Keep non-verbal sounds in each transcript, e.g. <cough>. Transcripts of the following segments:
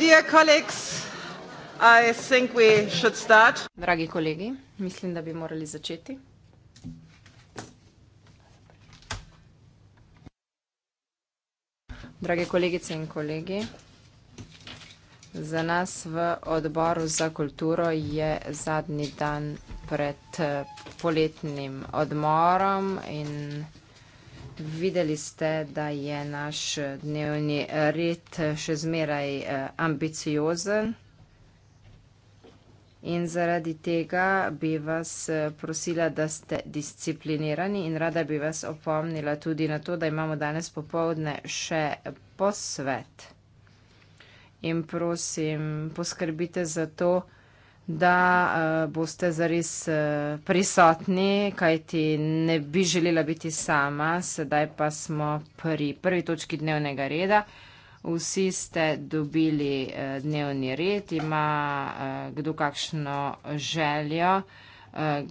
Dear colleagues, I think we should start. Dragi kolegi, mislim, da bi morali začeti. Drage kolegice in kolegi, za nas v odboru za kulturo je zadnji dan pred poletnim odmorom in Videli ste, da je naš dnevni red še zmeraj eh, ambiciozen. In zaradi tega bi vas eh, prosila, da ste disciplinirani in rada bi vas opomnila tudi na to, da imamo danes popovdne še posvet. In prosim, poskrbite za to, da eh, boste zares eh, prisotni, kajti ne bi želela biti sama. Sedaj pa smo pri prvi točki dnevnega reda. Vsi ste dobili eh, dnevni red, ima kdo kakšno željo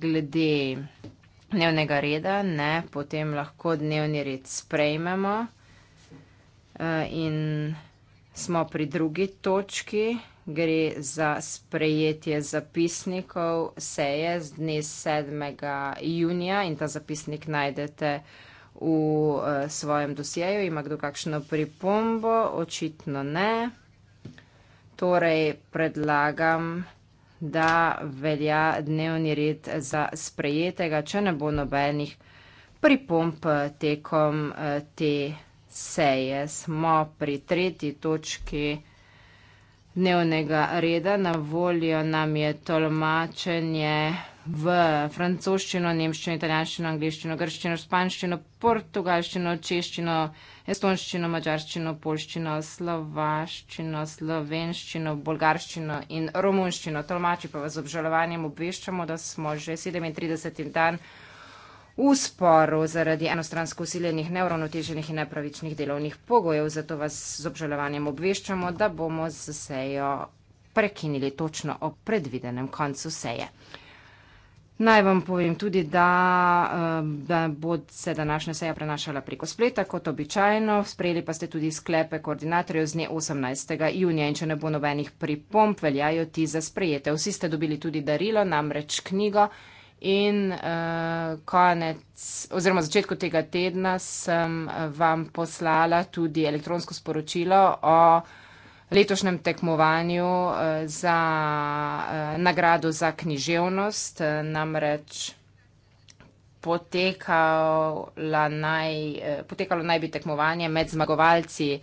glede dnevnega reda, ne, potem lahko dnevni red sprejmemo. In smo pri drugi točki, gre za sprejetje zapisnikov seje z dne 7. junija in ta zapisnik najdete v uh, svojem dosjeju. Ima kdo kakšno pripombo? Očitno ne. Torej predlagam, da velja dnevni red za sprejetega, če ne bo nobenih pripomp tekom uh, te seje. Smo pri tretji točki dnevnega reda. Na voljo nam je tolmačenje v francoščino, nemščino, italijanščino, angliščino, grščino, španščino, portugalščino, češčino, estonščino, mačarščino, polščino, slovaščino, slovenščino, bolgarščino in romunščino. Tolmači pa vas obžalovanjem obveščamo, da smo že 37. dan v sporu zaradi enostransko usiljenih, neuravnoteženih in nepravičnih delovnih pogojev. Zato vas z obžalovanjem obveščamo, da bomo z sejo prekinili točno o predvidenem koncu seje. Naj vam povem tudi, da, eh, da bo se današnja seja prenašala preko spleta, kot običajno. Sprejeli pa ste tudi sklepe koordinatorjev z dne 18. junija in če ne bo nobenih pripomp, veljajo ti za sprejete. Vsi ste dobili tudi darilo, namreč knjigo. In uh, konec oziroma začetku tega tedna sem eh, vam poslala tudi elektronsko sporočilo o letošnjem tekmovanju uh, za uh, nagrado za književnost. Uh, namreč naj, uh, potekalo naj bi tekmovanje med zmagovalci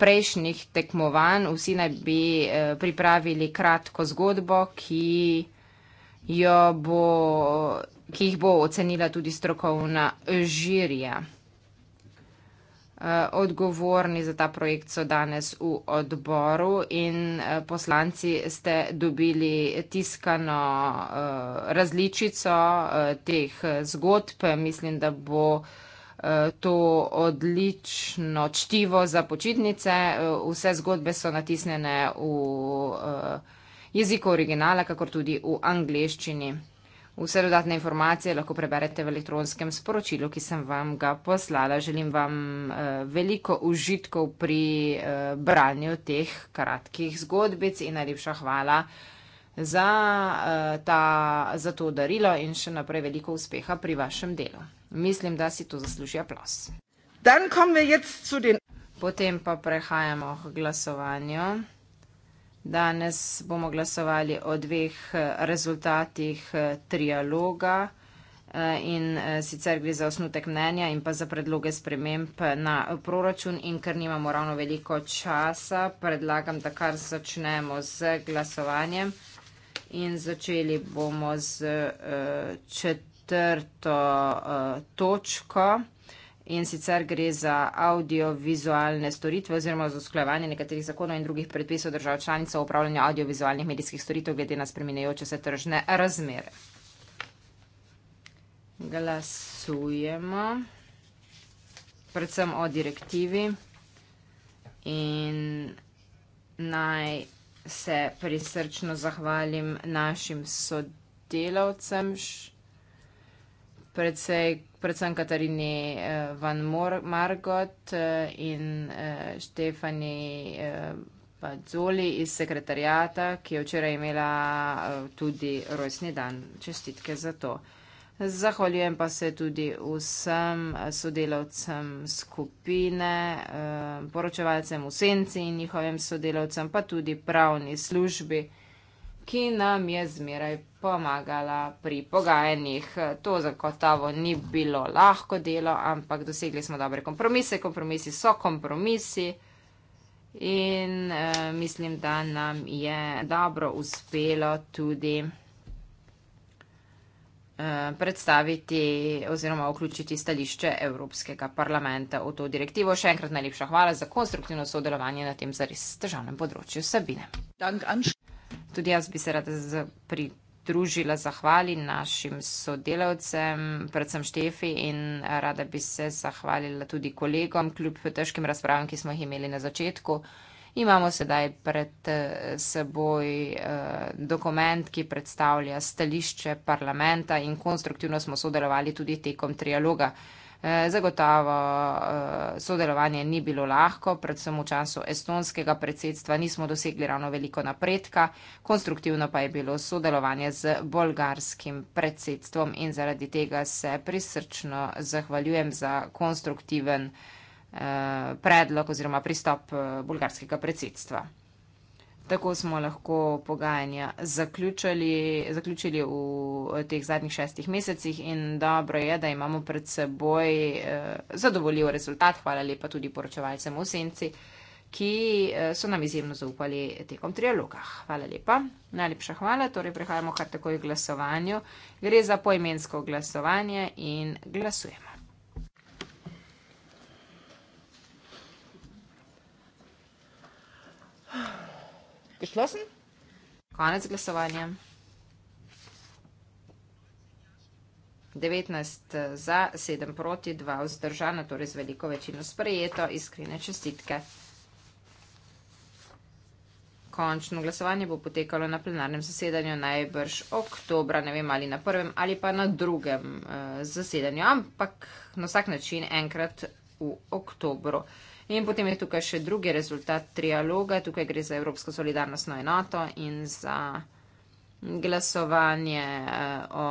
prejšnjih tekmovanj. Vsi naj bi pripravili kratko zgodbo, ki jo bo, ki jih bo ocenila tudi strokovna žirija. Eh, odgovorni za ta projekt so danes v odboru in eh, poslanci ste dobili tiskano eh, različico teh zgodb. Mislim, da bo to odlično čtivo za počitnice. Vse zgodbe so natisnjene v jeziku originala, kakor tudi v angleščini. Vse dodatne informacije lahko preberete v elektronskem sporočilu, ki sem vam ga poslala. Želim vam uh, veliko užitkov pri uh, branju teh kratkih zgodbic in najlepša hvala za, uh, ta, za to darilo in še naprej veliko uspeha pri vašem delu. Mislim, da si to zasluži aplaus. Potem pa prehajamo k glasovanju. Danes bomo glasovali o dveh eh, rezultatih eh, trialoga eh, in sicer gre za osnutek mnenja in pa za predloge sprememb na proračun in ker nimamo ravno veliko časa, predlagam, da kar začnemo z glasovanjem in začeli bomo z četrto točko in sicer gre za audiovizualne storitve oziroma za usklajevanje nekaterih zakonov in drugih predpisov držav članica o upravljanju audiovizualnih medijskih storitev glede na spremenjajoče se tržne razmere. Glasujemo predvsem o direktivi in naj se prisrčno zahvalim našim sodelavcem, predvsej predvsem Katarini eh, Van Margot eh, in eh, Štefani Pazzoli iz sekretarijata, ki je včeraj imela tudi rojstni dan. Čestitke za to. Zahvaljujem pa se tudi vsem sodelavcem skupine, poročevalcem v senci in njihovim sodelavcem, pa tudi pravni službi ki nam je zmeraj pomagala pri pogajanjih. To zagotovo ni bilo lahko delo, ampak dosegli smo dobre kompromise. Kompromisi so kompromisi in uh, mislim, da nam je dobro uspelo tudi eh, predstaviti oziroma vključiti stališče Evropskega parlamenta v to direktivo. Še enkrat najlepša hvala za konstruktivno sodelovanje na tem zares težavnem področju Sabine. Dank, Tudi jaz bi se rada pridružila zahvali našim sodelavcem, predvsem Štefi in rada bi se zahvalila tudi kolegom, kljub težkim razpravam, ki smo jih imeli na začetku. Imamo sedaj pred eh, seboj eh, dokument, ki predstavlja stališče parlamenta in konstruktivno smo sodelovali tudi tekom trialoga. Eh, zagotovo eh, sodelovanje ni bilo lahko, predvsem v času estonskega predsedstva nismo dosegli ravno veliko napredka, konstruktivno pa je bilo sodelovanje z bolgarskim predsedstvom in zaradi tega se prisrčno zahvaljujem za konstruktiven eh, predlog oziroma pristop bolgarskega predsedstva. Tako smo lahko pogajanja zaključili, zaključili v eh, teh zadnjih šestih mesecih in dobro je, da imamo pred seboj eh, zadovoljiv rezultat. Hvala lepa tudi poročevalcem v Senci, ki eh, so nam izjemno zaupali tekom trialoga. Hvala lepa. Najlepša hvala. Torej prehajamo kar takoj k glasovanju. Gre za poimensko glasovanje in glasujemo. Geschlossen? Konec glasovanja. 19 eh, za, 7 proti, 2 vzdržana, torej z veliko večino sprejeto, iskrene čestitke. Končno glasovanje bo potekalo na plenarnem zasedanju najbrž oktobra, ne vem ali na prvem ali pa na drugem uh, zasedanju, ampak na vsak način enkrat v oktobru. Uh, In potem je tukaj še drugi rezultat trialoga, tukaj gre za Evropsko solidarnostno enoto in za glasovanje eh, o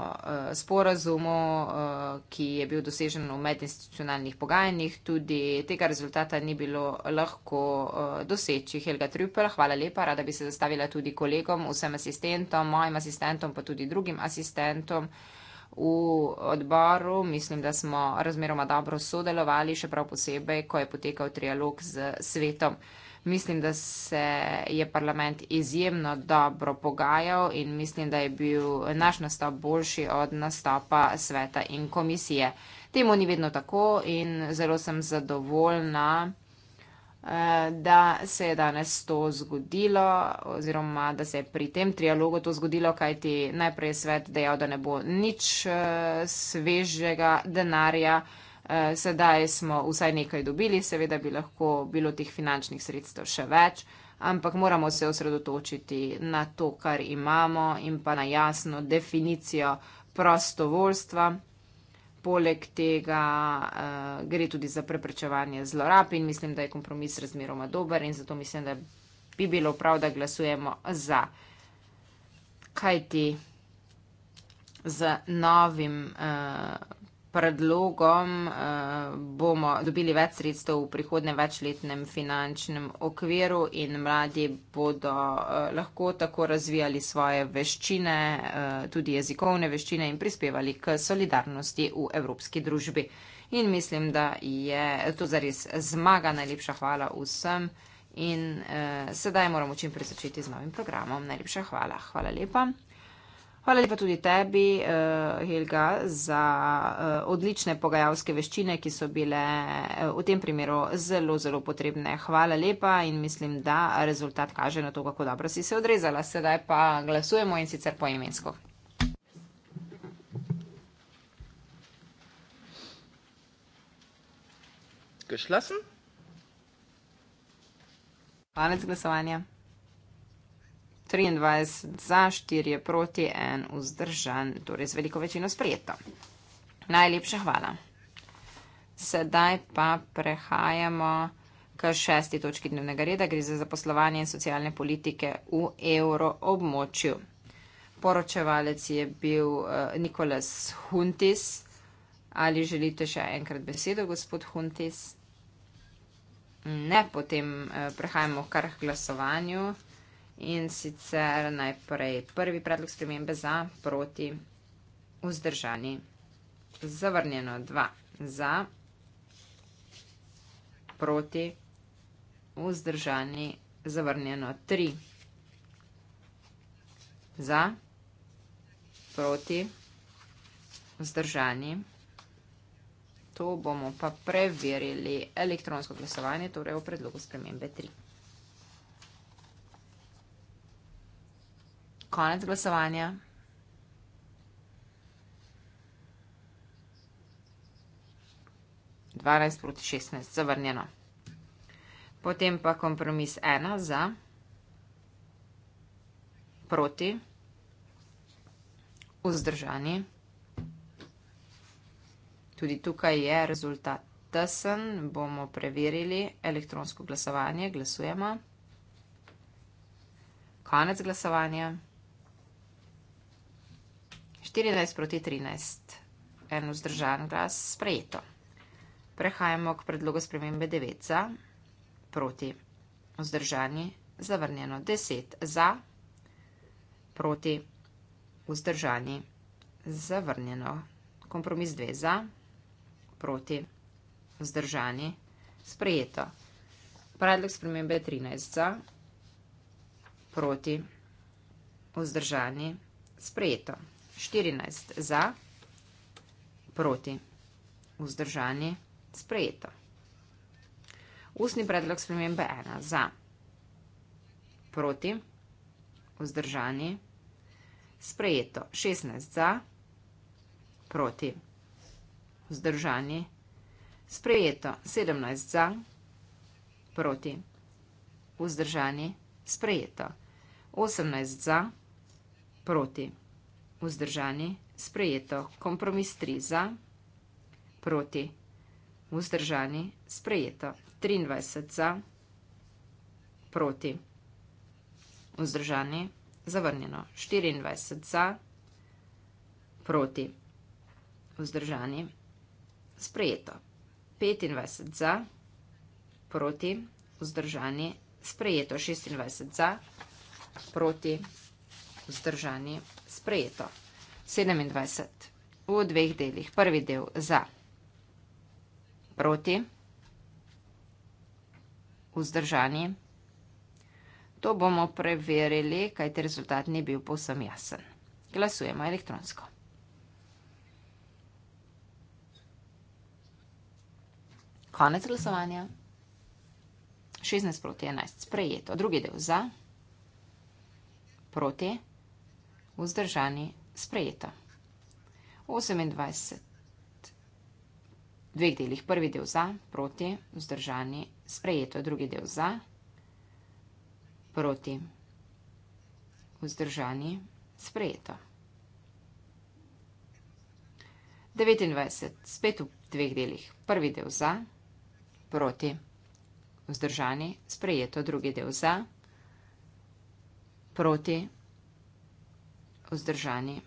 eh, sporazumu, eh, ki je bil dosežen v medinstitucionalnih pogajanjih. Tudi tega rezultata ni bilo lahko doseči. Helga Trüppel, hvala lepa, rada bi se zastavila tudi kolegom, vsem asistentom, mojim asistentom, pa tudi drugim asistentom v odboru. Mislim, da smo razmeroma dobro sodelovali, še prav posebej, ko je potekal trialog z svetom. Mislim, da se je parlament izjemno dobro pogajal in mislim, da je bil naš nastop boljši od nastopa sveta in komisije. Temu ni vedno tako in zelo sem zadovoljna. Eh, da se je danes to zgodilo oziroma da se je pri tem trialogu to zgodilo, kajti najprej je svet dejal, da ne bo nič eh, svežega denarja. Eh, sedaj smo vsaj nekaj dobili, seveda bi lahko bilo teh finančnih sredstev še več, ampak moramo se osredotočiti na to, kar imamo in pa na jasno definicijo prostovoljstva. Poleg tega uh, gre tudi za preprečevanje zlorab in mislim, da je kompromis razmeroma dober in zato mislim, da bi bilo prav, da glasujemo za. Kaj ti z novim uh, predlogom eh, bomo dobili več sredstev v prihodnem večletnem finančnem okviru in mladi bodo eh, lahko tako razvijali svoje veščine, eh, tudi jezikovne veščine in prispevali k solidarnosti v evropski družbi. In mislim, da je to zares zmaga. Najlepša hvala vsem. In eh, sedaj moramo čim prej začeti z novim programom. Najlepša hvala. Hvala lepa. Hvala lepa tudi tebi, eh, Helga, za eh, odlične pogajalske veščine, ki so bile eh, v tem primeru zelo, zelo potrebne. Hvala lepa in mislim, da rezultat kaže na to, kako dobro si se odrezala. Sedaj pa glasujemo in sicer po imensko. Geschlossen? War nicht glasovanie. 23 za, 4 proti, 1 vzdržan, torej z veliko večino sprejeto. Najlepša hvala. Sedaj pa prehajamo k šesti točki dnevnega reda, gre za zaposlovanje in socialne politike v evroobmočju. Poročevalec je bil eh, Nikolas Huntis. Ali želite še enkrat besedo, gospod Huntis? Ne, potem eh, prehajamo kar k glasovanju. In sicer najprej prvi predlog spremembe za, proti, vzdržani, zavrnjeno, dva za, proti, vzdržani, zavrnjeno, tri za, proti, vzdržani. To bomo pa preverili elektronsko glasovanje, torej v predlogu spremembe 3. konec glasovanja. Dvanajst proti šestnajst, zavrnjeno. Potem pa kompromis ena za, proti, vzdržani. Tudi tukaj je rezultat tesen, bomo preverili elektronsko glasovanje, glasujemo. Konec glasovanja. 14 proti 13, en vzdržan glas, sprejeto. Prehajamo k predlogu spremembe 9 za, proti vzdržani, zavrnjeno 10 za, proti vzdržani, zavrnjeno. Kompromis 2 za, proti vzdržani, sprejeto. Predlog spremembe 13 za, proti vzdržani, sprejeto. 14 za, proti, vzdržani, sprejeto. Ustni predlog spremembe 1 za, proti, vzdržani, sprejeto. 16 za, proti, vzdržani, sprejeto. 17 za, proti, vzdržani, sprejeto. 18 za, proti, vzdržani vzdržani, sprejeto, kompromis 3 za, proti, vzdržani, sprejeto, 23 za, proti, vzdržani, zavrnjeno, 24 za, proti, vzdržani, sprejeto, 25 za, proti, vzdržani, sprejeto, 26 za, proti, vzdržani, sprejeto sprejeto. 27. V dveh delih. Prvi del za, proti, vzdržani. To bomo preverili, kajte rezultat ni bil povsem jasen. Glasujemo elektronsko. Konec glasovanja. 16 proti 11. Sprejeto. Drugi del za, proti, vzdržani vzdržani, sprejeta. 28. Dveh delih. Prvi del za, proti, vzdržani, sprejeto. Drugi del za, proti, vzdržani, sprejeto. 29. Spet v dveh delih. Prvi del za, proti, vzdržani, sprejeto. Drugi del za, proti, vzdržani vzdržani.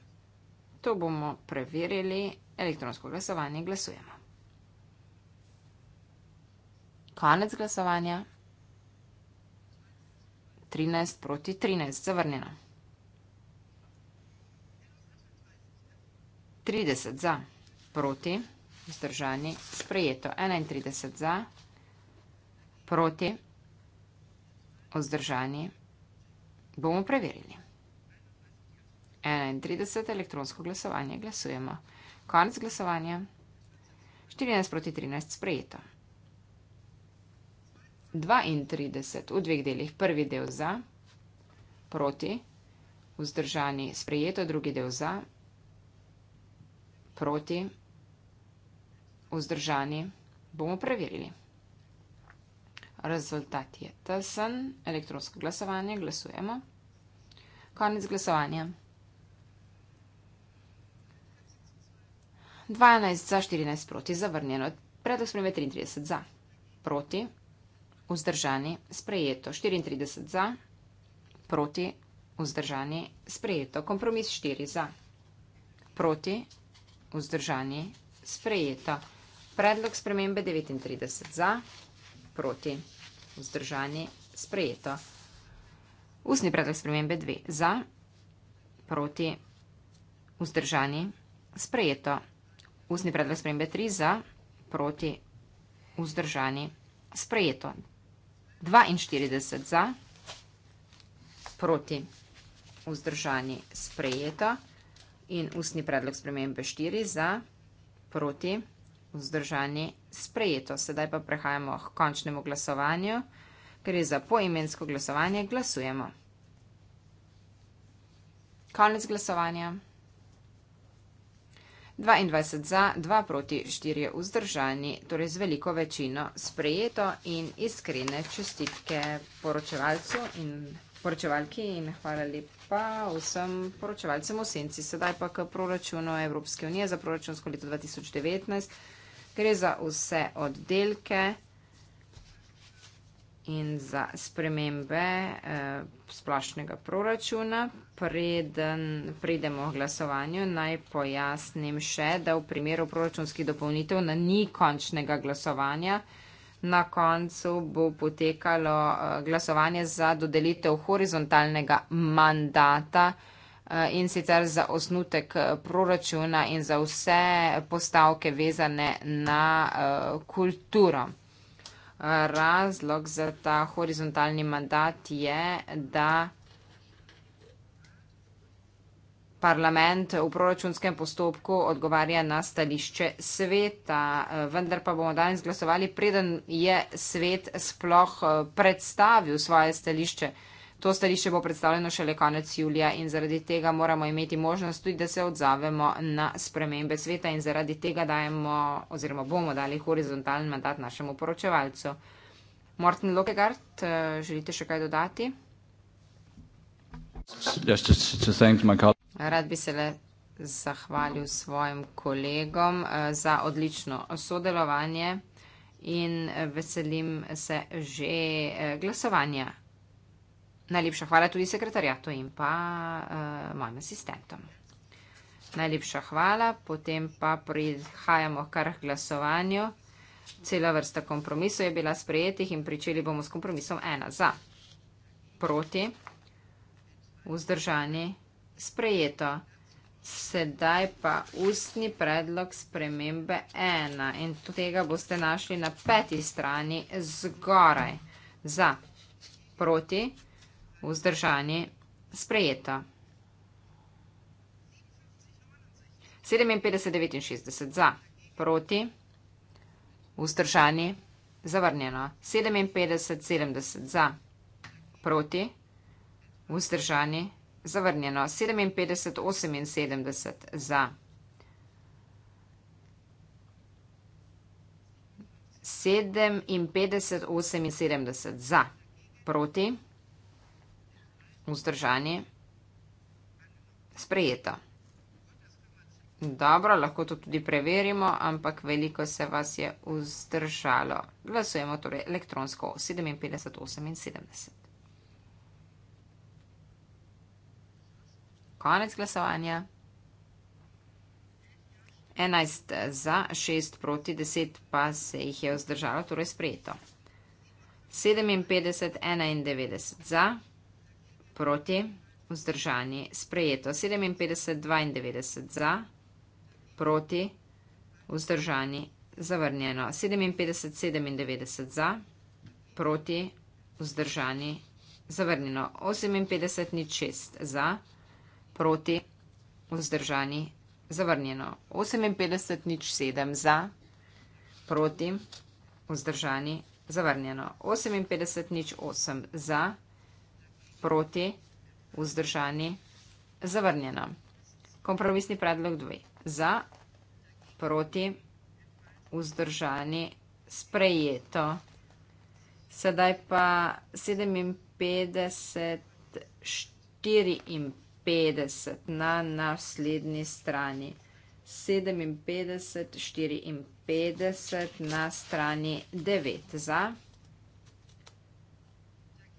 To bomo preverili elektronsko glasovanje. Glasujemo. Konec glasovanja. 13 proti 13. Zavrnjeno. 30 za. Proti. Vzdržani. Sprejeto. 31 za. Proti. Vzdržani. Bomo preverili. 31 elektronsko glasovanje glasujemo. Konec glasovanja. 14 proti 13 sprejeto. 32 v dveh delih. Prvi del za, proti, vzdržani sprejeto, drugi del za, proti, vzdržani. Bomo preverili. Rezultat je tesen, elektronsko glasovanje, glasujemo. Konec glasovanja. 12 za 14 proti zavrnjeno. Predlog spremembe 33 za. Proti. Vzdržani. Sprejeto. 34 za. Proti. Vzdržani. Sprejeto. Kompromis 4 za. Proti. Vzdržani. Sprejeto. Predlog spremembe 39 za. Proti. Vzdržani. Sprejeto. Usni predlog spremembe 2 za. Proti. Vzdržani. Sprejeto. Ustni predlog spremembe 3 za, proti, vzdržani, sprejeto. 42 za, proti, vzdržani, sprejeto. In ustni predlog spremembe 4 za, proti, vzdržani, sprejeto. Sedaj pa prehajamo k končnemu glasovanju, ker je za poimensko glasovanje glasujemo. Konec glasovanja. 22 za, 2 proti, 4 vzdržani, torej z veliko večino sprejeto in iskrene čestitke poročevalcu in poročevalki in hvala lepa vsem poročevalcem v senci. Sedaj pa k proračunu Evropske unije za proračunsko leto 2019. Gre za vse oddelke in za spremembe eh, splošnega proračuna. Preden pridemo k glasovanju, naj pojasnim še, da v primeru proračunskih dopolnitev ni končnega glasovanja. Na koncu bo potekalo eh, glasovanje za dodelitev horizontalnega mandata eh, in sicer za osnutek eh, proračuna in za vse postavke vezane na eh, kulturo razlog za ta horizontalni mandat je, da parlament v proračunskem postopku odgovarja na stališče sveta, vendar pa bomo danes glasovali, preden je svet sploh eh, predstavil svoje stališče. To stališče bo predstavljeno šele konec julija in zaradi tega moramo imeti možnost tudi, da se odzavemo na spremembe sveta in zaradi tega dajemo oziroma bomo dali horizontalen mandat našemu poročevalcu. Morten Lokegard, eh, želite še kaj dodati? Rad bi se le zahvalil svojim kolegom eh, za odlično sodelovanje in eh, veselim se že glasovanja. Najlepša hvala tudi sekretarjatu in pa uh, mojim asistentom. Najlepša hvala, potem pa prihajamo kar k glasovanju. Cela vrsta kompromisov je bila sprejetih in pričeli bomo s kompromisom ena za, proti, vzdržani, sprejeto. Sedaj pa ustni predlog spremembe ena in tega boste našli na peti strani zgoraj. Za, proti, vzdržani vzdržani, sprejeta. 57,69 za, proti, vzdržani, zavrnjeno. 57,70 za, proti, vzdržani, zavrnjeno. 57,78 za. 57,78 za, proti, vzdržani vzdržanje, sprejeto. Dobro, lahko to tudi preverimo, ampak veliko se vas je vzdržalo. Glasujemo torej elektronsko 57, 78. Konec glasovanja. 11 za, 6 proti, 10 pa se jih je vzdržalo, torej sprejeto. 57, 91 za proti, vzdržani, sprejeto. 57, 92 za, proti, vzdržani, zavrnjeno. 57, 97 za, proti, vzdržani, zavrnjeno. 58, 06 za, proti, vzdržani, zavrnjeno. 58, 07 za, proti, vzdržani, zavrnjeno. 58, 08 za, proti, vzdržani, zavrnjeno proti, vzdržani, zavrnjeno. Kompromisni predlog dve. Za, proti, vzdržani, sprejeto. Sedaj pa 57, 54 na naslednji strani. 57, 54 na strani 9 za,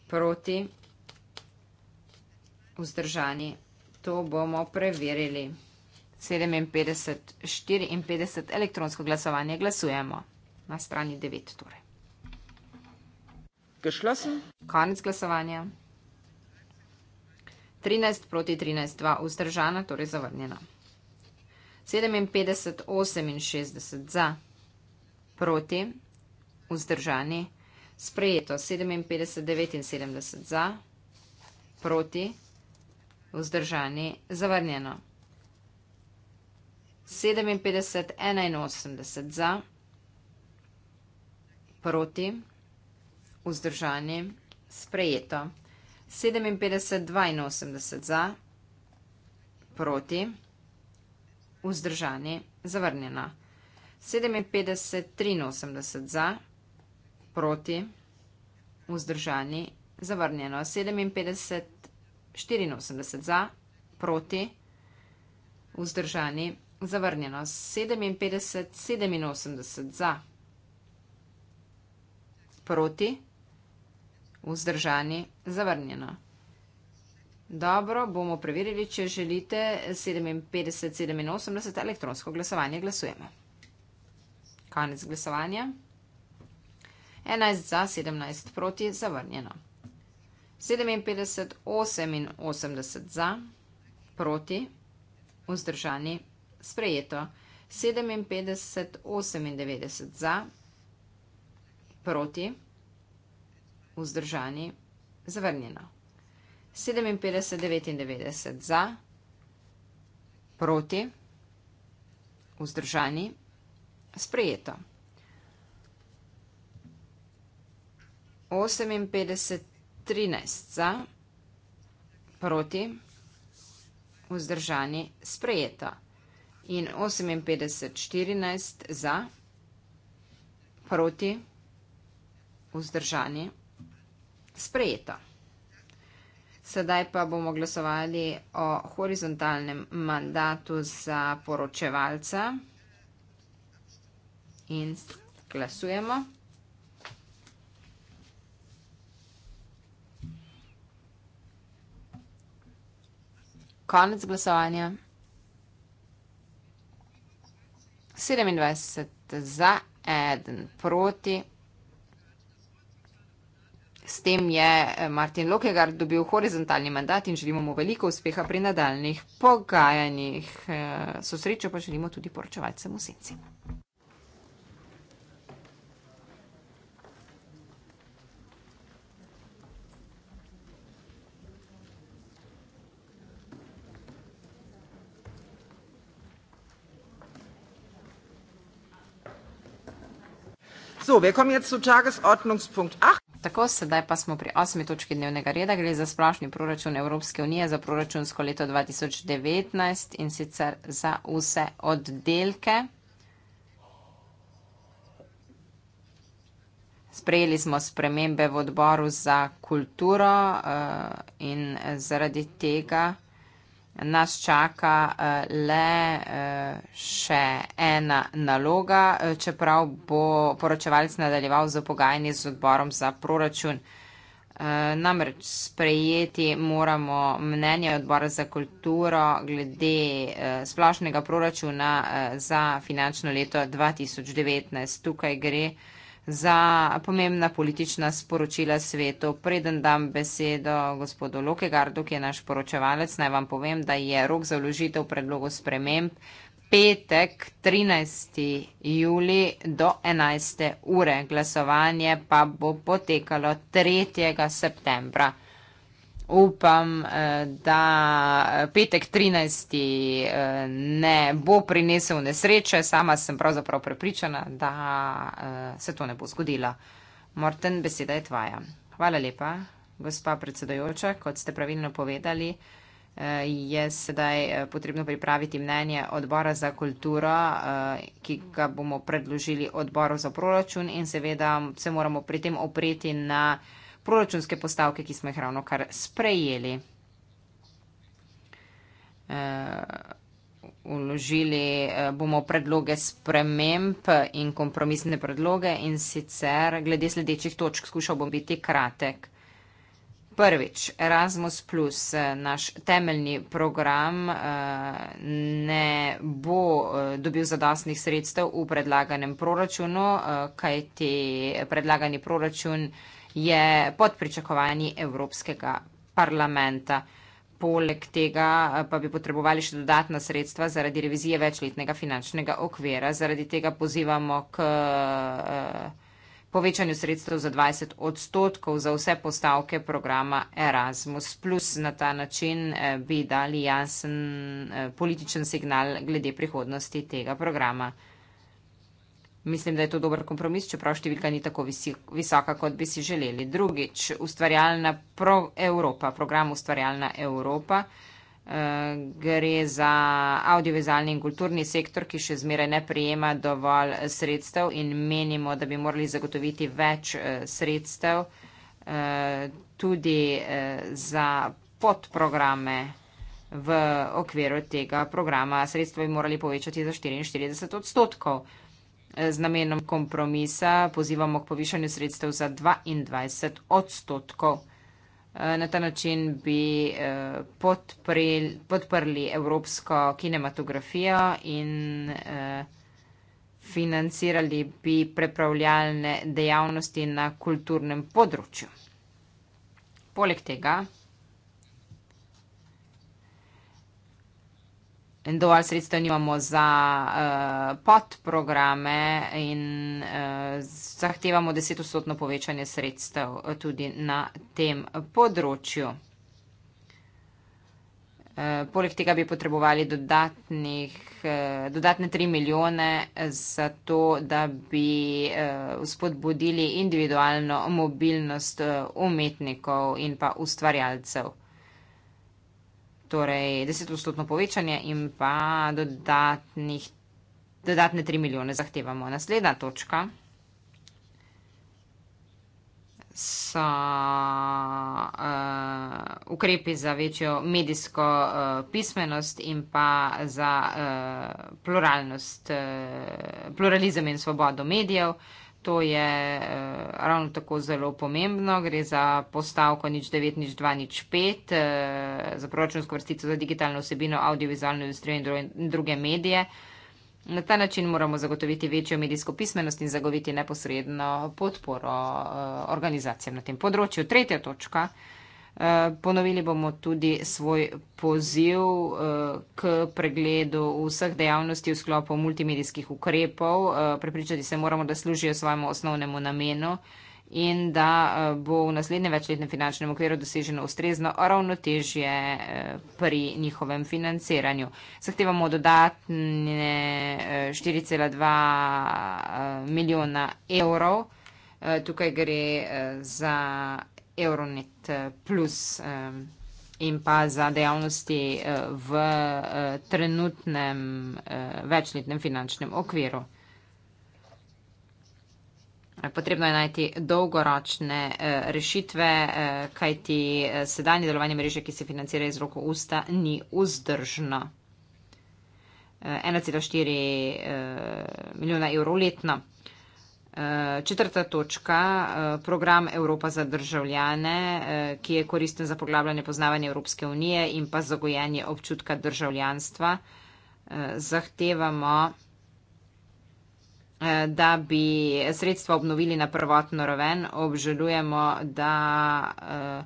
proti, vzdržani, sprejeto vzdržani. To bomo preverili. 57, 54 elektronsko glasovanje glasujemo. Na strani 9 torej. Geschlossen. Konec glasovanja. 13 proti 13, 2 vzdržana, torej zavrnjena. 57, 68 za, proti, vzdržani, sprejeto. 57, 79 za, proti, vzdržani zavrnjeno. 57, 81 za, proti, vzdržani, sprejeto. 57, 82 za, proti, vzdržani, zavrnjeno. 57, 83 za, proti, vzdržani, zavrnjeno. 57, 84 za, proti, vzdržani, zavrnjeno 57, 87 za, proti, vzdržani, zavrnjeno. Dobro, bomo preverili, če želite 57, 87 elektronsko glasovanje. Glasujemo. Konec glasovanja. 11 za, 17 proti, zavrnjeno. 57, 88 za, proti, vzdržani, sprejeto. 57, 98 za, proti, vzdržani, zavrnjeno. 57, 99 za, proti, vzdržani, sprejeto. 58, 13 za, proti, vzdržani, sprejeto. In 58, 14 za, proti, vzdržani, sprejeto. Sedaj pa bomo glasovali o horizontalnem mandatu za poročevalca in glasujemo. konec glasovanja. 27 za, 1 proti. S tem je eh, Martin Lokegar dobil horizontalni mandat in želimo mu veliko uspeha pri nadaljnih pogajanjih. Eh, Sosrečo pa želimo tudi poročevalcem v senci. So, wir kommen jetzt zu Tagesordnungspunkt 8. Tako, sedaj pa smo pri osmi točki dnevnega reda, gre za splošni proračun Evropske unije za proračunsko leto 2019 in sicer za vse oddelke. Sprejeli smo spremembe v odboru za kulturo uh, in zaradi tega nas čaka eh, le eh, še ena naloga, eh, čeprav bo poročevalc nadaljeval z pogajanji z odborom za proračun. Namreč sprejeti moramo mnenje odbora za kulturo glede splošnega proračuna za finančno leto 2019. Tukaj gre za za pomembna politična sporočila svetu. Preden dam besedo gospodu Lokegardu, ki je naš poročevalec, naj vam povem, da je rok za vložitev predlogu sprememb petek 13. juli do 11. ure. Glasovanje pa bo potekalo 3. septembra upam, eh, da petek 13. Eh, ne bo prinesel nesreče. Sama sem pravzaprav prepričana, da eh, se to ne bo zgodilo. Morten, beseda je tvoja. Hvala lepa, gospa predsedojoča. Kot ste pravilno povedali, je sedaj potrebno pripraviti mnenje odbora za kulturo, ki ga bomo predložili odboru za proračun in seveda se moramo pri tem opreti na proračunske postavke, ki smo jih ravno kar sprejeli. Uložili eh, eh, bomo predloge sprememb in kompromisne predloge in sicer glede sledečih točk skušal bom biti kratek. Prvič, Erasmus Plus, eh, naš temeljni program, ne bo dobil zadostnih sredstev v predlaganem proračunu, kajti predlagani proračun je je pod pričakovanji Evropskega parlamenta. Poleg tega eh, pa bi potrebovali še dodatna sredstva zaradi revizije večletnega finančnega okvira. Zaradi tega pozivamo k eh, povečanju sredstev za 20 odstotkov za vse postavke programa Erasmus. Plus na ta način eh, bi dali jasen političen signal glede prihodnosti tega programa. Mislim, da je to dober kompromis, čeprav številka ni tako visoka, kot bi si želeli. Drugič, ustvarjalna pro Evropa, program Ustvarjalna Evropa. Eh, gre za audiovizualni in kulturni sektor, ki še zmeraj ne prijema dovolj eh, sredstev in menimo, da bi morali zagotoviti več eh, sredstev tudi za podprograme v okviru tega programa. Sredstva bi morali povečati za 44 odstotkov z namenom kompromisa pozivamo k povišanju sredstev za 22 odstotkov. Eh, na ta način bi eh, podprli, podprli evropsko kinematografijo in eh, financirali bi prepravljalne dejavnosti na kulturnem področju. Poleg tega dovolj sredstev nimamo za uh, podprograme in uh, zahtevamo desetostotno povečanje sredstev eh, tudi na tem področju. Poleg tega bi potrebovali dodatnih, dodatne 3 milijone za to, da bi spodbudili individualno mobilnost umetnikov in pa ustvarjalcev torej 10-odstotno povečanje in pa dodatnih, dodatne 3 milijone zahtevamo. Naslednja točka so uh, ukrepi za večjo medijsko uh, pismenost in pa za uh, pluralnost, uh, pluralizem in svobodo medijev. Uh, To je eh, ravno tako zelo pomembno. Gre za postavko 090205 eh, za proračunsko vrstico za digitalno vsebino, audiovizualno industrijo in druge, druge medije. Na ta način moramo zagotoviti večjo medijsko pismenost in zagotoviti neposredno podporo eh, organizacijam na tem področju. Tretja točka. Eh, Eh, ponovili bomo tudi svoj poziv eh, k pregledu vseh dejavnosti v sklopu multimedijskih ukrepov. Eh, prepričati se moramo, da služijo svojemu osnovnemu namenu in da bo v naslednjem večletnem finančnem okviru doseženo ustrezno ravnotežje pri njihovem financiranju. Zahtevamo dodatne 4,2 milijona evrov. Tukaj gre za Euronet eh, Plus in pa za dejavnosti eh, v eh, trenutnem večletnem finančnem okviru. Potrebno je najti dolgoročne rešitve, kajti sedanje delovanje mreže, ki se financira iz roko usta, ni vzdržno. 1,4 milijona evrov letno. Eh, četrta točka, eh, program Evropa za državljane, eh, ki je koristen za poglabljanje poznavanja Evropske unije in pa zagojanje občutka državljanstva. Zahtevamo, da bi sredstva obnovili na prvotno raven. Obžalujemo, da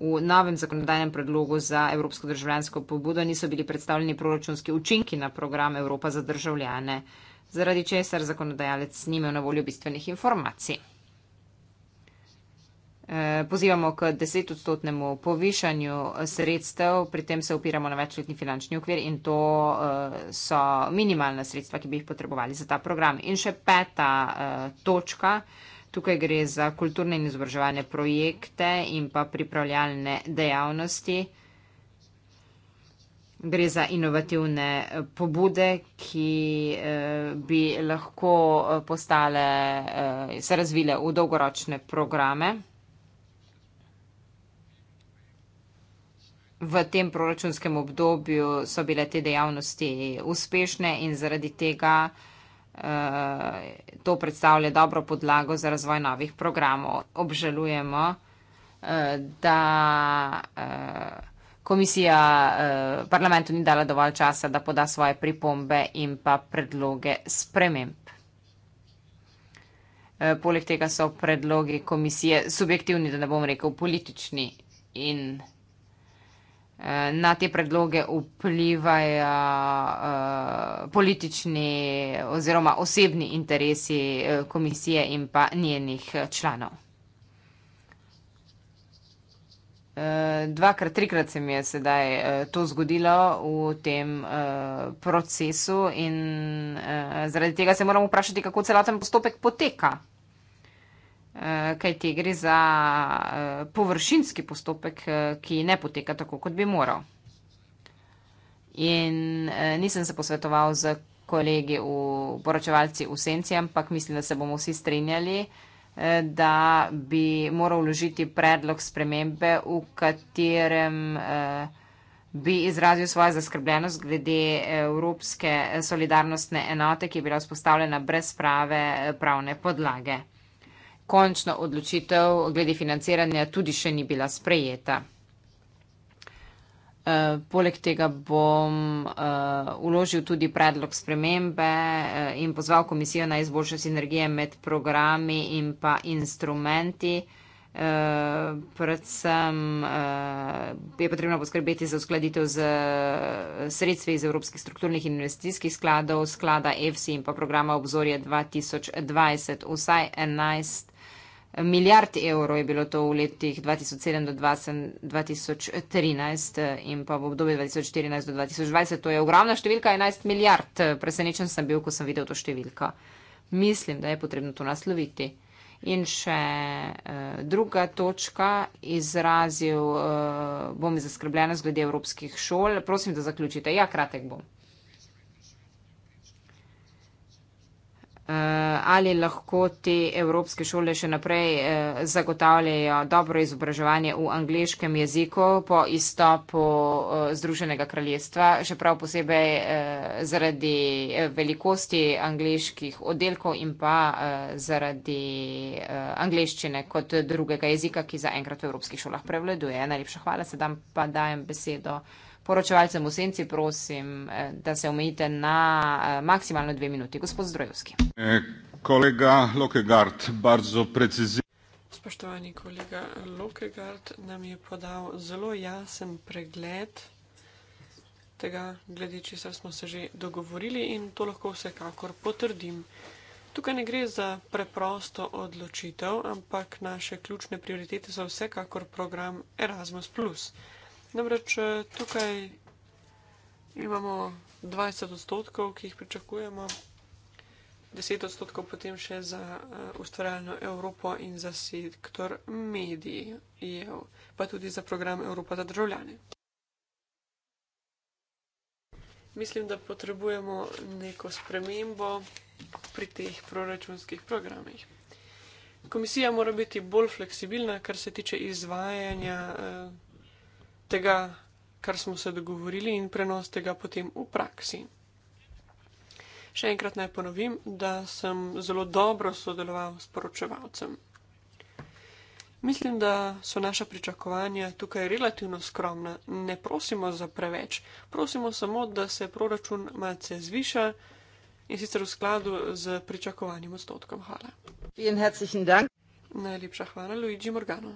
v novem zakonodajnem predlogu za Evropsko državljansko pobudo niso bili predstavljeni proračunski učinki na program Evropa za državljane zaradi česar zakonodajalec nime na voljo bistvenih informacij. E, pozivamo k desetodstotnemu povišanju sredstev, pri tem se opiramo na večletni finančni okvir in to e, so minimalna sredstva, ki bi jih potrebovali za ta program. In še peta e, točka, tukaj gre za kulturne in izobraževalne projekte in pa pripravljalne dejavnosti. Gre za inovativne eh, pobude, ki eh, bi lahko eh, postale, se razvile v dolgoročne programe. V tem proračunskem obdobju so bile te dejavnosti uspešne in zaradi tega to predstavlja dobro podlago za razvoj novih programov. Obžalujemo, da Komisija eh, parlamentu ni dala dovolj časa, da poda svoje pripombe in pa predloge sprememb. Eh, poleg tega so predlogi komisije subjektivni, da ne bom rekel politični in eh, na te predloge vplivajo eh, politični oziroma osebni interesi eh, komisije in pa njenih eh, članov. Dvakrat, trikrat se mi je sedaj eh, to zgodilo v tem eh, procesu in eh, zaradi tega se moramo vprašati, kako celoten postopek poteka. Kaj te gre za površinski postopek, ki ne poteka tako, kot bi moral. In nisem se posvetoval z kolegi v poročevalci v Senci, ampak mislim, da se bomo vsi strinjali, da bi moral vložiti predlog spremembe, v katerem eh, bi izrazil svojo zaskrbljenost glede Evropske solidarnostne enote, ki je bila vzpostavljena brez prave eh, pravne podlage. Končno odločitev glede financiranja tudi še ni bila sprejeta. Eh, poleg tega bom uložil eh, tudi predlog spremembe eh, in pozval komisijo na izboljšo sinergije med programi in pa instrumenti. Predvsem je potrebno poskrbeti za uskladitev z sredstvi iz evropskih strukturnih in investicijskih skladov, sklada EFSI in pa programa obzorje 2020. Vsaj 11 Milijard evrov je bilo to v letih 2007 do 2013 eh, in pa v obdobju 2014 do 2020. To je ogromna številka, 11 milijard. Eh, presenečen sem bil, ko sem videl to številko. Mislim, da je potrebno to nasloviti. In še eh, druga točka, izrazil eh, bom zaskrbljenost glede evropskih šol. Prosim, da zaključite. Ja, kratek bom. Eh, ali lahko te evropske šole še naprej eh, zagotavljajo dobro izobraževanje v angliškem jeziku po izstopu eh, Združenega kraljestva, še prav posebej zaradi velikosti angliških oddelkov in pa zaradi angliščine kot drugega jezika, ki zaenkrat v evropskih šolah prevladuje. Najlepša hvala, sedaj pa dajem besedo. Poročevalcem v senci prosim, eh, da se omejite na eh, maksimalno dve minuti. Gospod Zdrojevski. Eh, kolega Lokegard, bardzo precizirano. Spoštovani kolega Lokegard nam je podal zelo jasen pregled tega, glede česar smo se že dogovorili in to lahko vsekakor potrdim. Tukaj ne gre za preprosto odločitev, ampak naše ključne prioritete so vsekakor program Erasmus. Namreč eh, tukaj imamo 20 odstotkov, ki jih pričakujemo, 10 odstotkov potem še za eh, ustvarjalno Evropo in za sektor medijev, pa tudi za program Evropa za državljane. Mislim, da potrebujemo neko spremembo pri teh proračunskih programih. Komisija mora biti bolj fleksibilna, kar se tiče izvajanja. Eh, tega, kar smo se dogovorili, in prenos tega potem v praksi. Še enkrat naj ponovim, da sem zelo dobro sodeloval s poročevalcem. Mislim, da so naša pričakovanja tukaj relativno skromna. Ne prosimo za preveč, prosimo samo, da se proračun malce zviša in sicer v skladu z pričakovanjem odstotkom. Hvala. Najlepša hvala, Luigi Morgano.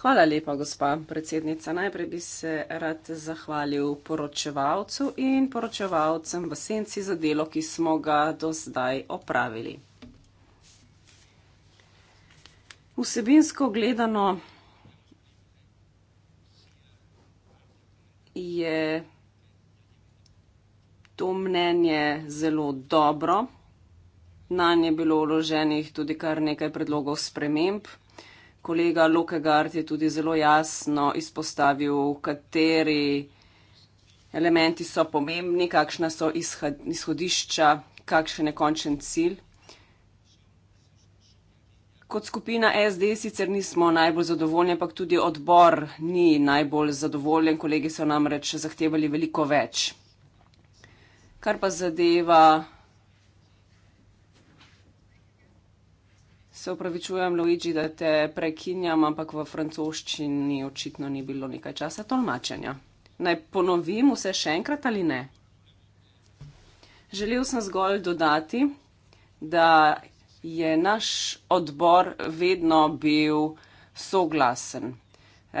Hvala lepa, gospa predsednica. Najprej bi se rad zahvalil poročevalcu in poročevalcem v senci za delo, ki smo ga do zdaj opravili. Vsebinsko gledano je to mnenje zelo dobro. Na nje je bilo vloženih tudi kar nekaj predlogov sprememb. Kolega Lokegard je tudi zelo jasno izpostavil, kateri elementi so pomembni, kakšna so izhodišča, kakšen je končen cilj. Kot skupina SD sicer nismo najbolj zadovoljni, ampak tudi odbor ni najbolj zadovoljen, kolegi so namreč zahtevali veliko več. Kar pa zadeva Se upravičujem, Luigi, da te prekinjam, ampak v francoščini očitno ni bilo nekaj časa tolmačenja. Naj ponovim vse še enkrat ali ne? Želel sem zgolj dodati, da je naš odbor vedno bil soglasen.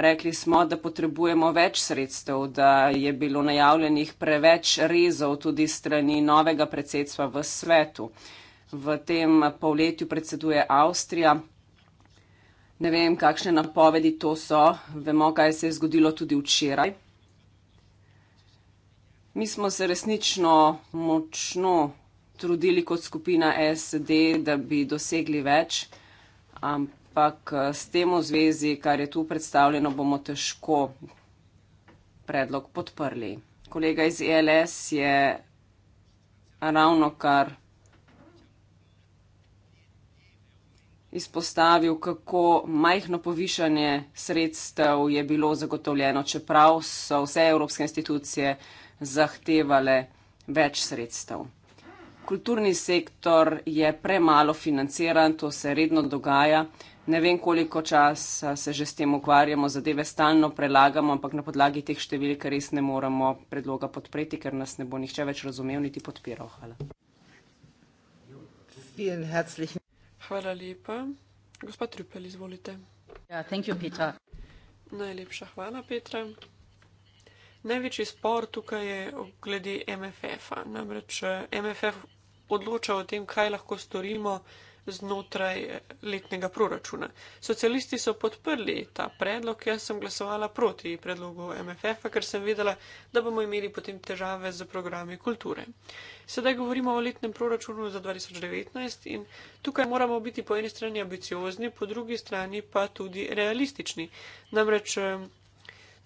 Rekli smo, da potrebujemo več sredstev, da je bilo najavljenih preveč rezov tudi strani novega predsedstva v svetu v tem polletju predseduje Avstrija. Ne vem, kakšne napovedi to so, vemo, kaj se je zgodilo tudi včeraj. Mi smo se resnično močno trudili kot skupina SD, da bi dosegli več, ampak s tem v zvezi, kar je tu predstavljeno, bomo težko predlog podprli. Kolega iz ELS je ravno kar izpostavil, kako majhno povišanje sredstev je bilo zagotovljeno, čeprav so vse evropske institucije zahtevale več sredstev. Kulturni sektor je premalo financiran, to se redno dogaja. Ne vem, koliko časa se že s tem ukvarjamo, zadeve stalno prelagamo, ampak na podlagi teh številk res ne moremo predloga podpreti, ker nas ne bo nihče več razumel niti podpiral. Hvala. Vielen herzlichen Hvala lepa. Gospod Trupel, izvolite. Ja, thank you, Petra. Najlepša hvala, Petra. Največji spor tukaj je glede MFF-a. Namreč eh, MFF odloča o tem, kaj lahko storimo znotraj eh, letnega proračuna. Socialisti so podprli ta predlog, jaz sem glasovala proti predlogu MFF-a, ker sem vedela, da bomo imeli potem težave z programi kulture. Sedaj govorimo o letnem proračunu za 2019 in tukaj moramo biti po eni strani ambiciozni, po drugi strani pa tudi realistični. Namreč eh,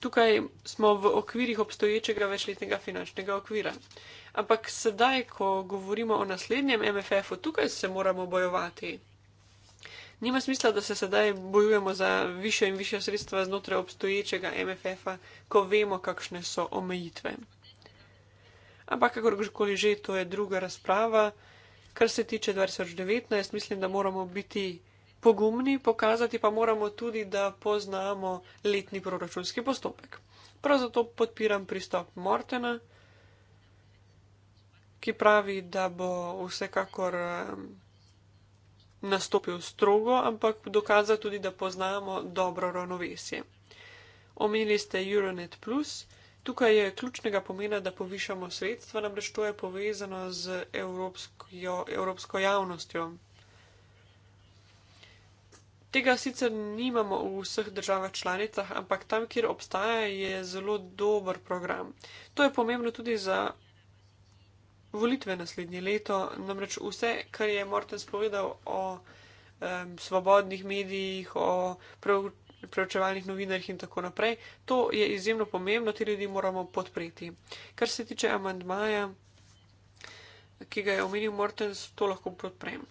Tukaj smo v okvirih obstoječega večletnega finančnega okvira. Ampak sedaj, ko govorimo o naslednjem MFF-u, tukaj se moramo bojevati. Nima smisla, da se sedaj bojujemo za više in više sredstva znotraj obstoječega MFF-a, ko vemo, kakšne so omejitve. Ampak kakorkoli že, to je druga razprava. Kar se tiče 2019, mislim, da moramo biti pogumni, pokazati pa moramo tudi, da poznamo letni proračunski postopek. Prav zato podpiram pristop Mortena, ki pravi, da bo vsekakor nastopil strogo, ampak dokaza tudi, da poznamo dobro ravnovesje. Omenili ste Euronet Plus, tukaj je ključnega pomena, da povišamo sredstva, namreč to je povezano z evropsko, evropsko javnostjo. Tega sicer nimamo v vseh državah članicah, ampak tam, kjer obstaja, je zelo dober program. To je pomembno tudi za volitve naslednje leto. Namreč vse, kar je Morten spovedal o um, svobodnih medijih, o preučevalnih novinarjih in tako naprej, to je izjemno pomembno, ti ljudi moramo podpreti. Kar se tiče amandmaja, ki ga je omenil Morten, to lahko podprem.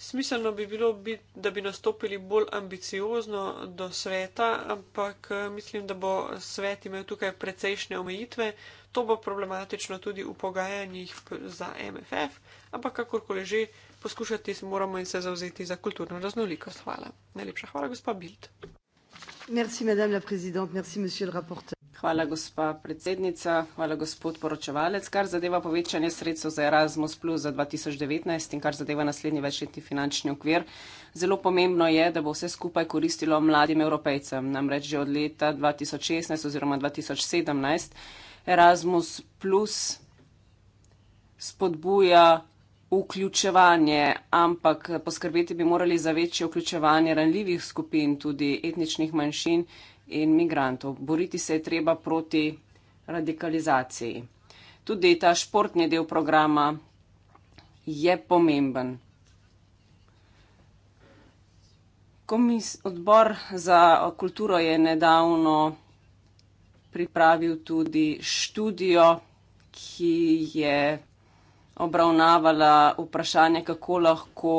Smiselno bi bilo, da bi nastopili bolj ambiciozno do sveta, ampak eh, mislim, da bo svet imel tukaj precejšnje omejitve. To bo problematično tudi v pogajanjih za MFF, ampak kakorkoli že poskušati, moramo in se zauzeti za kulturno raznolikost. Hvala. Najlepša hvala, gospa Bild. Merci, madame la présidente. Merci, monsieur le rapporteur. Hvala, gospa predsednica. Hvala, gospod poročevalec. Kar zadeva povečanje sredstev za Erasmus Plus za 2019 in kar zadeva naslednji večletni finančni okvir, zelo pomembno je, da bo vse skupaj koristilo mladim evropejcem. Namreč že od leta 2016 oziroma 2017 Erasmus Plus spodbuja vključevanje, ampak poskrbeti bi morali za večje vključevanje ranljivih skupin, tudi etničnih manjšin in migrantov. Boriti se je treba proti radikalizaciji. Tudi ta športni del programa je pomemben. Komis odbor za kulturo je nedavno pripravil tudi študijo, ki je obravnavala vprašanje, kako lahko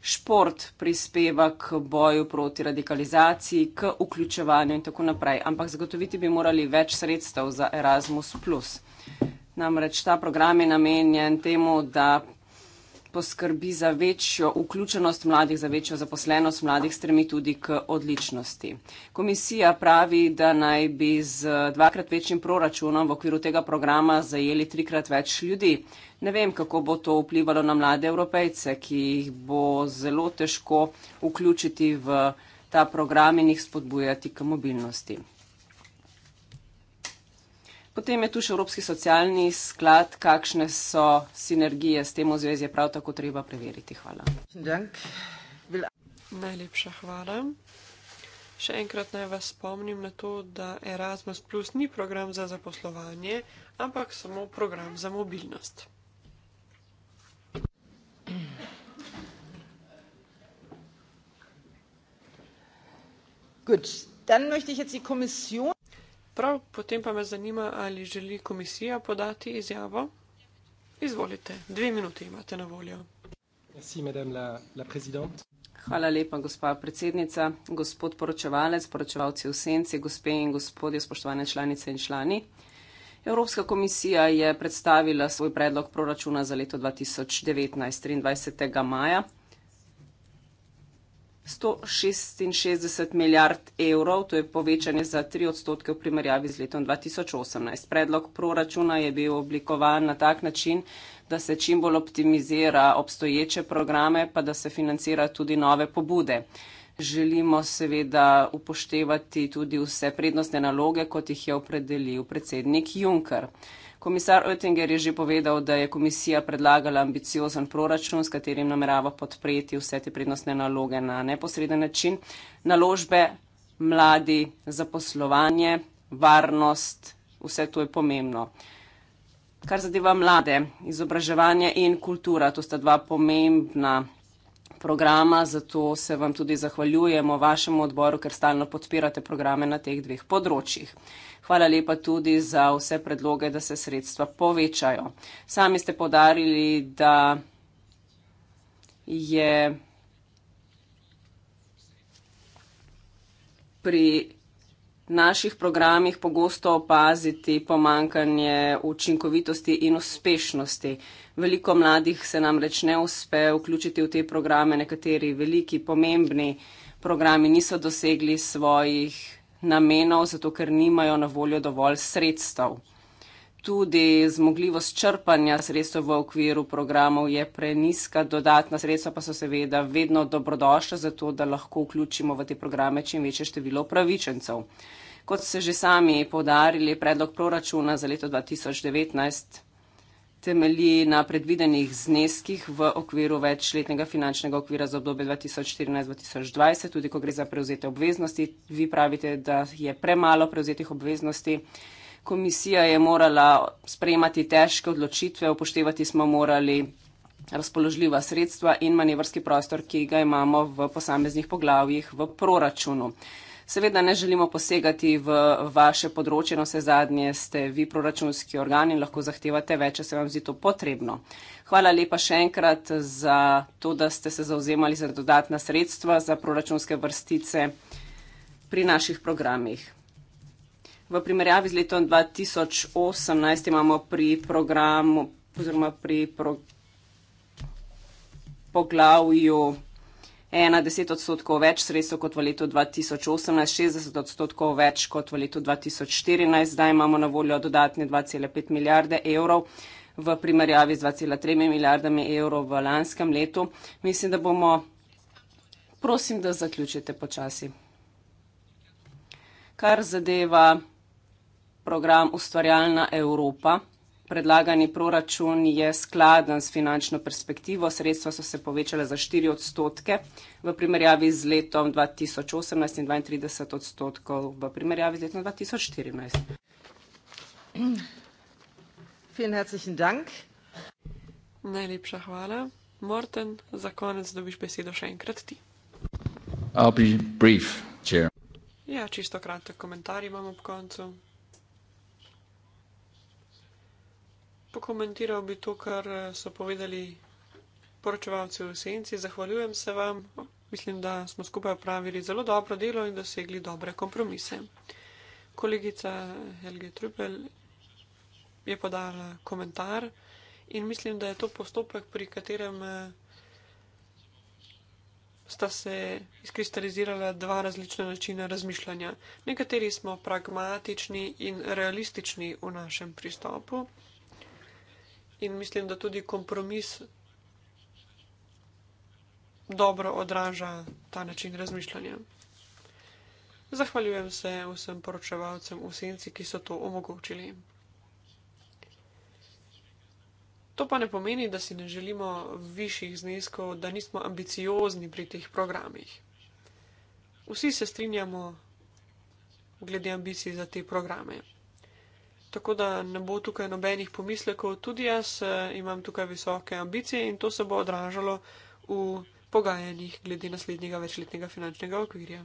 šport prispeva k boju proti radikalizaciji, k vključevanju in tako naprej. Ampak zagotoviti bi morali več sredstev za Erasmus. Namreč ta program je namenjen temu, da poskrbi za večjo vključenost mladih, za večjo zaposlenost mladih, stremi tudi k odličnosti. Komisija pravi, da naj bi z dvakrat večjim proračunom v okviru tega programa zajeli trikrat več ljudi. Ne vem, kako bo to vplivalo na mlade evropejce, ki jih bo zelo težko vključiti v ta program in jih spodbujati k mobilnosti. Potem je tu še Evropski socialni sklad, kakšne so sinergije s tem v zvezi, prav tako treba preveriti. Hvala. Najlepša hvala. Še enkrat naj vas spomnim na to, da Erasmus Plus ni program za zaposlovanje, ampak samo program za mobilnost. Gut, dann möchte ich jetzt die Kommission. Prav, potem pa me zanima, ali želi komisija podati izjavo. Izvolite, dve minuti imate na voljo. Hvala lepa, gospa predsednica, gospod poročevalec, poročevalci v senci, gospe in gospodje, spoštovane članice in člani. Evropska komisija je predstavila svoj predlog proračuna za leto 2019, 23. maja. 166 milijard evrov, to je povečanje za 3 odstotke v primerjavi z letom 2018. Predlog proračuna je bil oblikovan na tak način, da se čim bolj optimizira obstoječe programe, pa da se financira tudi nove pobude. Želimo seveda upoštevati tudi vse prednostne naloge, kot jih je opredelil predsednik Juncker. Komisar Oettinger je že povedal, da je komisija predlagala ambiciozen proračun, s katerim namerava podpreti vse te prednostne naloge na neposreden način. Naložbe, mladi, zaposlovanje, varnost, vse to je pomembno. Kar zadeva mlade, izobraževanje in kultura, to sta dva pomembna programa, zato se vam tudi zahvaljujemo vašemu odboru, ker stalno podpirate programe na teh dveh področjih. Hvala lepa tudi za vse predloge, da se sredstva povečajo. Sami ste podarili, da je pri naših programih pogosto opaziti pomankanje učinkovitosti in uspešnosti. Veliko mladih se nam reč ne uspe vključiti v te programe, nekateri veliki, pomembni programi niso dosegli svojih namenov, zato ker nimajo na voljo dovolj sredstev. Tudi zmogljivost črpanja sredstev v okviru programov je preniska, dodatna sredstva pa so seveda vedno dobrodošla, zato da lahko vključimo v te programe čim večje število upravičencev. Kot ste že sami povdarili, predlog proračuna za leto 2019 temelji na predvidenih zneskih v okviru večletnega finančnega okvira za obdobje 2014-2020, tudi ko gre za prevzete obveznosti. Vi pravite, da je premalo prevzetih obveznosti. Komisija je morala sprejemati težke odločitve, upoštevati smo morali razpoložljiva sredstva in manevrski prostor, ki ga imamo v posameznih poglavjih v proračunu. Seveda ne želimo posegati v vaše področje, no vse zadnje ste vi proračunski organ in lahko zahtevate več, če se vam zdi to potrebno. Hvala lepa še enkrat za to, da ste se zauzemali za dodatna sredstva za proračunske vrstice pri naših programih. V primerjavi z letom 2018 imamo pri programu oziroma pri pro, poglavju 1,10 odstotkov več sredstev kot v letu 2018, 60 odstotkov več kot v letu 2014. Zdaj imamo na voljo dodatne 2,5 milijarde evrov v primerjavi z 2,3 milijardami evrov v lanskem letu. Mislim, da bomo. Prosim, da zaključite počasi. Kar zadeva program Ustvarjalna Evropa predlagani proračun je skladen s finančno perspektivo. Sredstva so se povečale za 4 odstotke v primerjavi z letom 2018 in 32 odstotkov v primerjavi z letom 2014. Najlepša hvala. Morten, za konec dobiš besedo še enkrat ti. Ja, čisto kratek komentar imam ob koncu. Pokomentiral bi to, kar eh, so povedali poročevalci v senci. Zahvaljujem se vam. Mislim, da smo skupaj opravili zelo dobro delo in dosegli dobre kompromise. Kolegica Helge Trupel je podala komentar in mislim, da je to postopek, pri katerem eh, sta se izkristalizirala dva različna načina razmišljanja. Nekateri smo pragmatični in realistični v našem pristopu in mislim, da tudi kompromis dobro odraža ta način razmišljanja. Zahvaljujem se vsem poročevalcem v senci, ki so to omogočili. To pa ne pomeni, da si ne želimo višjih zneskov, da nismo ambiciozni pri teh programih. Vsi se strinjamo glede ambicij za te programe. Tako da ne bo tukaj nobenih pomislekov, tudi jaz eh, imam tukaj visoke ambicije in to se bo odražalo v pogajanjih glede naslednjega večletnega finančnega okvirja.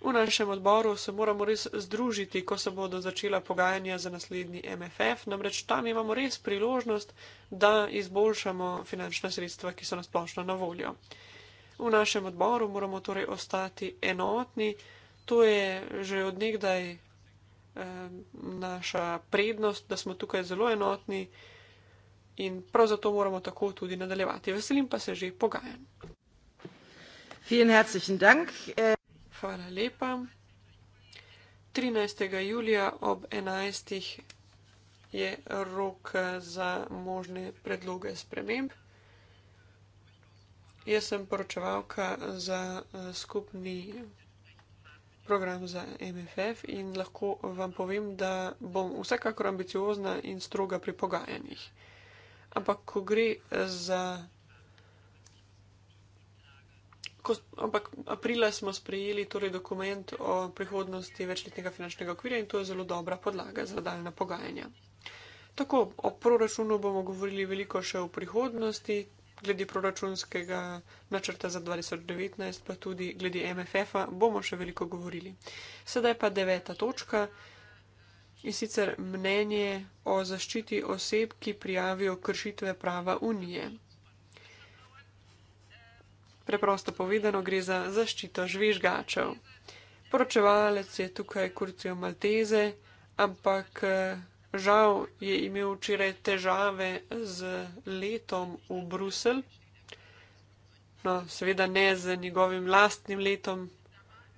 V našem odboru se moramo res združiti, ko se bodo začela pogajanja za naslednji MFF, namreč tam imamo res priložnost, da izboljšamo finančna sredstva, ki so nasplošno na voljo. V našem odboru moramo torej ostati enotni, to je že odnegdaj naša prednost, da smo tukaj zelo enotni in prav zato moramo tako tudi nadaljevati. Veselim pa se že pogajanj. Hvala lepa. 13. julija ob 11. je rok za možne predloge sprememb. Jaz sem poročevalka za eh, skupni program za MFF in lahko vam povem, da bom vsekakor ambiciozna in stroga pri pogajanjih. Ampak ko gre za. Ko, ampak aprila smo sprejeli torej dokument o prihodnosti večletnega finančnega okvirja in to je zelo dobra podlaga za daljna pogajanja. Tako, o proračunu bomo govorili veliko še v prihodnosti, glede proračunskega načrta za 2019, pa tudi glede MFF-a, bomo še veliko govorili. Sedaj pa deveta točka in sicer mnenje o zaščiti oseb, ki prijavijo kršitve prava Unije. Preprosto povedano, gre za zaščito žvižgačev. Poročevalec je tukaj kurcijo Malteze, ampak Žal je imel včeraj težave z letom v Bruselj. No, seveda ne z njegovim lastnim letom,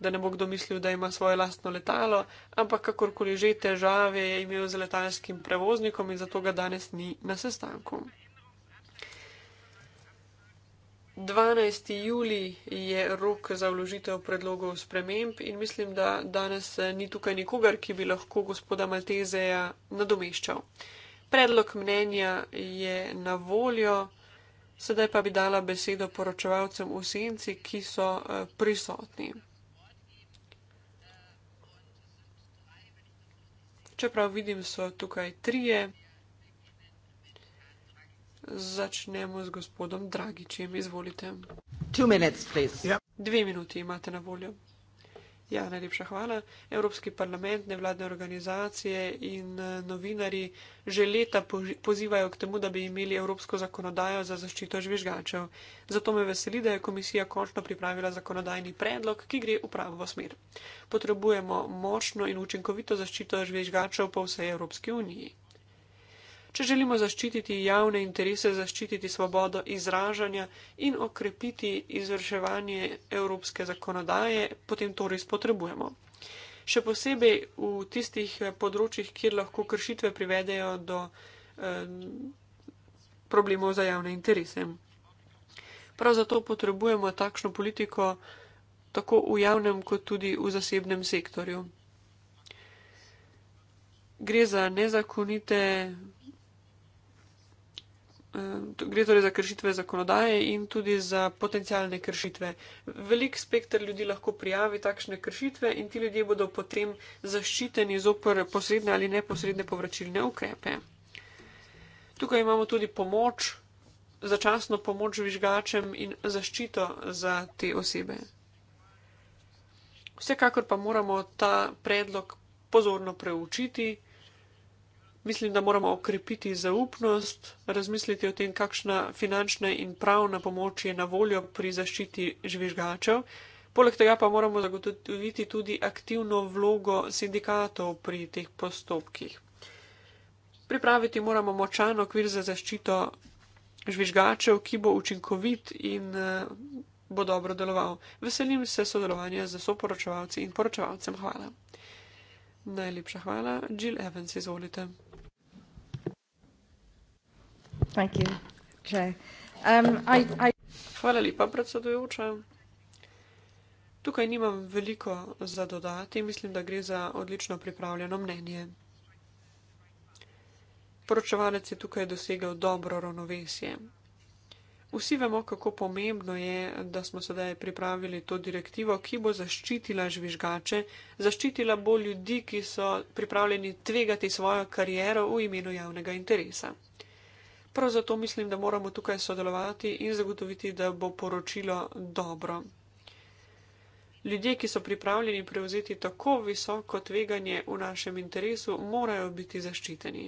da ne bo kdo mislil, da ima svoje lastno letalo, ampak kakorkoli že težave je imel z letalskim prevoznikom in zato ga danes ni na sestanku. 12. juli je rok za vložitev predlogov sprememb in mislim, da danes ni tukaj nikogar, ki bi lahko gospoda Maltezeja nadomeščal. Predlog mnenja je na voljo, sedaj pa bi dala besedo poročevalcem v senci, ki so eh, prisotni. Čeprav vidim, so tukaj trije začnemo z gospodom Dragičem. Izvolite. Minutes, yep. Ja. Dve minuti imate na voljo. Ja, najlepša hvala. Evropski parlament, nevladne organizacije in eh, novinari že leta pozivajo k temu, da bi imeli evropsko zakonodajo za zaščito žvižgačev. Zato me veseli, da je komisija končno pripravila zakonodajni predlog, ki gre v pravo smer. Potrebujemo močno in učinkovito zaščito žvižgačev po vsej Evropski uniji če želimo zaščititi javne interese, zaščititi svobodo izražanja in okrepiti izvrševanje evropske zakonodaje, potem to res potrebujemo. Še posebej v tistih področjih, kjer lahko kršitve privedejo do eh, problemov za javne interese. Prav zato potrebujemo takšno politiko tako v javnem kot tudi v zasebnem sektorju. Gre za nezakonite Ehm, gre torej za kršitve zakonodaje in tudi za potencijalne kršitve. Velik spektr ljudi lahko prijavi takšne kršitve in ti ljudje bodo potem zaščiteni zopr posredne ali neposredne povračilne ukrepe. Tukaj imamo tudi pomoč, začasno pomoč vižgačem in zaščito za te osebe. Vsekakor pa moramo ta predlog pozorno preučiti. Mislim, da moramo okrepiti zaupnost, razmisliti o tem, kakšna finančna in pravna pomoč je na voljo pri zaščiti žvižgačev. Poleg tega pa moramo zagotoviti tudi aktivno vlogo sindikatov pri teh postopkih. Pripraviti moramo močan okvir za zaščito žvižgačev, ki bo učinkovit in eh, bo dobro deloval. Veselim se sodelovanja z soporočevalci in poročevalcem. Hvala. Najlepša hvala. Jill Evans, izvolite. Um, Hvala lepa, predsedujoča. Tukaj nimam veliko za dodati, mislim, da gre za odlično pripravljeno mnenje. Poročevalec je tukaj dosegel dobro ravnovesje. Vsi vemo, kako pomembno je, da smo sedaj pripravili to direktivo, ki bo zaščitila žvižgače, zaščitila bo ljudi, ki so pripravljeni tvegati svojo kariero v imenu javnega interesa. Prav zato mislim, da moramo tukaj sodelovati in zagotoviti, da bo poročilo dobro. Ljudje, ki so pripravljeni prevzeti tako visoko tveganje v našem interesu, morajo biti zaščiteni.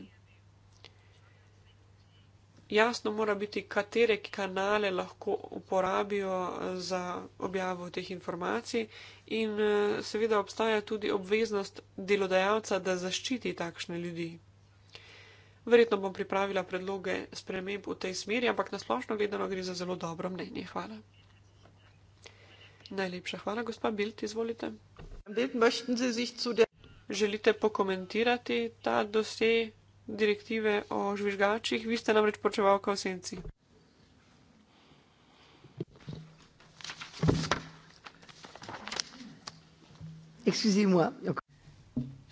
Jasno mora biti, katere kanale lahko uporabijo za objavo teh informacij in eh, seveda obstaja tudi obveznost delodajalca, da zaščiti takšne ljudi. Verjetno bom pripravila predloge sprememb v tej smeri, ampak nasplošno gledano gre za zelo dobro mnenje. Hvala. Najlepša hvala, gospa Bilt, izvolite. Želite pokomentirati ta dosje direktive o žvižgačih? Vi ste namreč počevalka v senci. Excusez-moi.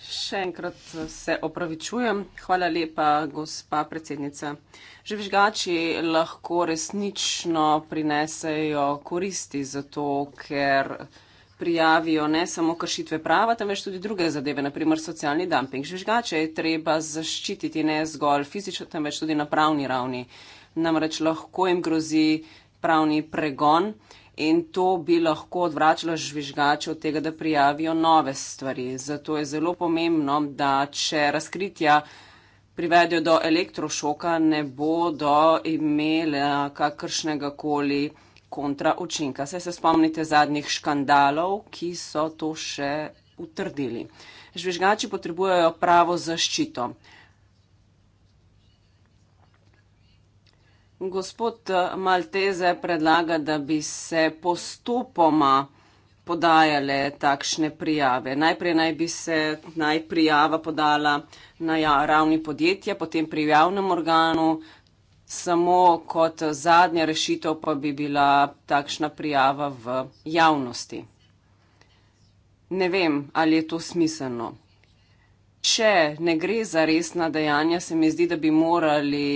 Še enkrat se opravičujem. Hvala lepa, gospa predsednica. Živižgači lahko resnično prinesejo koristi zato, ker prijavijo ne samo kršitve prava, temveč tudi druge zadeve, naprimer socialni dumping. Žvižgače je treba zaščititi ne zgolj fizično, temveč tudi na pravni ravni. Namreč lahko jim grozi pravni pregon in to bi lahko odvračalo žvižgače od tega, da prijavijo nove stvari. Zato je zelo pomembno, da če razkritja privedijo do elektrošoka, ne bodo imele kakršnega koli kontra učinka. Se se spomnite zadnjih škandalov, ki so to še utrdili. Žvižgači potrebujejo pravo zaščito. Gospod eh, Malteze predlaga, da bi se postopoma podajale takšne prijave. Najprej naj bi se naj prijava podala na ja-, ravni podjetja, potem pri javnem organu, samo kot zadnja rešitev pa bi bila takšna prijava v javnosti. Ne vem, ali je to smiselno. Če ne gre za resna dejanja, se mi zdi, da bi morali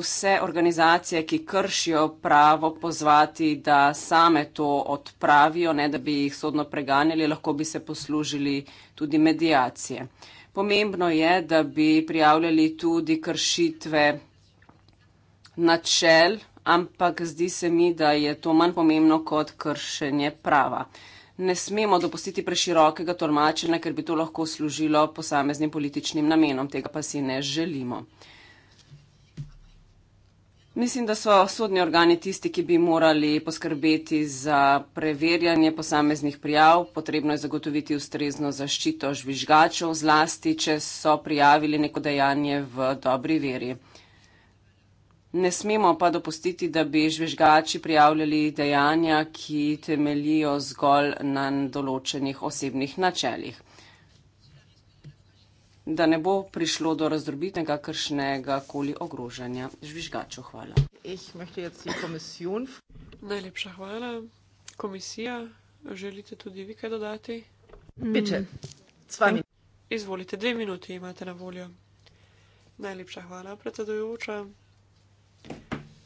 vse organizacije, ki kršijo pravo, pozvati, da same to odpravijo, ne da bi jih sodno preganjali, lahko bi se poslužili tudi medijacije. Pomembno je, da bi prijavljali tudi kršitve načel, ampak zdi se mi, da je to manj pomembno kot kršenje prava. Ne smemo dopustiti preširokega tolmačenja, ker bi to lahko služilo posameznim političnim namenom, tega pa si ne želimo. Mislim, da so sodni organi tisti, ki bi morali poskrbeti za preverjanje posameznih prijav. Potrebno je zagotoviti ustrezno zaščito žvižgačev, zlasti, če so prijavili neko dejanje v dobri veri. Ne smemo pa dopustiti, da bi žvižgači prijavljali dejanja, ki temelijo zgolj na določenih osebnih načeljih da ne bo prišlo do razdrobitnega kršnega koli ogrožanja žvižgačev. Hvala. Najlepša hvala. Komisija, želite tudi vi kaj dodati? Biče, s vami. Izvolite, dve minuti imate na voljo. Najlepša hvala, predsedujoča.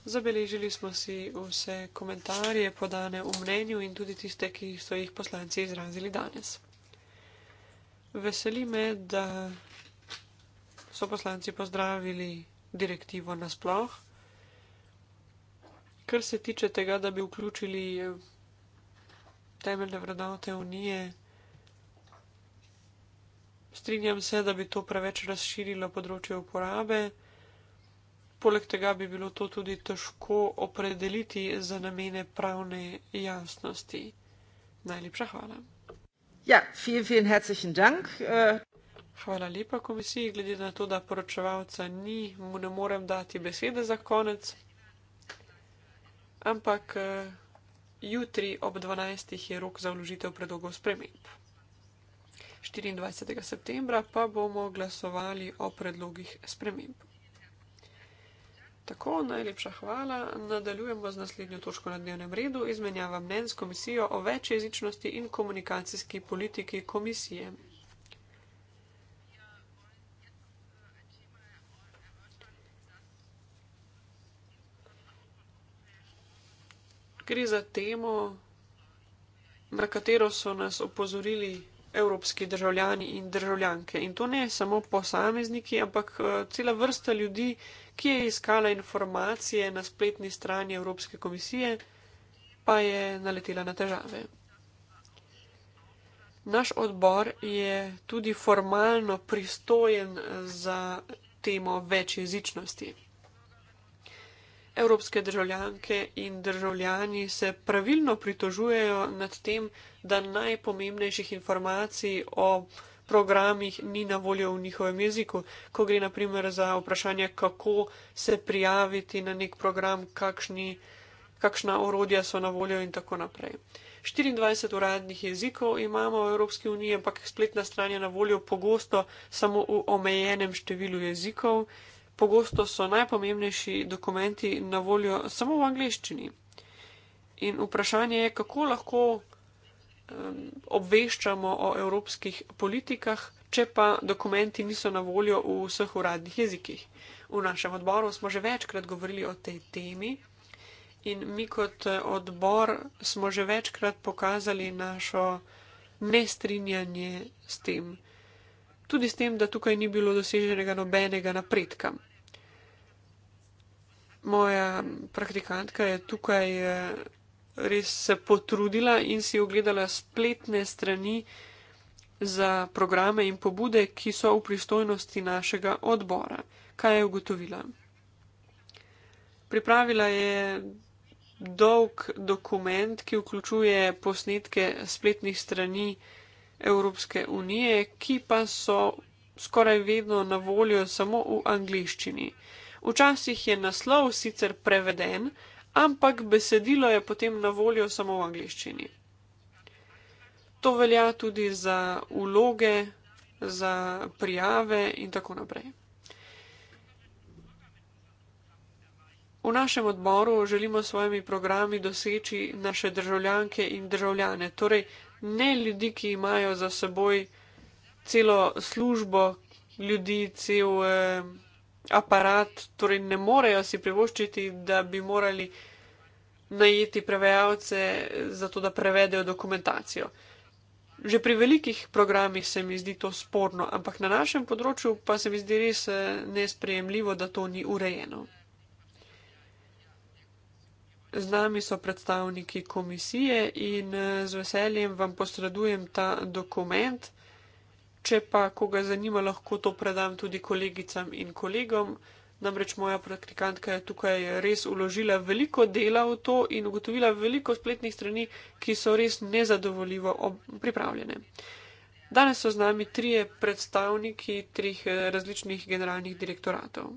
Zabeležili smo si vse komentarje podane v mnenju in tudi tiste, ki so jih poslanci izrazili danes. Veseli me, da so poslanci pozdravili direktivo nasploh. Kar se tiče tega, da bi vključili temeljne vrednote unije, strinjam se, da bi to preveč razširilo področje uporabe. Poleg tega bi bilo to tudi težko opredeliti za namene pravne jasnosti. Najlepša hvala. Ja, vielen, vielen herzlichen Dank. Uh... Hvala lepa komisiji, glede na to, da poročevalca ni, mu ne morem dati besede za konec. Ampak eh, jutri ob 12. je rok za vložitev predlogov sprememb. 24. septembra pa bomo glasovali o predlogih sprememb. Tako, najlepša hvala. Nadaljujemo z naslednjo točko na dnevnem redu, izmenjava mnen s komisijo o večjezičnosti in komunikacijski politiki komisije. gre za temo, na katero so nas opozorili evropski državljani in državljanke. In to ne samo posamezniki, ampak eh, cela vrsta ljudi, ki je iskala informacije na spletni strani Evropske komisije, pa je naletela na težave. Naš odbor je tudi formalno pristojen za temo večjezičnosti evropske državljanke in državljani se pravilno pritožujejo nad tem, da najpomembnejših informacij o programih ni na voljo v njihovem jeziku, ko gre naprimer za vprašanje, kako se prijaviti na nek program, kakšni, kakšna orodja so na voljo in tako naprej. 24 uradnih jezikov imamo v Evropski uniji, ampak spletna stran je na voljo pogosto samo v omejenem številu jezikov, pogosto so najpomembnejši dokumenti na voljo samo v angleščini. In vprašanje je, kako lahko um, obveščamo o evropskih politikah, če pa dokumenti niso na voljo v vseh uradnih jezikih. V našem odboru smo že večkrat govorili o tej temi in mi kot eh, odbor smo že večkrat pokazali našo nestrinjanje s tem tudi s tem, da tukaj ni bilo doseženega nobenega napredka. Moja praktikantka je tukaj eh, res se potrudila in si ogledala spletne strani za programe in pobude, ki so v pristojnosti našega odbora. Kaj je ugotovila? Pripravila je dolg dokument, ki vključuje posnetke spletnih strani, Evropske unije, ki pa so skoraj vedno na voljo samo v angliščini. Včasih je naslov sicer preveden, ampak besedilo je potem na voljo samo v angliščini. To velja tudi za vloge, za prijave in tako naprej. V našem odboru želimo s svojimi programi doseči naše državljanke in državljane, torej ne ljudi, ki imajo za seboj celo službo ljudi, cel eh, aparat, torej ne morejo si privoščiti, da bi morali najeti prevajalce za to, da prevedejo dokumentacijo. Že pri velikih programih se mi zdi to sporno, ampak na našem področju pa se mi zdi res eh, nesprejemljivo, da to ni urejeno z nami so predstavniki komisije in eh, z veseljem vam posredujem ta dokument. Če pa koga zanima, lahko to predam tudi kolegicam in kolegom. Namreč moja praktikantka je tukaj res uložila veliko dela v to in ugotovila veliko spletnih strani, ki so res nezadovoljivo pripravljene. Danes so z nami trije predstavniki trih eh, različnih generalnih direktoratov.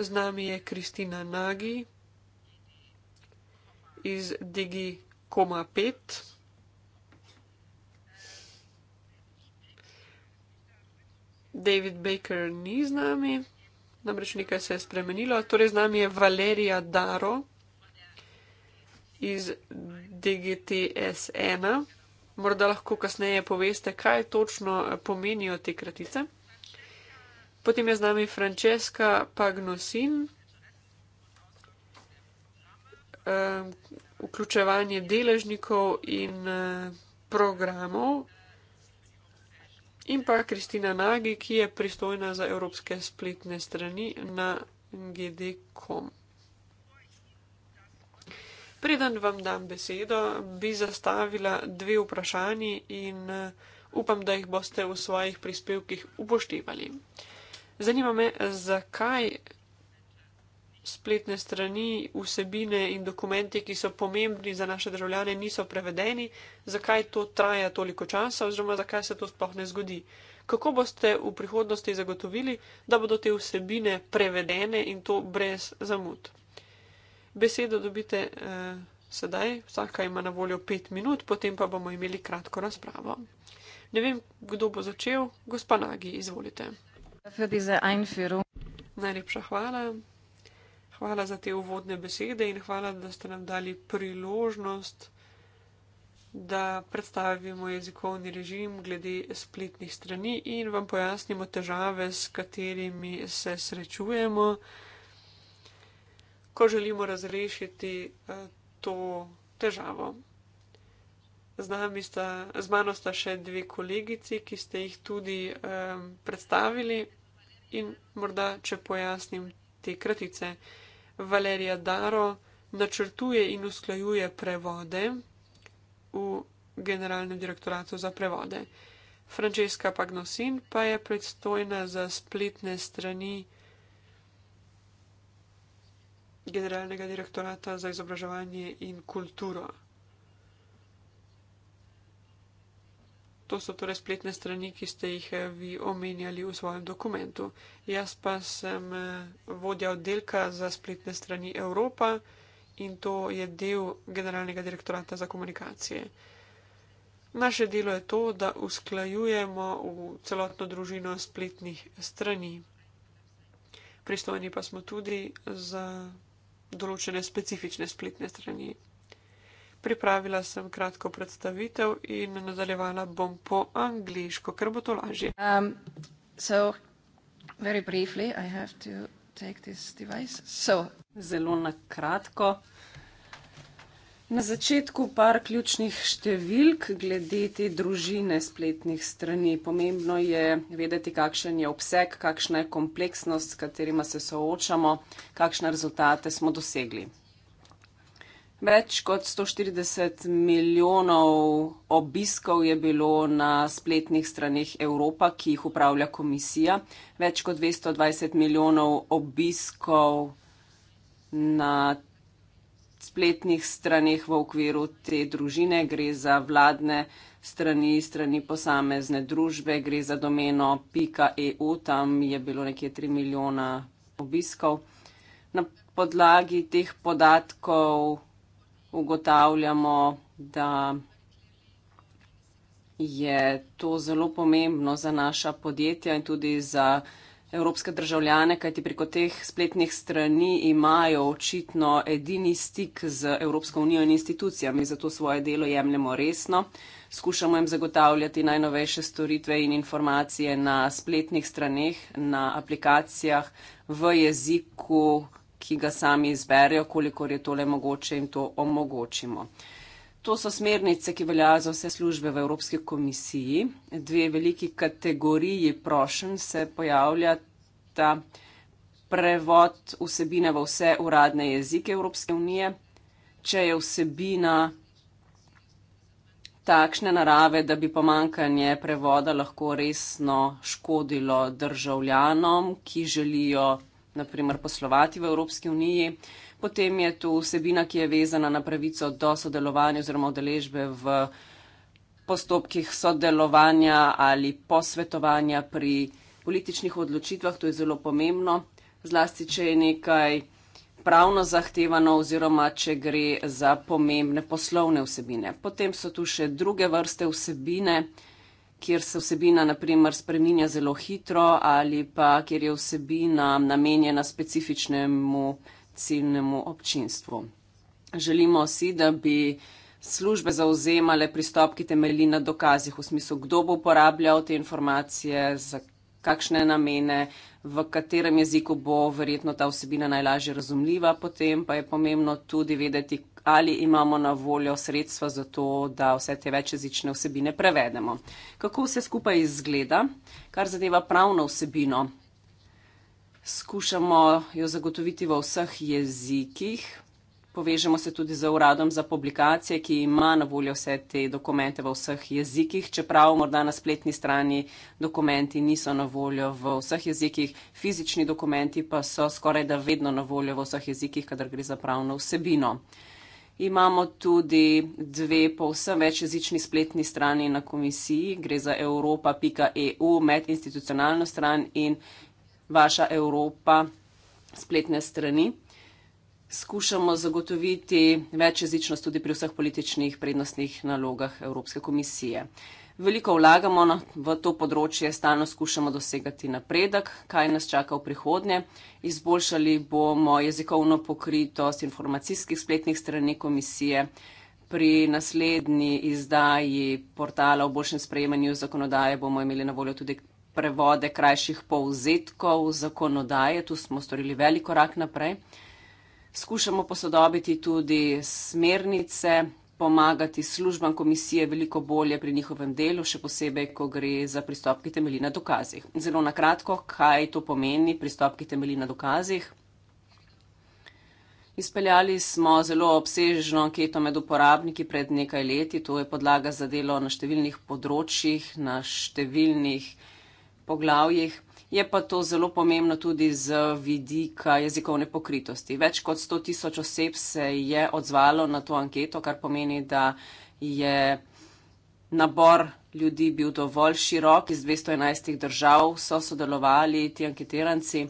Z nami je Kristina Nagi, iz Digi Koma 5. David Baker ni z nami, namreč nekaj se je spremenilo. Torej, z nami je Valerija Daro iz DGTS1. Morda lahko kasneje poveste, kaj točno pomenijo te kratice. Potem je z nami Francesca Pagnosin. Um, vključevanje deležnikov in uh, programov. In pa Kristina Nagi, ki je pristojna za evropske spletne strani na GD.com. Preden vam dam besedo, bi zastavila dve vprašanji in uh, upam, da jih boste v svojih prispevkih upoštevali. Zanima me, zakaj spletne strani, vsebine in dokumenti, ki so pomembni za naše državljane, niso prevedeni, zakaj to traja toliko časa oziroma zakaj se to sploh ne zgodi. Kako boste v prihodnosti zagotovili, da bodo te vsebine prevedene in to brez zamud? Besedo dobite eh, sedaj, vsaka ima na voljo pet minut, potem pa bomo imeli kratko razpravo. Ne vem, kdo bo začel. Gospa Nagi, izvolite. Najlepša hvala. Hvala za te uvodne besede in hvala, da ste nam dali priložnost, da predstavimo jezikovni režim glede spletnih strani in vam pojasnimo težave, s katerimi se srečujemo, ko želimo razrešiti eh, to težavo. Z, sta, z mano sta še dve kolegici, ki ste jih tudi um, predstavili in morda, če pojasnim te kratice. Valerija Daro načrtuje in usklajuje prevode v Generalnem direktoratu za prevode. Francesca Pagnosin pa je predstojna za spletne strani Generalnega direktorata za izobraževanje in kulturo. To so torej spletne strani, ki ste jih eh, vi omenjali v svojem dokumentu. Jaz pa sem eh, vodja oddelka za spletne strani Evropa in to je del Generalnega direktorata za komunikacije. Naše delo je to, da usklajujemo v celotno družino spletnih strani. Pristojni pa smo tudi za določene specifične spletne strani pripravila sem kratko predstavitev in nadaljevala bom po angliško, ker bo to lažje. Um, so, briefly, Zelo na kratko. Na začetku par ključnih številk glede te družine spletnih strani. Pomembno je vedeti, kakšen je obseg, kakšna je kompleksnost, s katerima se soočamo, kakšne rezultate smo dosegli. Več kot 140 milijonov obiskov je bilo na spletnih straneh Evropa, ki jih upravlja komisija. Več kot 220 milijonov obiskov na spletnih straneh v okviru te družine. Gre za vladne strani, strani posamezne družbe, gre za domeno pika.eu, tam je bilo nekje 3 milijona obiskov. Na podlagi teh podatkov ugotavljamo, da je to zelo pomembno za naša podjetja in tudi za evropske državljane, kajti preko teh spletnih strani imajo očitno edini stik z Evropsko unijo in institucijami, zato svoje delo jemljemo resno. Skušamo jim zagotavljati najnovejše storitve in informacije na spletnih straneh, na aplikacijah, v jeziku, ki ga sami izberejo, kolikor je tole mogoče in to omogočimo. To so smernice, ki veljajo za vse službe v Evropski komisiji. Dve veliki kategoriji prošen se pojavljata prevod vsebine v vse uradne jezike Evropske unije, če je vsebina takšne narave, da bi pomankanje prevoda lahko resno škodilo državljanom, ki želijo naprimer, poslovati v Evropski uniji. Potem je tu vsebina, ki je vezana na pravico do sodelovanja oziroma odeležbe v postopkih sodelovanja ali posvetovanja pri političnih odločitvah. To je zelo pomembno, zlasti, če je nekaj pravno zahtevano oziroma če gre za pomembne poslovne vsebine. Potem so tu še druge vrste vsebine, kjer se vsebina naprimer spreminja zelo hitro ali pa kjer je vsebina namenjena specifičnemu ciljnemu občinstvu. Želimo si, da bi službe zauzemale pristop, ki temelji na dokazih v smislu, kdo bo uporabljal te informacije, za kakšne namene, v katerem jeziku bo verjetno ta vsebina najlažje razumljiva, potem pa je pomembno tudi vedeti, ali imamo na voljo sredstva za to, da vse te večjezične vsebine prevedemo. Kako vse skupaj izgleda, kar zadeva pravno vsebino? Skušamo jo zagotoviti v vseh jezikih, Povežemo se tudi z uradom za publikacije, ki ima na voljo vse te dokumente v vseh jezikih, čeprav morda na spletni strani dokumenti niso na voljo v vseh jezikih, fizični dokumenti pa so skoraj da vedno na voljo v vseh jezikih, kadar gre za pravno vsebino. Imamo tudi dve povsem večjezični spletni strani na komisiji, gre za europa.eu, medinstitucionalno stran in vaša Evropa spletne strani skušamo zagotoviti večjezičnost tudi pri vseh političnih prednostnih nalogah Evropske komisije. Veliko vlagamo na, v to področje, stano skušamo dosegati napredek, kaj nas čaka v prihodnje. Izboljšali bomo jezikovno pokritost informacijskih spletnih strani komisije. Pri naslednji izdaji portala o boljšem sprejemanju zakonodaje bomo imeli na voljo tudi prevode krajših povzetkov zakonodaje. Tu smo storili velik korak naprej. Skušamo posodobiti tudi smernice, pomagati službam komisije veliko bolje pri njihovem delu, še posebej, ko gre za pristop, ki temelji na dokazih. Zelo na kratko, kaj to pomeni, pristop, ki temelji na dokazih. Izpeljali smo zelo obsežno anketo med uporabniki pred nekaj leti. To je podlaga za delo na številnih področjih, na številnih poglavjih je pa to zelo pomembno tudi z vidika jezikovne pokritosti. Več kot 100 tisoč oseb se je odzvalo na to anketo, kar pomeni, da je nabor ljudi bil dovolj širok, iz 211 držav so sodelovali ti anketiranci.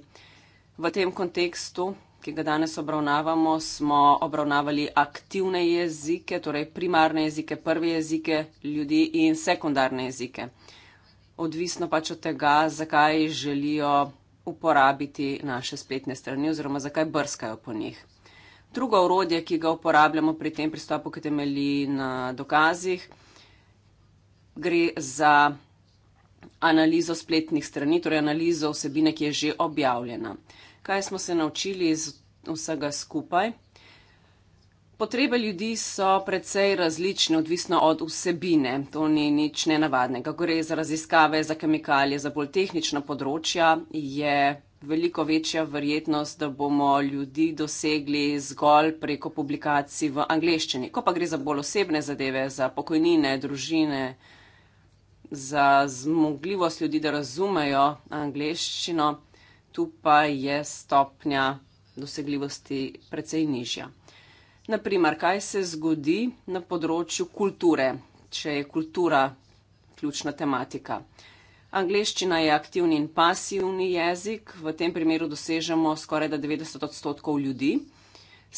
V tem kontekstu, ki ga danes obravnavamo, smo obravnavali aktivne jezike, torej primarne jezike, prve jezike ljudi in sekundarne jezike odvisno pač od tega, zakaj želijo uporabiti naše spletne strani oziroma zakaj brskajo po njih. Drugo orodje, ki ga uporabljamo pri tem pristopu, ki temelji na dokazih, gre za analizo spletnih strani, torej analizo vsebine, ki je že objavljena. Kaj smo se naučili iz vsega skupaj? Potrebe ljudi so precej različne, odvisno od vsebine. To ni nič nenavadnega. Gre za raziskave, za kemikalije, za bolj tehnična področja. Je veliko večja verjetnost, da bomo ljudi dosegli zgolj preko publikacij v angleščini. Ko pa gre za bolj osebne zadeve, za pokojnine, družine, za zmogljivost ljudi, da razumejo angleščino, tu pa je stopnja dosegljivosti precej nižja. Naprimer, kaj se zgodi na področju kulture, če je kultura ključna tematika. Angliščina je aktivni in pasivni jezik, v tem primeru dosežemo skoraj 90 odstotkov ljudi.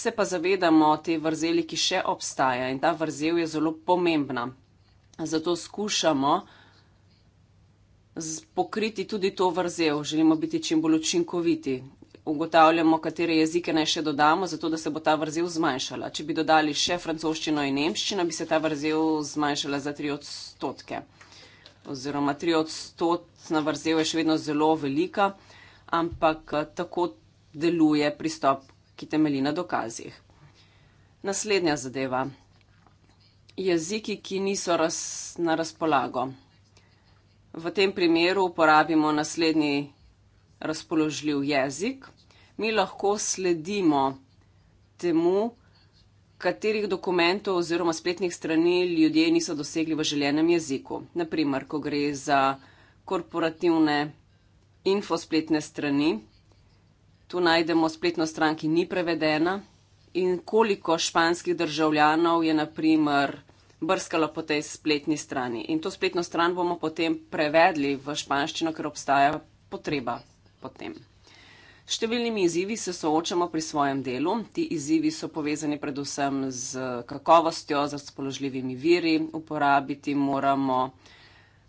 Se pa zavedamo te vrzeli, ki še obstaja in ta vrzel je zelo pomembna. Zato skušamo pokriti tudi to vrzel, želimo biti čim bolj učinkoviti ugotavljamo, katere jezike naj še dodamo, zato da se bo ta vrzel zmanjšala. Če bi dodali še francoščino in nemščino, bi se ta vrzel zmanjšala za tri odstotke. Oziroma, tri odstotna vrzel je še vedno zelo velika, ampak tako deluje pristop, ki temelji na dokazih. Naslednja zadeva. Jeziki, ki niso raz, na razpolago. V tem primeru uporabimo naslednji razpoložljiv jezik mi lahko sledimo temu, katerih dokumentov oziroma spletnih strani ljudje niso dosegli v željenem jeziku. Naprimer, ko gre za korporativne infospletne strani, tu najdemo spletno stran, ki ni prevedena in koliko španskih državljanov je naprimer brskalo po tej spletni strani. In to spletno stran bomo potem prevedli v španščino, ker obstaja potreba potem številnimi izzivi se soočamo pri svojem delu. Ti izzivi so povezani predvsem z kakovostjo, z razpoložljivimi viri. Uporabiti moramo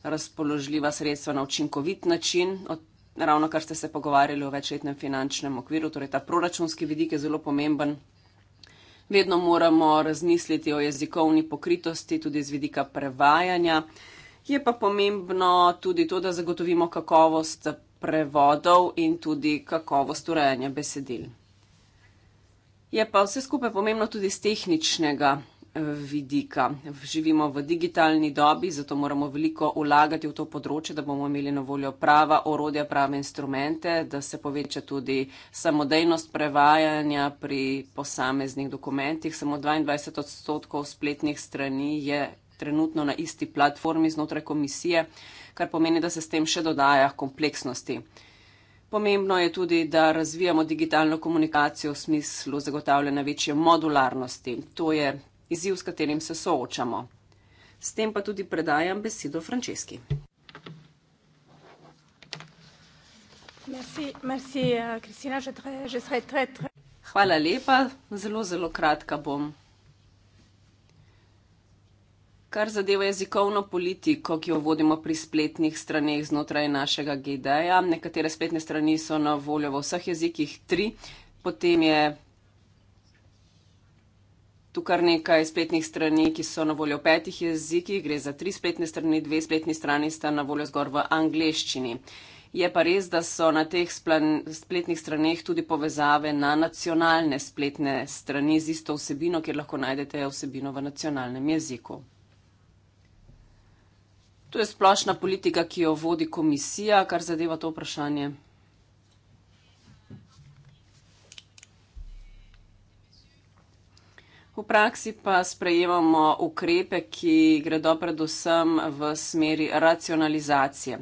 razpoložljiva sredstva na učinkovit način. Od ravno kar ste se pogovarjali o večletnem finančnem okviru, torej ta proračunski vidik je zelo pomemben. Vedno moramo razmisliti o jezikovni pokritosti, tudi z vidika prevajanja. Je pa pomembno tudi to, da zagotovimo kakovost prevodov in tudi kakovost urejanja besedil. Je pa vse skupaj pomembno tudi z tehničnega eh, vidika. Živimo v digitalni dobi, zato moramo veliko vlagati v to področje, da bomo imeli na voljo prava orodja, prave instrumente, da se poveča tudi samodejnost prevajanja pri posameznih dokumentih. Samo 22 odstotkov spletnih strani je trenutno na isti platformi znotraj komisije, kar pomeni, da se s tem še dodaja kompleksnosti. Pomembno je tudi, da razvijamo digitalno komunikacijo v smislu zagotavljanja večje modularnosti. To je izziv, s katerim se soočamo. S tem pa tudi predajam besedo Franceski. Hvala lepa, zelo, zelo kratka bom. Kar zadeva jezikovno politiko, ki jo vodimo pri spletnih straneh znotraj našega GDA, nekatere spletne strani so na voljo v vseh jezikih, tri, potem je tukaj nekaj spletnih strani, ki so na voljo v petih jezikih, gre za tri spletne strani, dve spletni strani sta na voljo zgor v angleščini. Je pa res, da so na teh spletnih straneh tudi povezave na nacionalne spletne strani z isto vsebino, kjer lahko najdete vsebino v nacionalnem jeziku. To je splošna politika, ki jo vodi komisija, kar zadeva to vprašanje. V praksi pa sprejemamo ukrepe, ki gredo predvsem v smeri racionalizacije.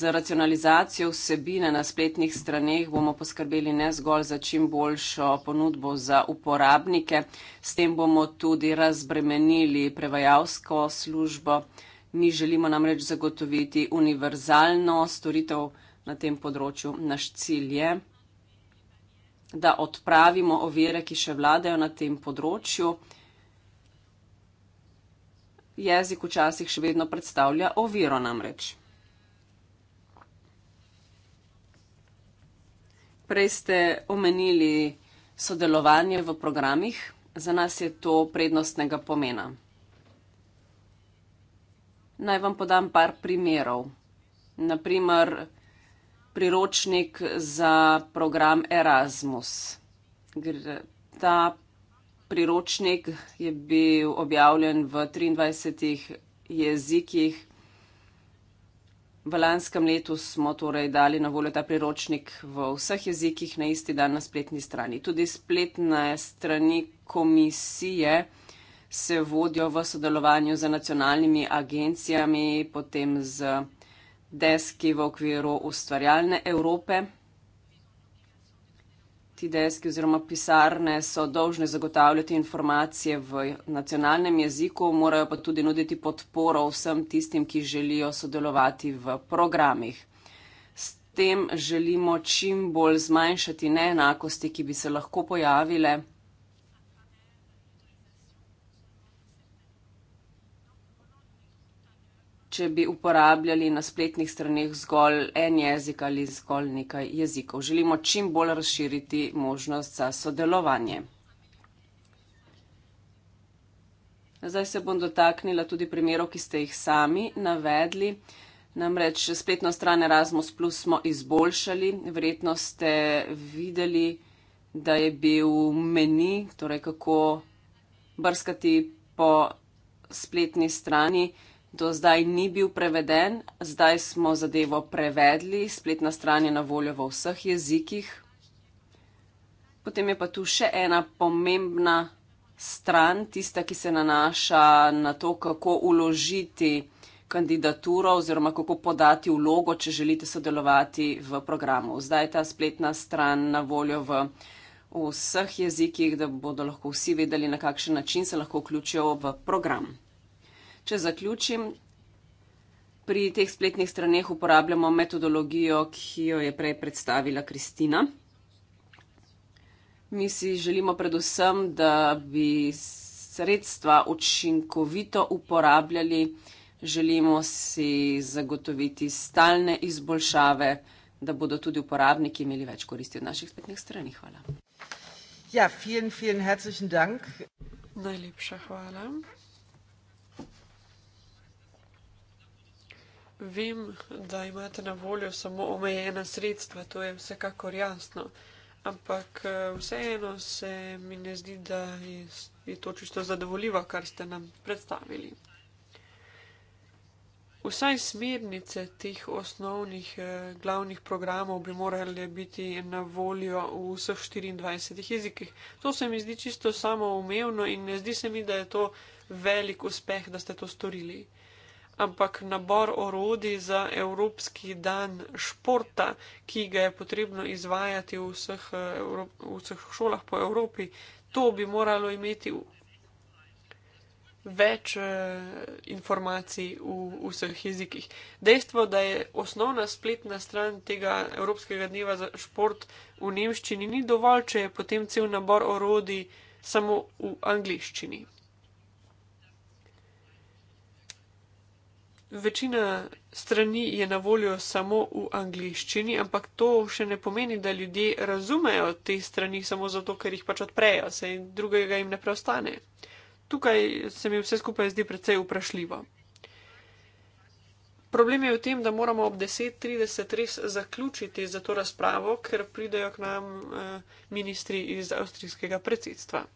Z racionalizacijo vsebine na spletnih straneh bomo poskrbeli ne zgolj za čim boljšo ponudbo za uporabnike, s tem bomo tudi razbremenili prevajalsko službo. Mi želimo namreč zagotoviti univerzalno storitev na tem področju. Naš cilj je, da odpravimo ovire, ki še vladajo na tem področju. Jezik včasih še vedno predstavlja oviro namreč. Prej ste omenili sodelovanje v programih, za nas je to prednostnega pomena. Naj vam podam par primerov. Naprimer, priročnik za program Erasmus. Ta priročnik je bil objavljen v triindvajsetih jezikih. V lanskem letu smo torej dali na voljo ta priročnik v vseh jezikih na isti dan na spletni strani. Tudi spletne strani komisije se vodijo v sodelovanju z nacionalnimi agencijami, potem z deski v okviru ustvarjalne Evrope. Ti deski oziroma pisarne so dolžne zagotavljati informacije v nacionalnem jeziku, morajo pa tudi nuditi podporo vsem tistim, ki želijo sodelovati v programih. S tem želimo čim bolj zmanjšati neenakosti, ki bi se lahko pojavile. če bi uporabljali na spletnih straneh zgolj en jezik ali zgolj nekaj jezikov. Želimo čim bolj razširiti možnost za sodelovanje. Zdaj se bom dotaknila tudi primerov, ki ste jih sami navedli. Namreč spletno stran Erasmus Plus smo izboljšali. Verjetno ste videli, da je bil meni, torej kako brskati po spletni strani do zdaj ni bil preveden, zdaj smo zadevo prevedli, spletna stran je na voljo v vseh jezikih. Potem je pa tu še ena pomembna stran, tista, ki se nanaša na to, kako uložiti kandidaturo oziroma kako podati vlogo, če želite sodelovati v programu. Zdaj je ta spletna stran na voljo v vseh jezikih, da bodo lahko vsi vedeli, na kakšen način se lahko vključijo v program. Če zaključim, pri teh spletnih straneh uporabljamo metodologijo, ki jo je prej predstavila Kristina. Mi si želimo predvsem, da bi sredstva učinkovito uporabljali. Želimo si zagotoviti stalne izboljšave, da bodo tudi uporabniki imeli več koristi od naših spletnih strani. Hvala. Ja, vielen, vielen herzlichen Dank. Najlepša hvala. Vem, da imate na voljo samo omejena sredstva, to je vsekakor jasno, ampak eh, vseeno se mi ne zdi, da je to čisto zadovoljivo, kar ste nam predstavili. Vsaj smernice teh osnovnih eh, glavnih programov bi morali biti na voljo v vseh 24 jezikih. To se mi zdi čisto samoumevno in ne zdi se mi, da je to velik uspeh, da ste to storili ampak nabor orodij za Evropski dan športa, ki ga je potrebno izvajati v vseh, eh, v vseh šolah po Evropi. To bi moralo imeti več eh, informacij v, v vseh jezikih. Dejstvo, da je osnovna spletna stran tega Evropskega dneva za šport v nemščini, ni dovolj, če je potem cel nabor orodij samo v angliščini. večina strani je na voljo samo v angliščini, ampak to še ne pomeni, da ljudje razumejo te strani samo zato, ker jih pač odprejo, saj drugega jim ne preostane. Tukaj se mi vse skupaj zdi precej vprašljivo. Problem je v tem, da moramo ob 10.30 res zaključiti za to razpravo, ker pridejo k nam eh, ministri iz avstrijskega predsedstva.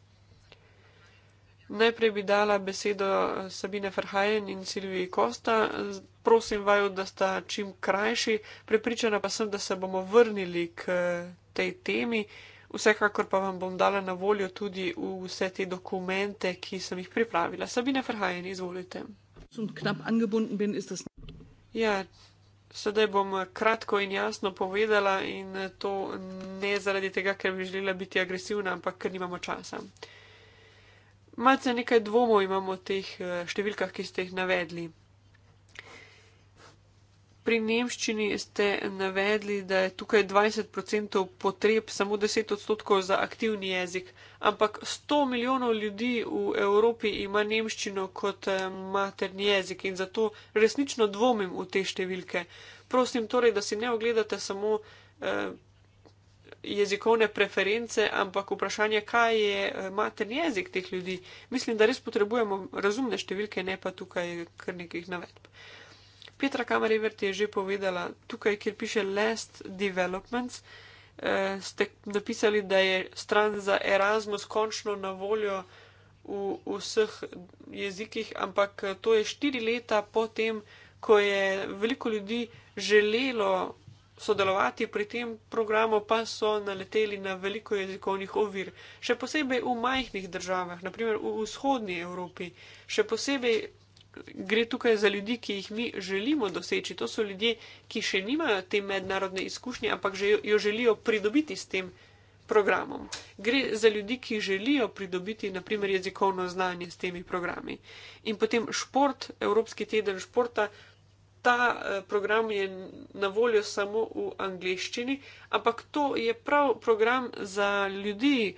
Najprej bi dala besedo eh, Sabine Ferhajen in Silviji Kosta. Prosim vaju, da sta čim krajši. Prepričana pa sem, da se bomo vrnili k eh, tej temi. Vsekakor pa vam bom dala na voljo tudi vse te dokumente, ki sem jih pripravila. Sabine Ferhajen, izvolite. Ja, sedaj bom kratko in jasno povedala in to ne zaradi tega, ker bi želela biti agresivna, ampak ker nimamo časa malce nekaj dvomov imamo o teh eh, številkah, ki ste jih navedli. Pri nemščini ste navedli, da je tukaj 20% potreb, samo 10% za aktivni jezik, ampak 100 milijonov ljudi v Evropi ima nemščino kot eh, materni jezik in zato resnično dvomim v te številke. Prosim torej, da si ne ogledate samo eh, jezikovne preference, ampak vprašanje, kaj je eh, materni jezik teh ljudi. Mislim, da res potrebujemo razumne številke, ne pa tukaj kar nekih navedb. Petra Kamarevert je že povedala, tukaj, kjer piše Last Developments, eh, ste napisali, da je stran za Erasmus končno na voljo v vseh jezikih, ampak eh, to je štiri leta potem, ko je veliko ljudi želelo sodelovati pri tem programu, pa so naleteli na veliko jezikovnih ovir, še posebej v majhnih državah, naprimer v vzhodnji Evropi. Še posebej gre tukaj za ljudi, ki jih mi želimo doseči. To so ljudje, ki še nimajo te mednarodne izkušnje, ampak že jo želijo pridobiti s tem. Programom. Gre za ljudi, ki želijo pridobiti, naprimer, jezikovno znanje s temi programi. In potem šport, Evropski teden športa, ta eh, program je na voljo samo v angleščini, ampak to je prav program za ljudi,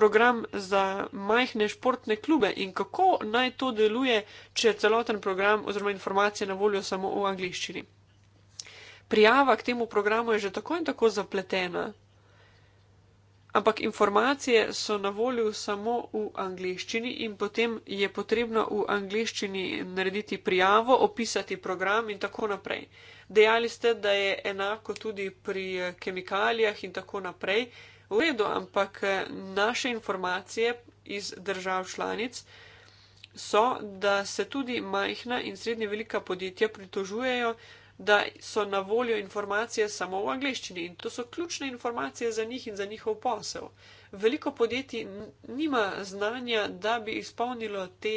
program za majhne športne klube. In kako naj to deluje, če je celoten program oziroma informacije na voljo samo v angleščini? Prijava k temu programu je že tako in tako zapletena, Ampak informacije so na voljo samo v angleščini in potem je potrebno v angleščini narediti prijavo, opisati program in tako naprej. Dejali ste, da je enako tudi pri kemikalijah in tako naprej. V redu, ampak naše informacije iz držav članic so, da se tudi majhna in srednje velika podjetja pritožujejo, da so na voljo informacije samo v angleščini in to so ključne informacije za njih in za njihov posel. Veliko podjetij nima znanja, da bi izpolnilo te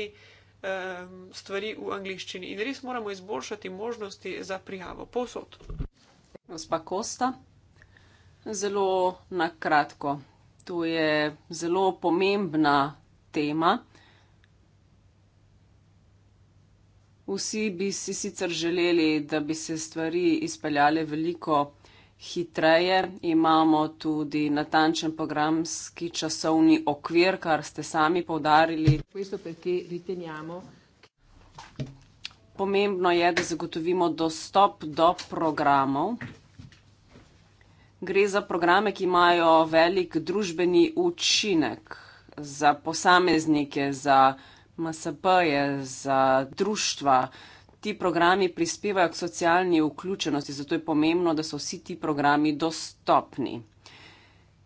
um, stvari v angleščini in res moramo izboljšati možnosti za prijavo posod. Gospa Kosta, zelo na kratko. To je zelo pomembna tema. Vsi bi si sicer želeli, da bi se stvari izpeljale veliko hitreje. Imamo tudi natančen programski časovni okvir, kar ste sami povdarili. Pomembno je, da zagotovimo dostop do programov. Gre za programe, ki imajo velik družbeni učinek za posameznike, za posameznike. MSP-je, za društva. Ti programi prispevajo k socialni vključenosti, zato je pomembno, da so vsi ti programi dostopni.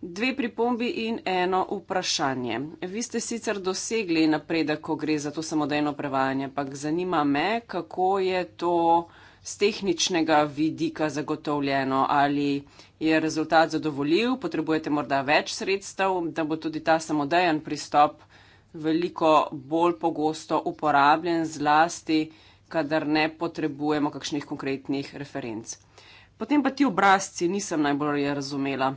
Dve pripombi in eno vprašanje. Vi ste sicer dosegli napredek, ko gre za to samodejno prevajanje, ampak zanima me, kako je to z tehničnega vidika zagotovljeno, ali je rezultat zadovoljiv, potrebujete morda več sredstev, da bo tudi ta samodejen pristop veliko bolj pogosto uporabljen, zlasti, kadar ne potrebujemo kakšnih konkretnih referenc. Potem pa ti obrazci nisem najbolj razumela.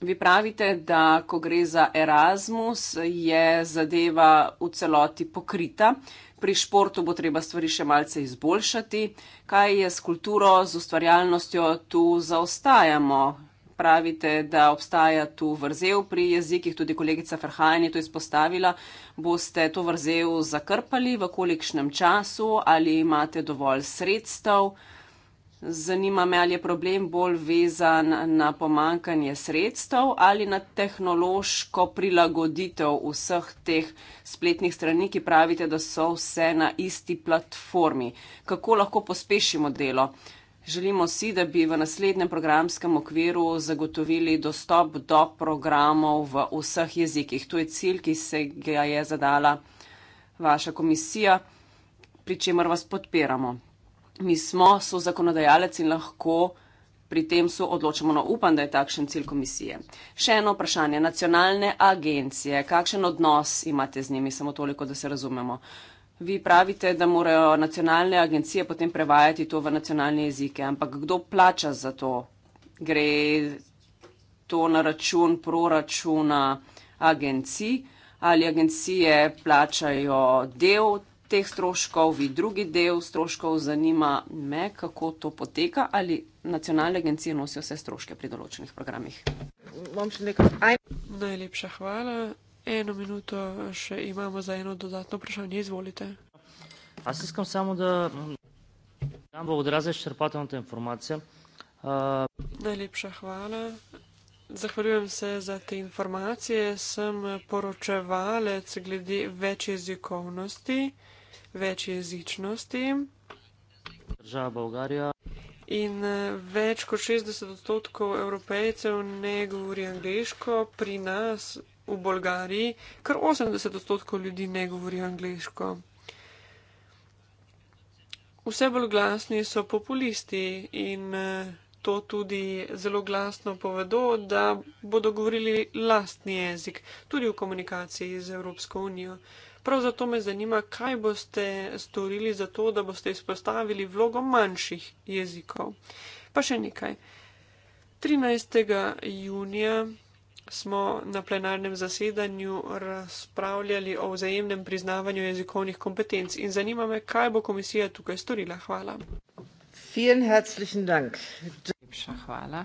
Vi pravite, da ko gre za Erasmus, je zadeva v celoti pokrita, pri športu bo treba stvari še malce izboljšati. Kaj je s kulturo, z ustvarjalnostjo, tu zaostajamo, pravite, da obstaja tu vrzel pri jezikih, tudi kolegica Ferhajn je to izpostavila. Boste to vrzel zakrpali v kolikšnem času ali imate dovolj sredstev? Zanima me, ali je problem bolj vezan na pomankanje sredstev ali na tehnološko prilagoditev vseh teh spletnih strani, ki pravite, da so vse na isti platformi. Kako lahko pospešimo delo? Želimo si, da bi v naslednjem programskem okviru zagotovili dostop do programov v vseh jezikih. To je cilj, ki se ga je zadala vaša komisija, pri čemer vas podpiramo. Mi smo so zakonodajalec in lahko pri tem so odločamo, no upam, da je takšen cilj komisije. Še eno vprašanje. Nacionalne agencije, kakšen odnos imate z njimi, samo toliko, da se razumemo. Vi pravite, da morajo nacionalne agencije potem prevajati to v nacionalne jezike, ampak kdo plača za to? Gre to na račun proračuna agencij ali agencije plačajo del teh stroškov, vi drugi del stroškov, zanima me, kako to poteka ali nacionalne agencije nosijo vse stroške pri določenih programih. Najlepša hvala. Eno minuto še imamo za eno dodatno vprašanje, izvolite. Jaz iskam samo, da nam bo odraza izčrpatelna ta informacija. Uh... Najlepša hvala. Zahvaljujem se za te informacije. Sem poročevalec glede večjezikovnosti, večjezičnosti. Država Bolgarija. In več kot 60 odstotkov evropejcev ne govori angliško, pri nas v Bolgariji, kar 80 odstotkov ljudi ne govori angliško. Vse bolj glasni so populisti in eh, to tudi zelo glasno povedo, da bodo govorili lastni jezik, tudi v komunikaciji z Evropsko unijo. Prav zato me zanima, kaj boste storili za to, da boste izpostavili vlogo manjših jezikov. Pa še nekaj. 13. junija smo na plenarnem zasedanju razpravljali o vzajemnem priznavanju jezikovnih kompetenc in zanima me, kaj bo komisija tukaj storila. Hvala. Hvala.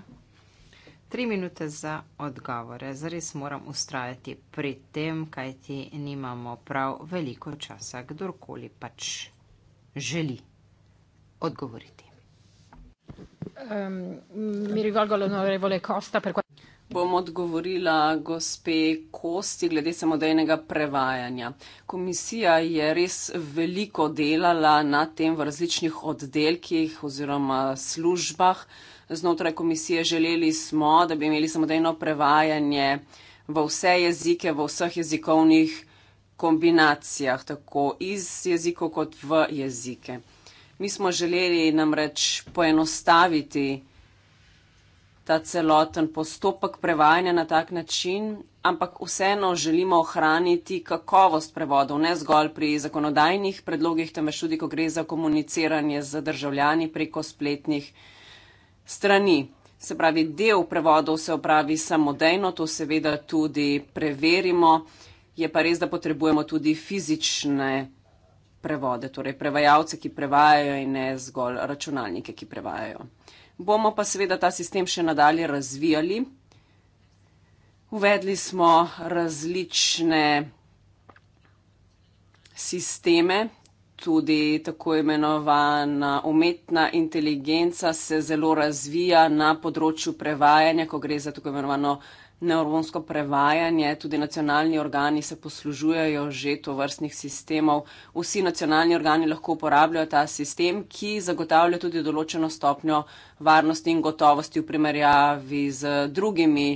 Tri minute za odgovore. Zares moram ustrajati pri tem, kajti nimamo prav veliko časa, kdorkoli pač želi odgovoriti. Um, mi rivolgo l'onorevole Costa per quanto bom odgovorila gospe Kosti glede samodejnega prevajanja. Komisija je res veliko delala na tem v različnih oddelkih oziroma službah. Znotraj komisije želeli smo, da bi imeli samodejno prevajanje v vse jezike, v vseh jezikovnih kombinacijah, tako iz jezikov kot v jezike. Mi smo želeli namreč poenostaviti ta celoten postopek prevajanja na tak način, ampak vseeno želimo ohraniti kakovost prevodov, ne zgolj pri zakonodajnih predlogih, temveč tudi, ko gre za komuniciranje z državljani preko spletnih strani. Se pravi, del prevodov se opravi samodejno, to seveda tudi preverimo, je pa res, da potrebujemo tudi fizične prevode, torej prevajalce, ki prevajajo in ne zgolj računalnike, ki prevajajo bomo pa seveda ta sistem še nadalje razvijali. Uvedli smo različne sisteme, tudi tako imenovana umetna inteligenca se zelo razvija na področju prevajanja, ko gre za tako imenovano neuronsko prevajanje, tudi nacionalni organi se poslužujejo že to vrstnih sistemov. Vsi nacionalni organi lahko uporabljajo ta sistem, ki zagotavlja tudi določeno stopnjo varnosti in gotovosti v primerjavi z drugimi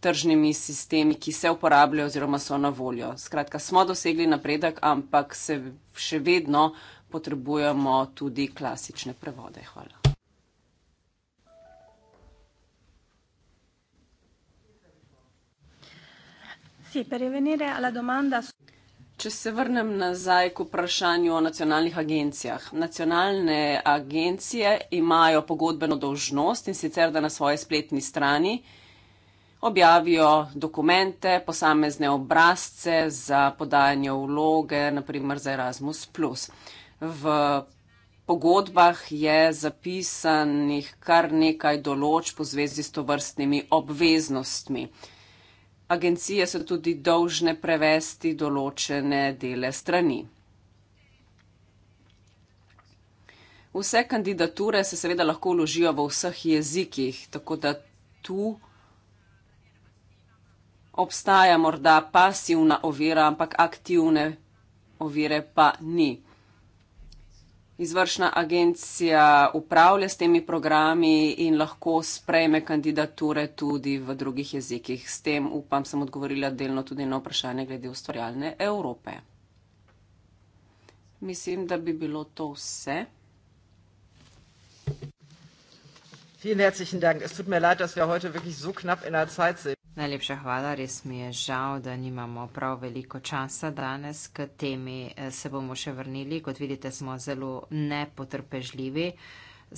tržnimi sistemi, ki se uporabljajo oziroma so na voljo. Skratka, smo dosegli napredek, ampak se še vedno potrebujemo tudi klasične prevode. Hvala. Sì, per venire alla domanda. Če se vrnem nazaj k vprašanju o nacionalnih agencijah. Nacionalne agencije imajo pogodbeno dolžnost in sicer, da na svoji spletni strani objavijo dokumente, posamezne obrazce za podajanje vloge, naprimer za Erasmus. V pogodbah je zapisanih kar nekaj določb v zvezi s tovrstnimi obveznostmi agencije so tudi dolžne prevesti določene dele strani. Vse kandidature se seveda lahko vložijo v vseh jezikih, tako da tu obstaja morda pasivna ovira, ampak aktivne ovire pa ni izvršna agencija upravlja s temi programi in lahko sprejme kandidature tudi v drugih jezikih. S tem upam, sem odgovorila delno tudi na vprašanje glede ustvarjalne Evrope. Mislim, da bi bilo to vse. Vielen herzlichen Dank. Es tut mir leid, dass wir heute wirklich so knapp in der Zeit sind. Najlepša hvala, res mi je žal, da nimamo prav veliko časa danes k temi. Eh, se bomo še vrnili, kot vidite, smo zelo nepotrpežljivi,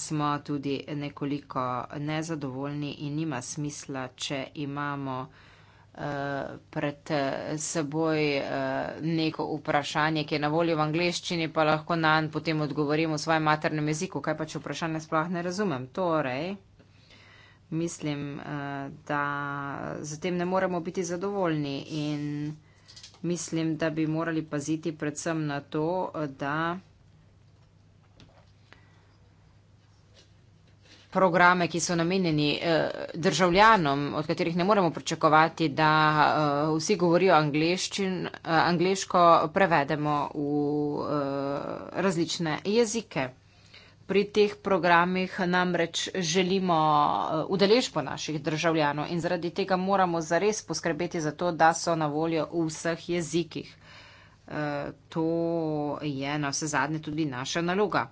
smo tudi nekoliko nezadovoljni in nima smisla, če imamo eh, pred eh, seboj neko vprašanje, ki je na voljo v angleščini, pa lahko na njen potem odgovorimo v svojem maternem jeziku, kaj pa če vprašanje sploh ne razumem. Torej, mislim, eh, da z tem ne moremo biti zadovoljni in mislim, da bi morali paziti predvsem na to, da programe, ki so namenjeni eh, državljanom, od katerih ne moremo pričakovati, da eh, vsi govorijo angliško, prevedemo v različne jezike pri teh programih namreč želimo eh, udeležbo naših državljanov in zaradi tega moramo zares poskrbeti za to, da so na voljo v vseh jezikih. Eh, to je na vse zadnje tudi naša naloga.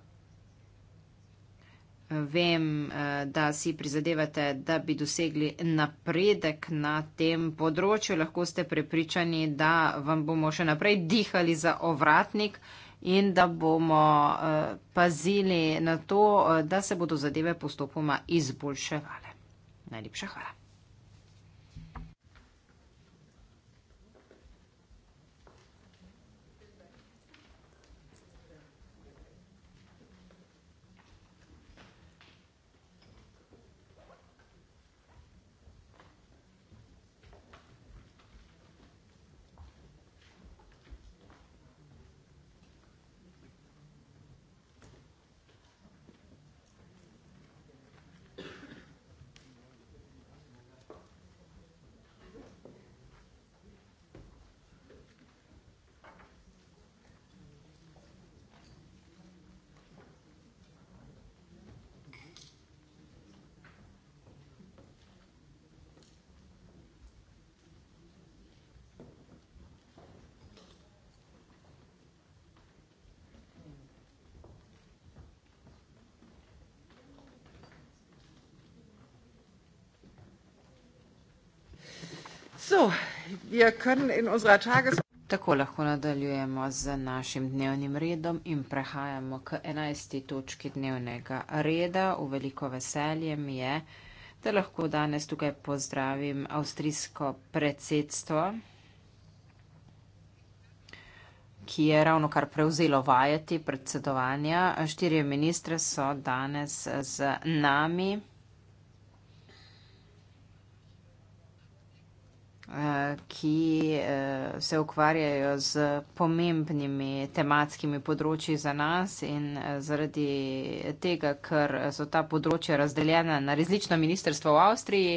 Eh, vem, da si prizadevate, da bi dosegli napredek na tem področju. Lahko ste prepričani, da vam bomo še naprej dihali za ovratnik in da bomo eh, pazili na to, eh, da se bodo zadeve postopoma izboljševale. Najlepša hvala. Tako lahko nadaljujemo z našim dnevnim redom in prehajamo k 11. točki dnevnega reda. V veliko veselje mi je, da lahko danes tukaj pozdravim avstrijsko predsedstvo, ki je ravno kar prevzelo vajeti predsedovanja. Štirje ministre so danes z nami. Eh, ki eh, se ukvarjajo z pomembnimi tematskimi področji za nas in eh, zaradi tega, ker so ta področja razdeljena na različno ministrstvo v Avstriji,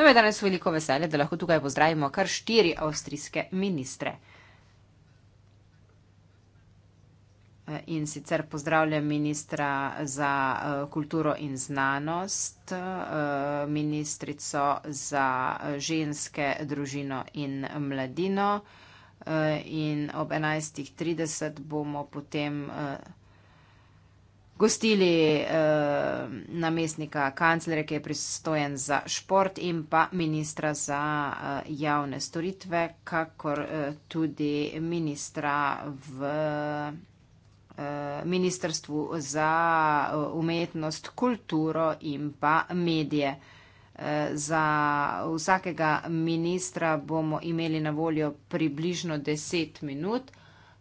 nam je danes veliko veselje, da lahko tukaj pozdravimo kar štiri avstrijske ministre. In sicer pozdravljam ministra za eh, kulturo in znanost, eh, ministrico za ženske, družino in mladino. Eh, in ob 11.30 bomo potem gostili namestnika kanclere, ki je pristojen za šport in pa ministra za javne storitve, kakor tudi ministra v. Ministrstvu za eh, umetnost, kulturo in pa medije. Eh, za vsakega ministra bomo imeli na voljo približno 10 minut,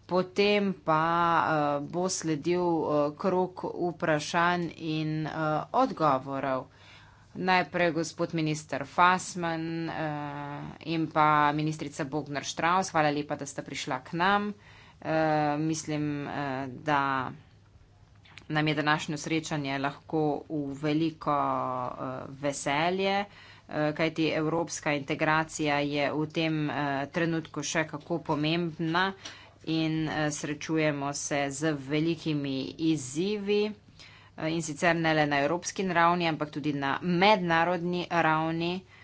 potem pa eh, bo sledil krok vprašanj in odgovorov. Najprej gospod minister Fasman in pa ministrica Bognar Štraus, hvala lepa, da ste prišla k nam. Eh, mislim, uh, da nam je današnje srečanje lahko v veliko uh, veselje, uh, kajti evropska integracija je v tem uh, trenutku še kako pomembna in uh, srečujemo se z velikimi izzivi. In sicer ne le na evropski ravni, ampak tudi na mednarodni ravni. Uh,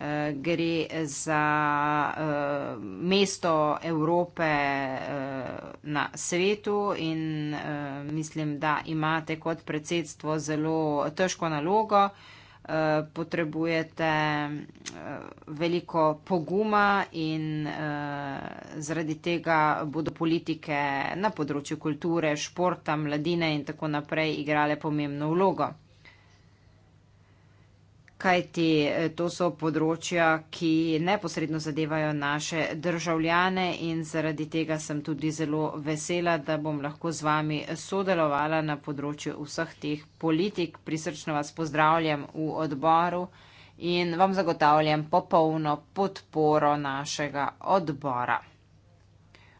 Eh, gre za uh, mesto Evrope uh, na svetu in uh, mislim, da imate kot predsedstvo zelo težko nalogo. Uh, potrebujete uh, veliko poguma in uh, zaradi tega bodo politike na področju kulture, športa, mladine in tako naprej igrale pomembno vlogo kajti eh, to so področja, ki neposredno zadevajo naše državljane in zaradi tega sem tudi zelo vesela, da bom lahko z vami sodelovala na področju vseh teh politik. Prisrčno vas pozdravljam v odboru in vam zagotavljam popolno podporo našega odbora.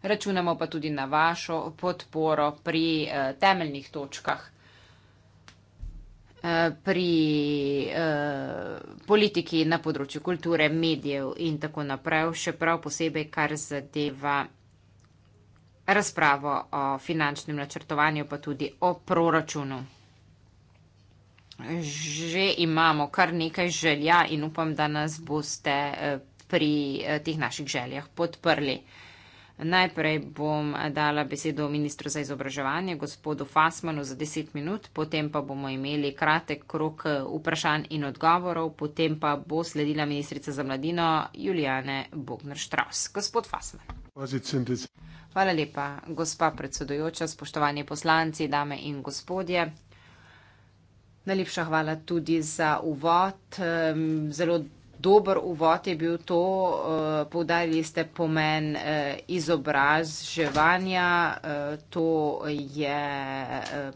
Računamo pa tudi na vašo podporo pri eh, temeljnih točkah. Eh, pri eh, politiki na področju kulture, medijev in tako naprej, še prav posebej, kar zadeva razpravo o finančnem načrtovanju, pa tudi o proračunu. Že imamo kar nekaj želja in upam, da nas boste eh, pri teh naših željah podprli. Najprej bom dala besedo ministru za izobraževanje, gospodu Fasmanu, za 10 minut, potem pa bomo imeli kratek krok eh, vprašanj in odgovorov, potem pa bo sledila ministrica za mladino Juliane Bognar-Štraus. Gospod Fasman. Hvala lepa, gospa predsedujoča, spoštovani poslanci, dame in gospodje. Najlepša hvala tudi za uvod. Ehm, zelo dober uvod je bil to, eh, poudarili ste pomen eh, izobraževanja. Eh, to je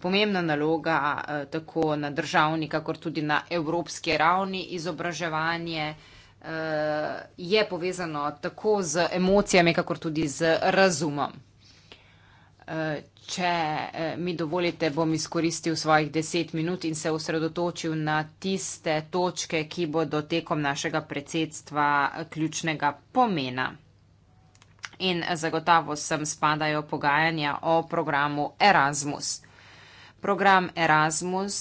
pomembna naloga tako na državni, kakor tudi na evropski ravni izobraževanje. Je povezano tako z emocijami, kakor tudi z razumom. Če eh, mi dovolite, bom izkoristil svojih deset minut in se osredotočil na tiste točke, ki bodo tekom našega predsedstva eh, ključnega pomena. In eh, zagotavo sem spadajo pogajanja o programu Erasmus. Program Erasmus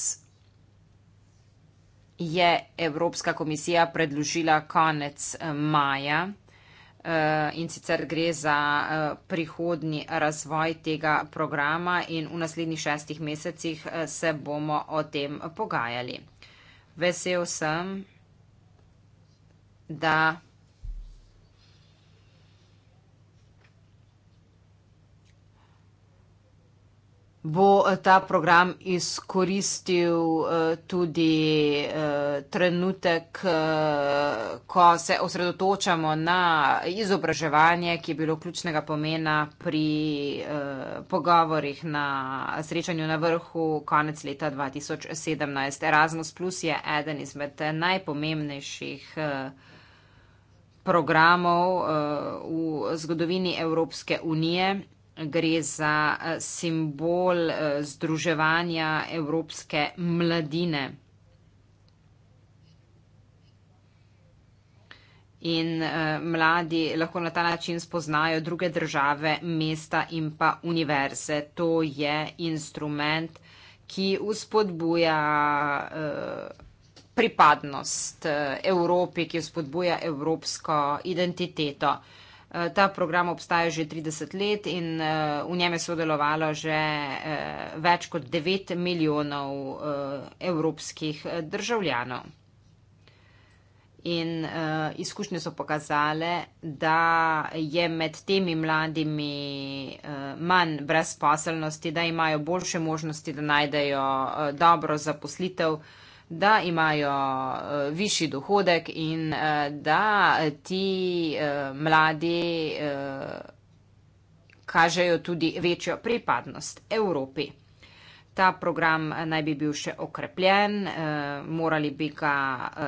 je Evropska komisija predložila konec maja. Eh, in sicer gre za eh, prihodni razvoj tega programa in v naslednjih šestih mesecih eh, se bomo o tem pogajali. Vesel sem, da bo eh, ta program izkoristil eh, tudi eh, trenutek, ko se osredotočamo na izobraževanje, ki je bilo ključnega pomena pri pogovorih na srečanju na vrhu konec leta 2017. Erasmus Plus je eden izmed najpomembnejših programov v zgodovini Evropske unije gre za eh, simbol eh, združevanja evropske mladine. In eh, mladi lahko na ta način spoznajo druge države, mesta in pa univerze. To je instrument, ki uspodbuja pripadnost Evropi, ki uspodbuja evropsko identiteto. Eh, ta program obstaja že 30 let in eh, v njem je sodelovalo že eh, več kot 9 milijonov evropskih državljanov. In uh, izkušnje so pokazale, da je med temi mladimi uh, manj brezposelnosti, da imajo boljše možnosti, da najdejo uh, dobro zaposlitev uh, da imajo uh, višji dohodek in uh, da ti uh, mladi uh, kažejo tudi večjo pripadnost Evropi. Ta program naj bi bil še okrepljen, morali bi ga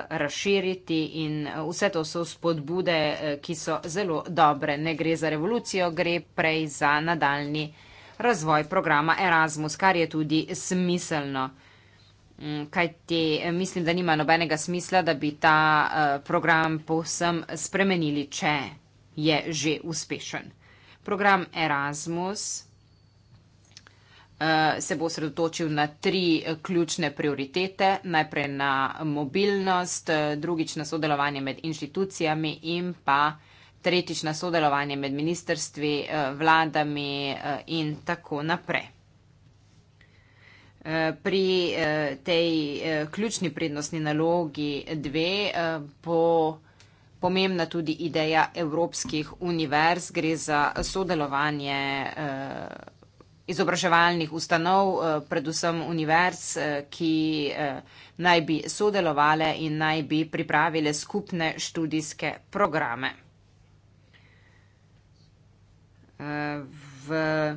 razširiti in vse to so spodbude, ki so zelo dobre. Ne gre za revolucijo, gre prej za nadaljni razvoj programa Erasmus, kar je tudi smiselno. Mm, kaj ti eh, mislim, da nima nobenega smisla, da bi ta eh, program povsem spremenili, če je že uspešen. Program Erasmus eh, se bo osredotočil na tri ključne prioritete. Najprej na mobilnost, drugič na sodelovanje med inštitucijami in pa tretjič na sodelovanje med ministerstvi, vladami in tako naprej. Pri eh, tej eh, ključni prednostni nalogi dve eh, bo pomembna tudi ideja evropskih univerz. Gre za sodelovanje izobraževalnih ustanov, predvsem univerz, ki naj bi sodelovale in naj bi pripravile skupne študijske programe. V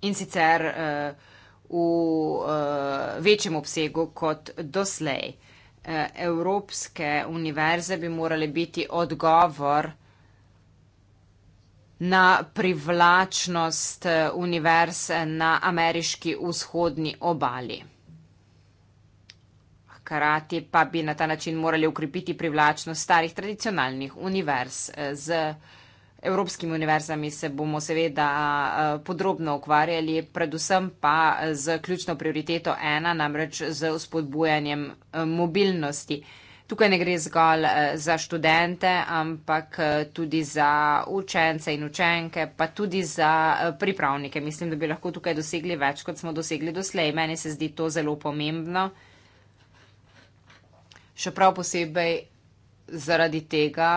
in sicer uh, v uh, večjem obsegu kot doslej. Uh, Evropske univerze bi morale biti odgovor na privlačnost univerz na ameriški vzhodni obali. Hkrati pa bi na ta način morali ukrepiti privlačnost starih tradicionalnih univerz z. Uh, evropskimi univerzami se bomo seveda eh, podrobno ukvarjali, predvsem pa z ključno prioriteto ena, namreč z vzpodbujanjem eh, mobilnosti. Tukaj ne gre zgolj eh, za študente, ampak tudi za učence in učenke, pa tudi za pripravnike. Mislim, da bi lahko tukaj dosegli več, kot smo dosegli doslej. Meni se zdi to zelo pomembno. Še prav posebej zaradi tega,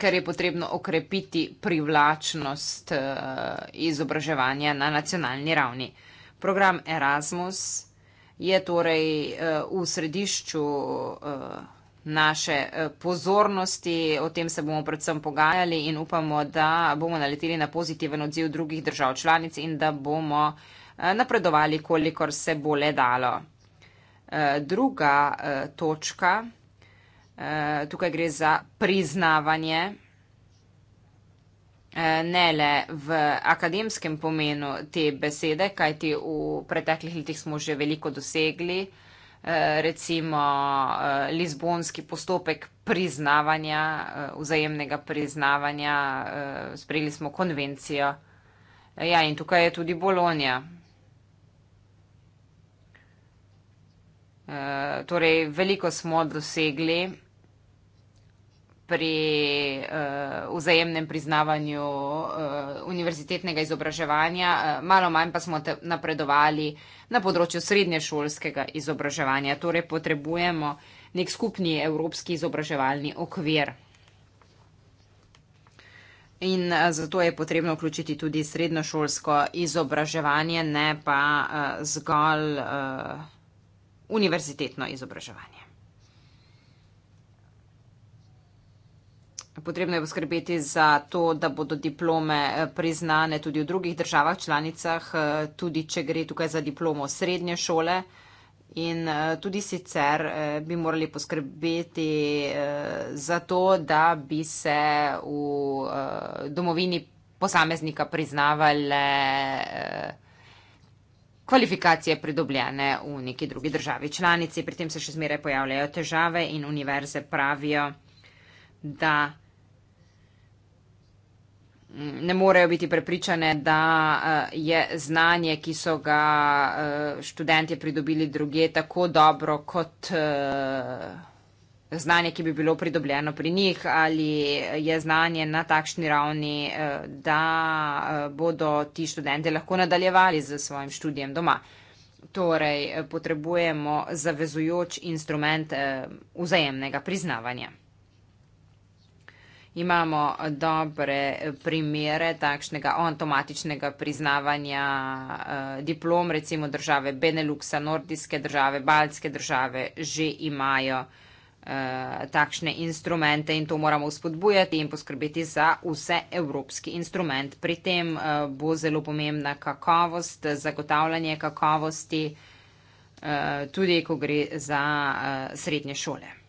ker je potrebno okrepiti privlačnost eh, izobraževanja na nacionalni ravni. Program Erasmus je torej eh, v središču eh, naše pozornosti, o tem se bomo predvsem pogajali in upamo, da bomo naleteli na pozitiven odziv drugih držav članic in da bomo napredovali, kolikor se bo le dalo. Druga točka Eh, tukaj gre za priznavanje, eh, ne le v akademskem pomenu te besede, kajti v preteklih letih smo že veliko dosegli, eh, recimo Lizbonski postopek priznavanja, vzajemnega priznavanja, sprejeli smo konvencijo. Ja, in tukaj je tudi Bolonija. Torej, veliko smo dosegli pri uh, vzajemnem priznavanju uh, univerzitetnega izobraževanja, uh, malo manj pa smo napredovali na področju srednješolskega izobraževanja. Torej potrebujemo nek skupni evropski izobraževalni okvir. In zato je potrebno vključiti tudi srednjošolsko izobraževanje, ne pa zgolj uh, univerzitetno izobraževanje. Potrebno je poskrbeti za to, da bodo diplome eh, priznane tudi v drugih državah članicah, eh, tudi če gre tukaj za diplomo srednje šole. In eh, tudi sicer bi morali poskrbeti za to, da bi se v domovini posameznika priznavale kvalifikacije pridobljene v neki drugi državi članici. Pri tem se še zmeraj pojavljajo težave in univerze pravijo, da ne morejo biti prepričane, da eh, je znanje, ki so ga eh, študenti pridobili druge, tako dobro kot eh, znanje, ki bi bilo pridobljeno pri njih, ali je znanje na takšni ravni, da bodo ti študenti lahko nadaljevali z svojim študijem doma. Torej, potrebujemo zavezujoč instrument vzajemnega priznavanja imamo dobre primere takšnega automatičnega priznavanja eh, diplom, recimo države Beneluxa, nordijske države, baltske države že imajo eh, takšne instrumente in to moramo spodbujati in poskrbeti za vse evropski instrument. Pri tem eh, bo zelo pomembna kakovost, zagotavljanje kakovosti, eh, tudi ko gre za eh, srednje šole.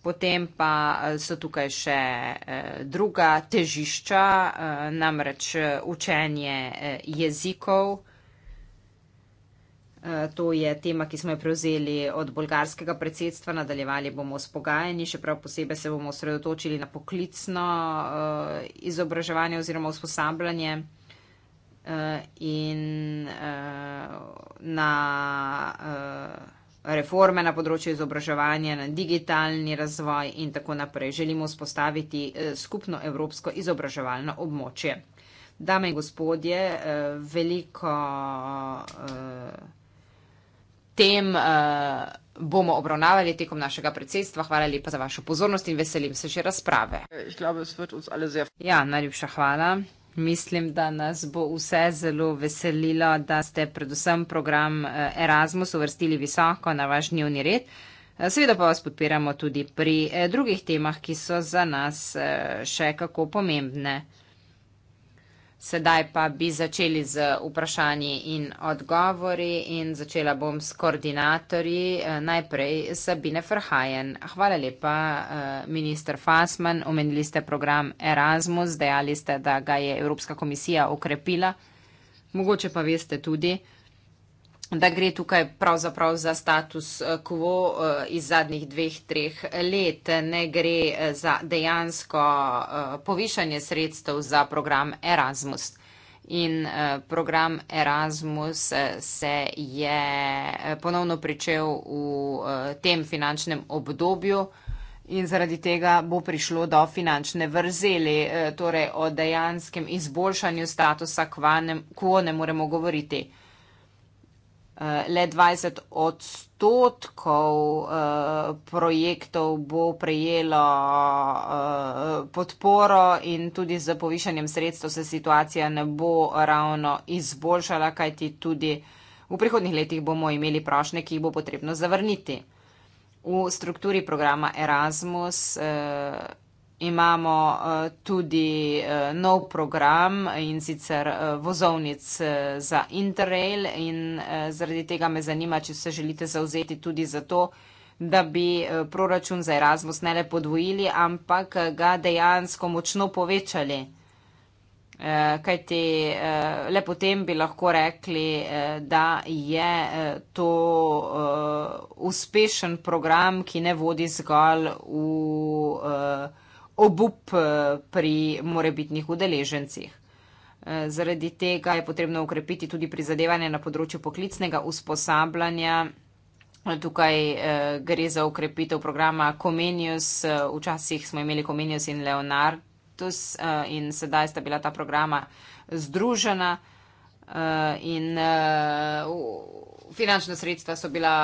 Potem pa eh, so tukaj še eh, druga težišča, eh, namreč učenje jezikov. To je tema, ki smo jo prevzeli od bolgarskega predsedstva. Nadaljevali bomo s pogajanji, še prav posebej se bomo osredotočili na poklicno izobraževanje oziroma usposabljanje in na reforme na področju izobraževanja, na digitalni razvoj in tako naprej. Želimo spostaviti eh, skupno evropsko izobraževalno območje. Dame in gospodje, eh, veliko eh, tem bomo obravnavali tekom našega predsedstva. Hvala lepa za vašo pozornost in veselim se še razprave. Ja, najljubša hvala mislim, da nas bo vse zelo veselilo, da ste predvsem program eh, Erasmus uvrstili visoko na vaš dnevni red. Eh, seveda pa vas podpiramo tudi pri eh, drugih temah, ki so za nas še kako pomembne. Sedaj pa bi začeli z vprašanji in odgovori in začela bom s koordinatorji. Eh, najprej Sabine Frhajen. Hvala lepa, eh, minister Fasman. Omenili ste program Erasmus, dejali ste, da ga je Evropska komisija ukrepila. Mogoče pa veste tudi, da gre tukaj pravzaprav za status eh, quo eh, iz zadnjih dveh, treh let. Ne gre eh, za dejansko povišanje sredstev za program Erasmus. In program Erasmus se je ponovno pričel v tem finančnem obdobju in zaradi tega bo prišlo do finančne vrzeli. Torej o dejanskem izboljšanju statusa kva ne, ne moremo govoriti. Eh, le 20 odstotkov eh, projektov bo prejelo eh, podporo in tudi z povišanjem sredstev se situacija ne bo ravno izboljšala, kajti tudi v prihodnih letih bomo imeli prošnje, ki jih bo potrebno zavrniti. V strukturi programa Erasmus. Uh, imamo eh, tudi eh, nov program in sicer eh, vozovnic za Interrail in zaradi tega me zanima, če se želite zauzeti tudi za to, da bi proračun za Erasmus ne le podvojili, ampak ga dejansko močno povečali. Kaj ti le potem bi lahko rekli, da je to uspešen program, ki ne vodi zgolj v obup eh, pri morebitnih udeležencih. Eh, zaradi tega je potrebno ukrepiti tudi prizadevanje na področju poklicnega usposabljanja. Eh, tukaj eh, gre za ukrepitev programa Comenius. Včasih smo imeli Comenius in Leonardus eh, in sedaj sta bila ta programa združena. Eh, Eh, in uh, finančna sredstva so bila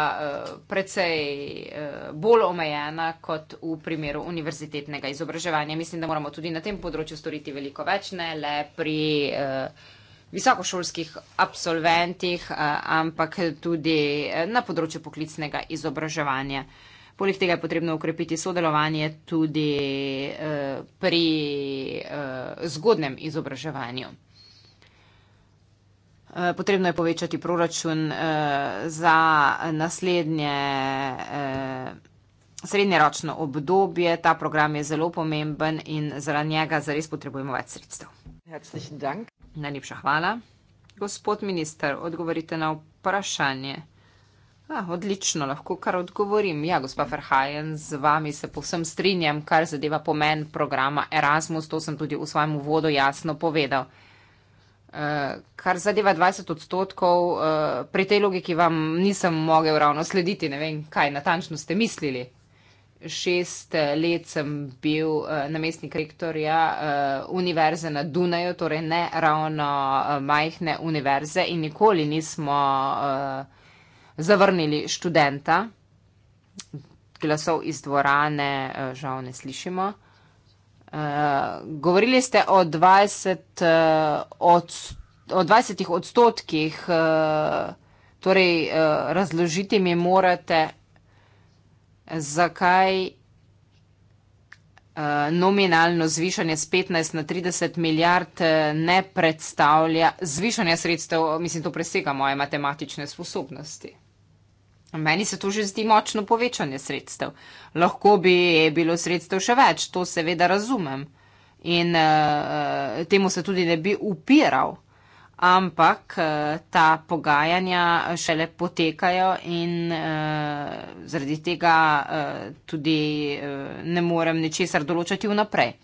uh, precej uh, bolj omejena kot v primeru univerzitetnega izobraževanja. Mislim, da moramo tudi na tem področju storiti veliko več, ne le pri uh, visokošolskih absolventih, uh, ampak tudi na področju poklicnega izobraževanja. Poleg tega je potrebno ukrepiti sodelovanje tudi eh, pri eh, zgodnem izobraževanju. Eh, potrebno je povečati proračun eh, za naslednje eh, srednjeročno obdobje. Ta program je zelo pomemben in zaradi njega zares potrebujemo več sredstev. Najlepša hvala. Gospod minister, odgovorite na vprašanje. Ah, odlično, lahko kar odgovorim. Ja, gospa Ferhajen, z vami se povsem strinjam, kar zadeva pomen programa Erasmus. To sem tudi v svojem uvodu jasno povedal. Eh, kar zadeva 20 odstotkov, eh, pri tej logiki vam nisem mogel ravno slediti, ne vem, kaj natančno ste mislili. Šest eh, let sem bil namestnik rektorja univerze na Dunaju, torej ne ravno majhne univerze in nikoli nismo zavrnili študenta. Glasov iz dvorane žal ne slišimo govorili ste o 20, uh, odst o 20 odstotkih, uh, torej uh, razložiti mi morate, zakaj uh, nominalno zvišanje z 15 na 30 milijard ne predstavlja zvišanja sredstev, mislim, to presega moje matematične sposobnosti. Meni se to že zdi močno povečanje sredstev. Lahko bi bilo sredstev še več, to seveda razumem. In uh, temu se tudi ne bi upiral. Ampak eh, ta pogajanja šele potekajo in uh, zaradi tega uh, tudi uh, ne morem ničesar določati vnaprej.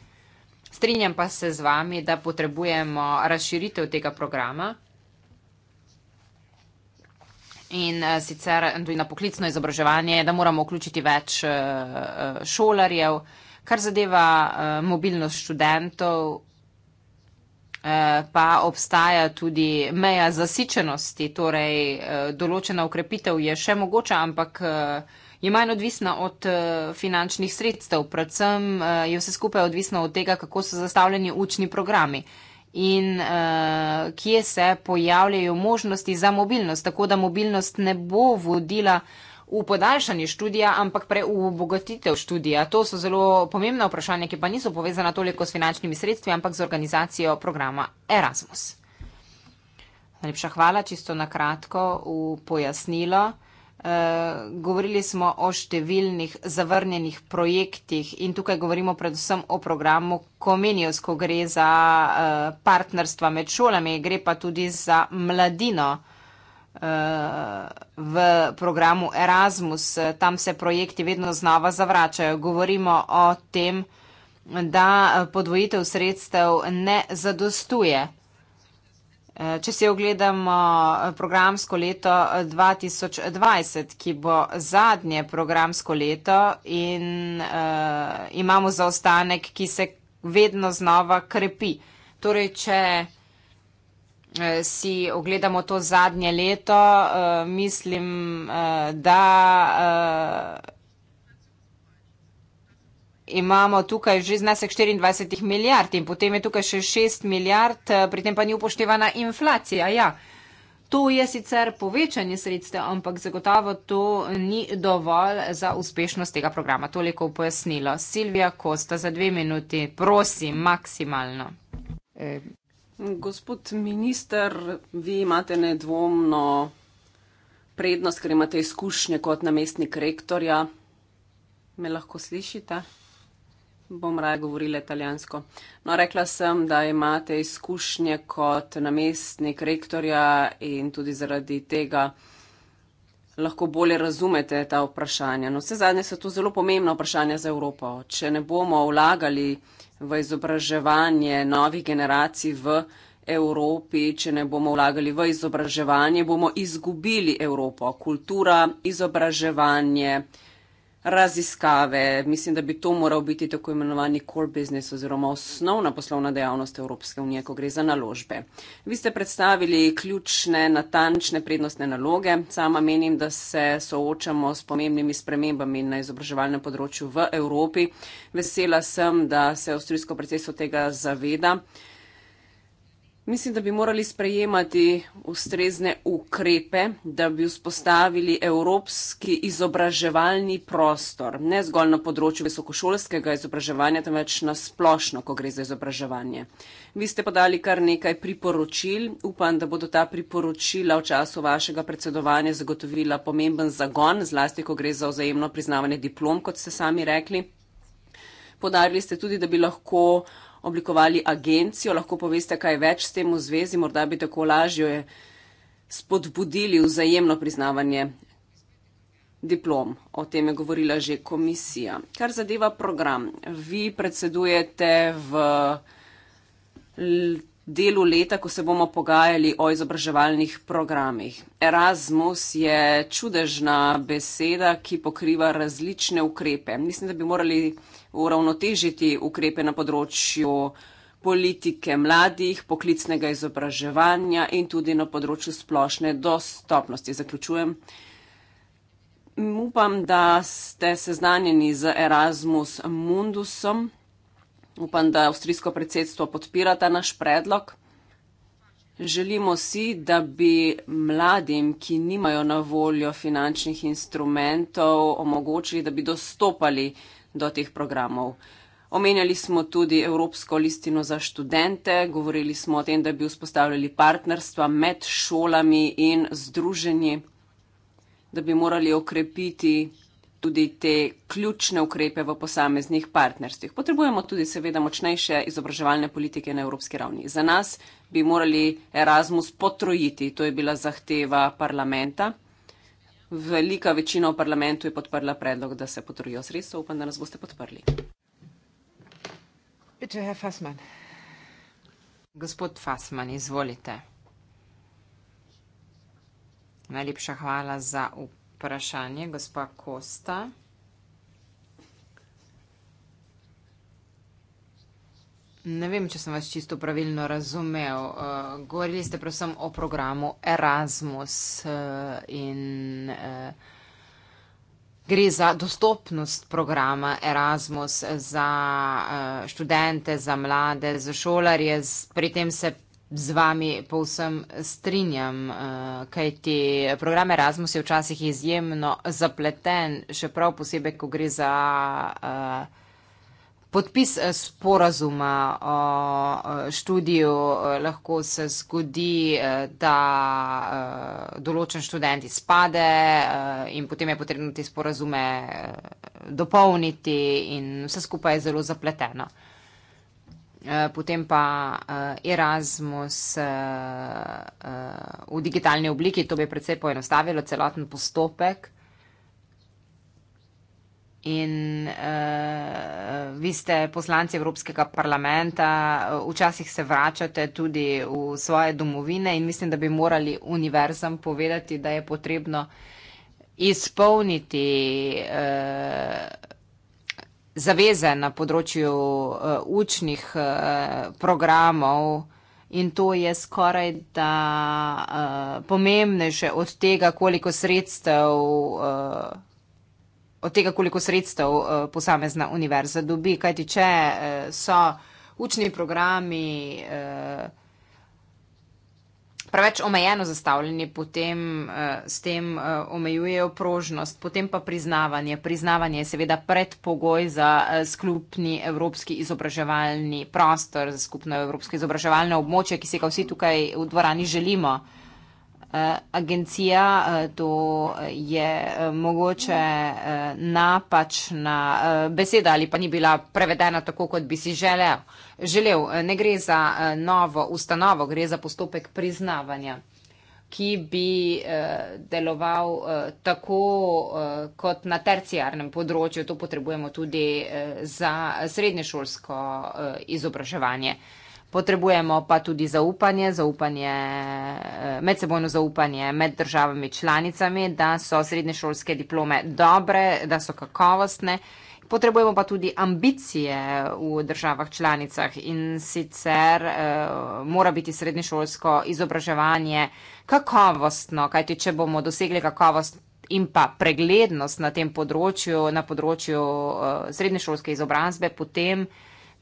Strinjam pa se z vami, da potrebujemo razširitev tega programa in eh, sicer tudi na poklicno izobraževanje, da moramo vključiti več eh, eh, šolarjev, kar zadeva mobilnost študentov, pa obstaja tudi meja zasičenosti, torej določena ukrepitev je še mogoča, ampak je manj odvisna od finančnih sredstev, predvsem je vse skupaj odvisno od tega, kako so zastavljeni učni programi in uh, kje se pojavljajo možnosti za mobilnost, tako da mobilnost ne bo vodila v podaljšanje študija, ampak prej v obogatitev študija. To so zelo pomembna vprašanja, ki pa niso povezana toliko s finančnimi sredstvi, ampak z organizacijo programa Erasmus. Najlepša hvala, čisto na kratko, v pojasnilo. Eh, govorili smo o številnih zavrnjenih projektih in tukaj govorimo predvsem o programu Comenius, ko gre za uh, partnerstva med šolami, gre pa tudi za mladino eh, v programu Erasmus. Tam se projekti vedno znova zavračajo. Govorimo o tem, da podvojitev sredstev ne zadostuje. Če si ogledamo eh, programsko leto 2020, eh, ki bo zadnje programsko leto in uh, imamo zaostanek, ki se vedno znova krepi. Torej, če si ogledamo to zadnje leto, uh, mislim, uh, da. Uh, imamo tukaj že znesek 24 milijard in potem je tukaj še 6 milijard, eh, pri tem pa ni upoštevana inflacija. Ja, to je sicer povečanje sredstev, ampak zagotovo to ni dovolj za uspešnost tega programa. Toliko pojasnilo. Silvija Kosta, za dve minuti, prosim, maksimalno. Eh, gospod minister, vi imate nedvomno prednost, ker imate izkušnje kot namestnik rektorja. Me lahko slišite? bom raje govorila italijansko. No, rekla sem, da imate izkušnje kot namestnik rektorja in tudi zaradi tega lahko bolje razumete ta vprašanja. No, vse zadnje so to zelo pomembna vprašanja za Evropo. Če ne bomo vlagali v izobraževanje novih generacij v Evropi, če ne bomo vlagali v izobraževanje, bomo izgubili Evropo. Kultura, izobraževanje, raziskave. Mislim, da bi to moral biti tako imenovani core business oziroma osnovna poslovna dejavnost Evropske unije, ko gre za naložbe. Vi ste predstavili ključne, natančne prednostne naloge. Sama menim, da se soočamo s pomembnimi spremembami na izobraževalnem področju v Evropi. Vesela sem, da se avstrijsko predsedstvo tega zaveda. Mislim, da bi morali sprejemati ustrezne ukrepe, da bi vzpostavili evropski izobraževalni prostor, ne zgolj na področju visokošolskega izobraževanja, temveč na splošno, ko gre za izobraževanje. Vi ste podali kar nekaj priporočil. Upam, da bodo ta priporočila v času vašega predsedovanja zagotovila pomemben zagon, zlasti, ko gre za vzajemno priznavanje diplom, kot ste sami rekli. Podarili ste tudi, da bi lahko oblikovali agencijo. Lahko poveste, kaj več s tem v zvezi, morda bi tako lažje spodbudili vzajemno priznavanje diplom. O tem je govorila že komisija. Kar zadeva program, vi predsedujete v delu leta, ko se bomo pogajali o izobraževalnih programih. Erasmus je čudežna beseda, ki pokriva različne ukrepe. Mislim, da bi morali uravnotežiti ukrepe na področju politike mladih, poklicnega izobraževanja in tudi na področju splošne dostopnosti. Zaključujem. Upam, da ste seznanjeni z Erasmus Mundusom. Upam, da avstrijsko predsedstvo podpira ta naš predlog. Želimo si, da bi mladim, ki nimajo na voljo finančnih instrumentov, omogočili, da bi dostopali do teh programov. Omenjali smo tudi Evropsko listino za študente, govorili smo o tem, da bi vzpostavljali partnerstva med šolami in združenji, da bi morali okrepiti tudi te ključne ukrepe v posameznih partnerstvih. Potrebujemo tudi seveda močnejše izobraževalne politike na evropski ravni. Za nas bi morali Erasmus potrojiti, to je bila zahteva parlamenta. Velika večina v parlamentu je podprla predlog, da se potrojijo sredstva. Upam, da nas boste podprli. Bitte, Herr Fassmann. Gospod Fassmann, izvolite. Najlepša hvala za vprašanje, gospa Kosta. Ne vem, če sem vas čisto pravilno razumel. Uh, govorili ste predvsem o programu Erasmus uh, in uh, gre za dostopnost programa Erasmus za uh, študente, za mlade, za šolarje. Pri tem se z vami povsem strinjam, uh, kajti program Erasmus je včasih izjemno zapleten, še prav posebej, ko gre za. Uh, Podpis eh, sporazuma o eh, eh, študiju lahko se zgodi, da določen študent izpade in potem je potrebno te sporazume dopolniti in vse skupaj je zelo zapleteno. Potem pa Erasmus v digitalni obliki, to bi predvsej poenostavilo celoten postopek. In uh, vi ste poslanci Evropskega parlamenta, včasih se vračate tudi v svoje domovine in mislim, da bi morali univerzam povedati, da je potrebno izpolniti uh, zaveze na področju uh, učnih uh, programov in to je skoraj da uh, pomembnejše od tega, koliko sredstev. Uh, od tega, koliko sredstev eh, posamezna univerza dobi. Kajti, če eh, so učni programi eh, preveč omejeno zastavljeni, potem s tem omejujejo prožnost, potem pa priznavanje. Priznavanje je seveda predpogoj za sklopni evropski izobraževalni prostor, za skupno evropsko izobraževalno območje, ki se ga vsi tukaj v dvorani želimo. Eh, agencija, eh, to je eh, mogoče napačna beseda ali pa ni bila prevedena tako, kot bi si želel. želel. Ne gre za novo ustanovo, gre za postopek priznavanja, ki bi deloval tako kot na terciarnem področju. To potrebujemo tudi za srednješolsko izobraževanje. Potrebujemo pa tudi zaupanje, zaupanje, eh, medsebojno zaupanje med državami članicami, da so srednješolske diplome dobre, da so kakovostne. Potrebujemo pa tudi ambicije v državah članicah in sicer uh, mora biti srednješolsko izobraževanje kakovostno, kajti če bomo dosegli kakovost in pa preglednost na tem področju, na področju uh, srednješolske izobrazbe, potem uh,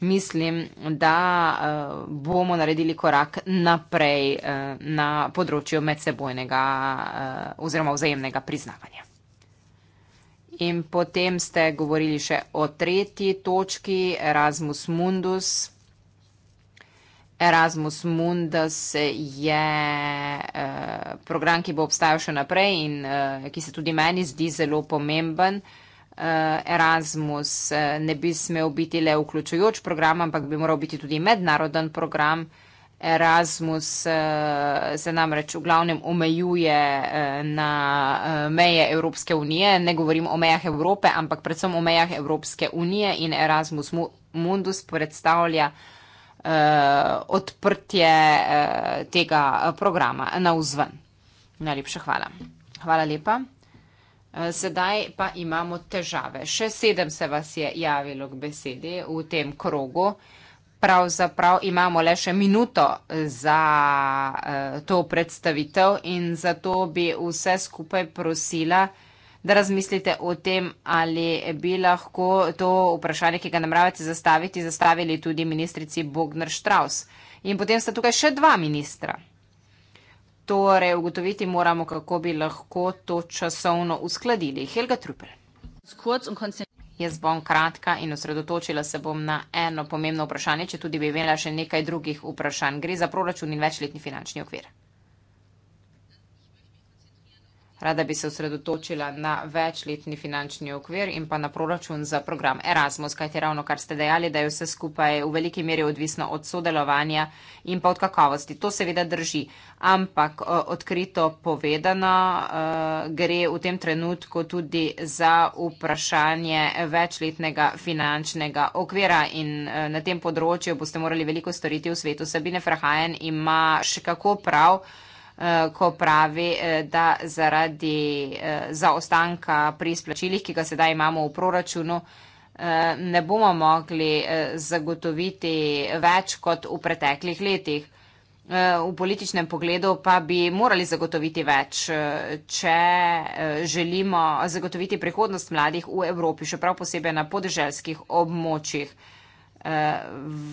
mislim, da uh, bomo naredili korak naprej uh, na področju medsebojnega uh, oziroma vzajemnega priznavanja. In potem ste govorili še o tretji točki, Erasmus Mundus. Erasmus Mundus je uh, program, ki bo obstajal še naprej in uh, ki se tudi meni zdi zelo pomemben. Uh, Eh, Erasmus eh, ne bi smel biti le vključujoč program, ampak bi moral biti tudi mednaroden program. Erasmus eh, se namreč v glavnem omejuje na meje Evropske unije. Ne govorim o mejah Evrope, ampak predvsem o mejah Evropske unije in Erasmus Mundus predstavlja odprtje tega programa na vzven. Najlepša hvala. Hvala lepa. Eh, sedaj pa imamo težave. Še sedem se vas je javilo k besedi v tem krogu. Pravzaprav imamo le še minuto eh, za eh, to predstavitev in zato bi vse skupaj prosila, da razmislite o tem, ali bi lahko to vprašanje, ki ga namravate zastaviti, zastavili tudi ministrici Bognar Štraus. In potem sta tukaj še dva ministra torej ugotoviti moramo, kako bi lahko to časovno uskladili. Helga Trupel. Jaz bom kratka in osredotočila se bom na eno pomembno vprašanje, če tudi bi imela še nekaj drugih vprašanj. Gre za proračun in večletni finančni okvir. Rada bi se osredotočila na večletni finančni okvir in pa na proračun za program Erasmus, kajti ravno kar ste dejali, da je vse skupaj v veliki meri odvisno od sodelovanja in pa od kakovosti. To seveda drži, ampak eh, odkrito povedano eh, gre v tem trenutku tudi za vprašanje večletnega finančnega okvira in eh, na tem področju boste morali veliko storiti v svetu. Sabine Frahajen ima še kako prav. Eh, ko pravi, eh, da zaradi eh, zaostanka pri izplačilih, ki ga sedaj imamo v proračunu, ne bomo mogli zagotoviti več kot v preteklih letih. V političnem pogledu pa bi morali zagotoviti več, če želimo zagotoviti prihodnost mladih v Evropi, še prav posebej na podeželskih območjih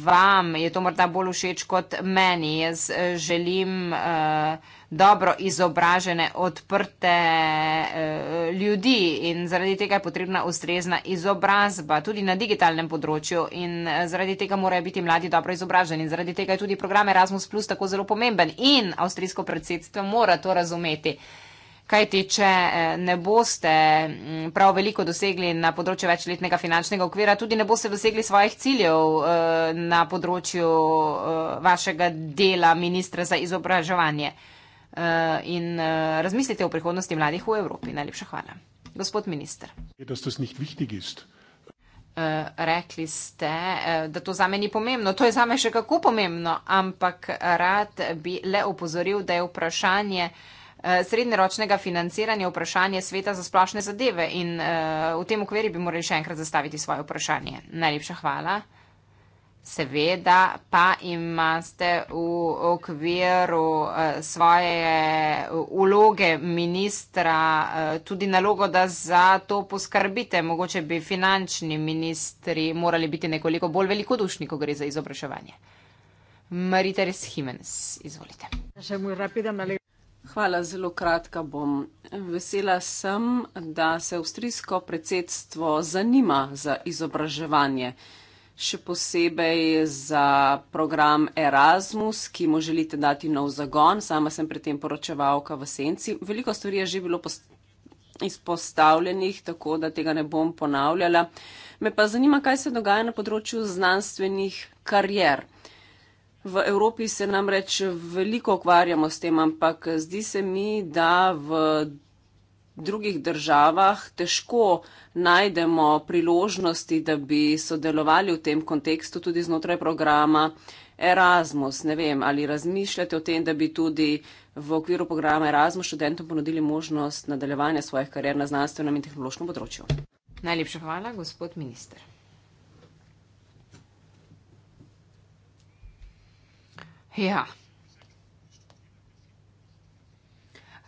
vam je to morda bolj všeč kot meni. Jaz eh, želim eh, dobro izobražene, odprte eh, ljudi in zaradi tega je potrebna ustrezna izobrazba, tudi na digitalnem področju in zaradi tega morajo biti mladi dobro izobraženi in zaradi tega je tudi program Erasmus plus tako zelo pomemben in avstrijsko predsedstvo mora to razumeti. Kajti, če eh, ne boste mm, prav veliko dosegli na področju večletnega finančnega okvira, tudi ne boste dosegli svojih ciljev eh, na področju eh, vašega dela ministra za izobraževanje. In razmislite o prihodnosti mladih v Evropi. Najlepša hvala. Gospod minister. Rekli ste, da to zame ni pomembno. To je zame še kako pomembno, ampak rad bi le opozoril, da je vprašanje. Eh, srednjeročnega financiranja vprašanje sveta za splošne zadeve in eh, v tem okviru bi morali še enkrat zastaviti svoje vprašanje. Najlepša hvala. Seveda pa imate v okviru eh, svoje uloge ministra tudi nalogo, da za to poskrbite. Mogoče bi finančni ministri morali biti nekoliko bolj velikodušni, ko gre za izobraževanje. Marita Reshimens, izvolite. Hvala, zelo kratka bom. Vesela sem, da se avstrijsko predsedstvo zanima za izobraževanje, še posebej za program Erasmus, ki mu želite dati nov zagon. Sama sem pri tem poročevalka v senci. Veliko stvari je že bilo izpostavljenih, tako da tega ne bom ponavljala. Me pa zanima, kaj se dogaja na področju znanstvenih karier. V Evropi se namreč veliko ukvarjamo s tem, ampak zdi se mi, da v drugih državah težko najdemo priložnosti, da bi sodelovali v tem kontekstu tudi znotraj programa Erasmus. Ne vem, ali razmišljate o tem, da bi tudi v okviru programa Erasmus študentom ponudili možnost nadaljevanja svojih karier na znanstvenem in tehnološkem področju. Najlepša hvala, gospod minister. Ja.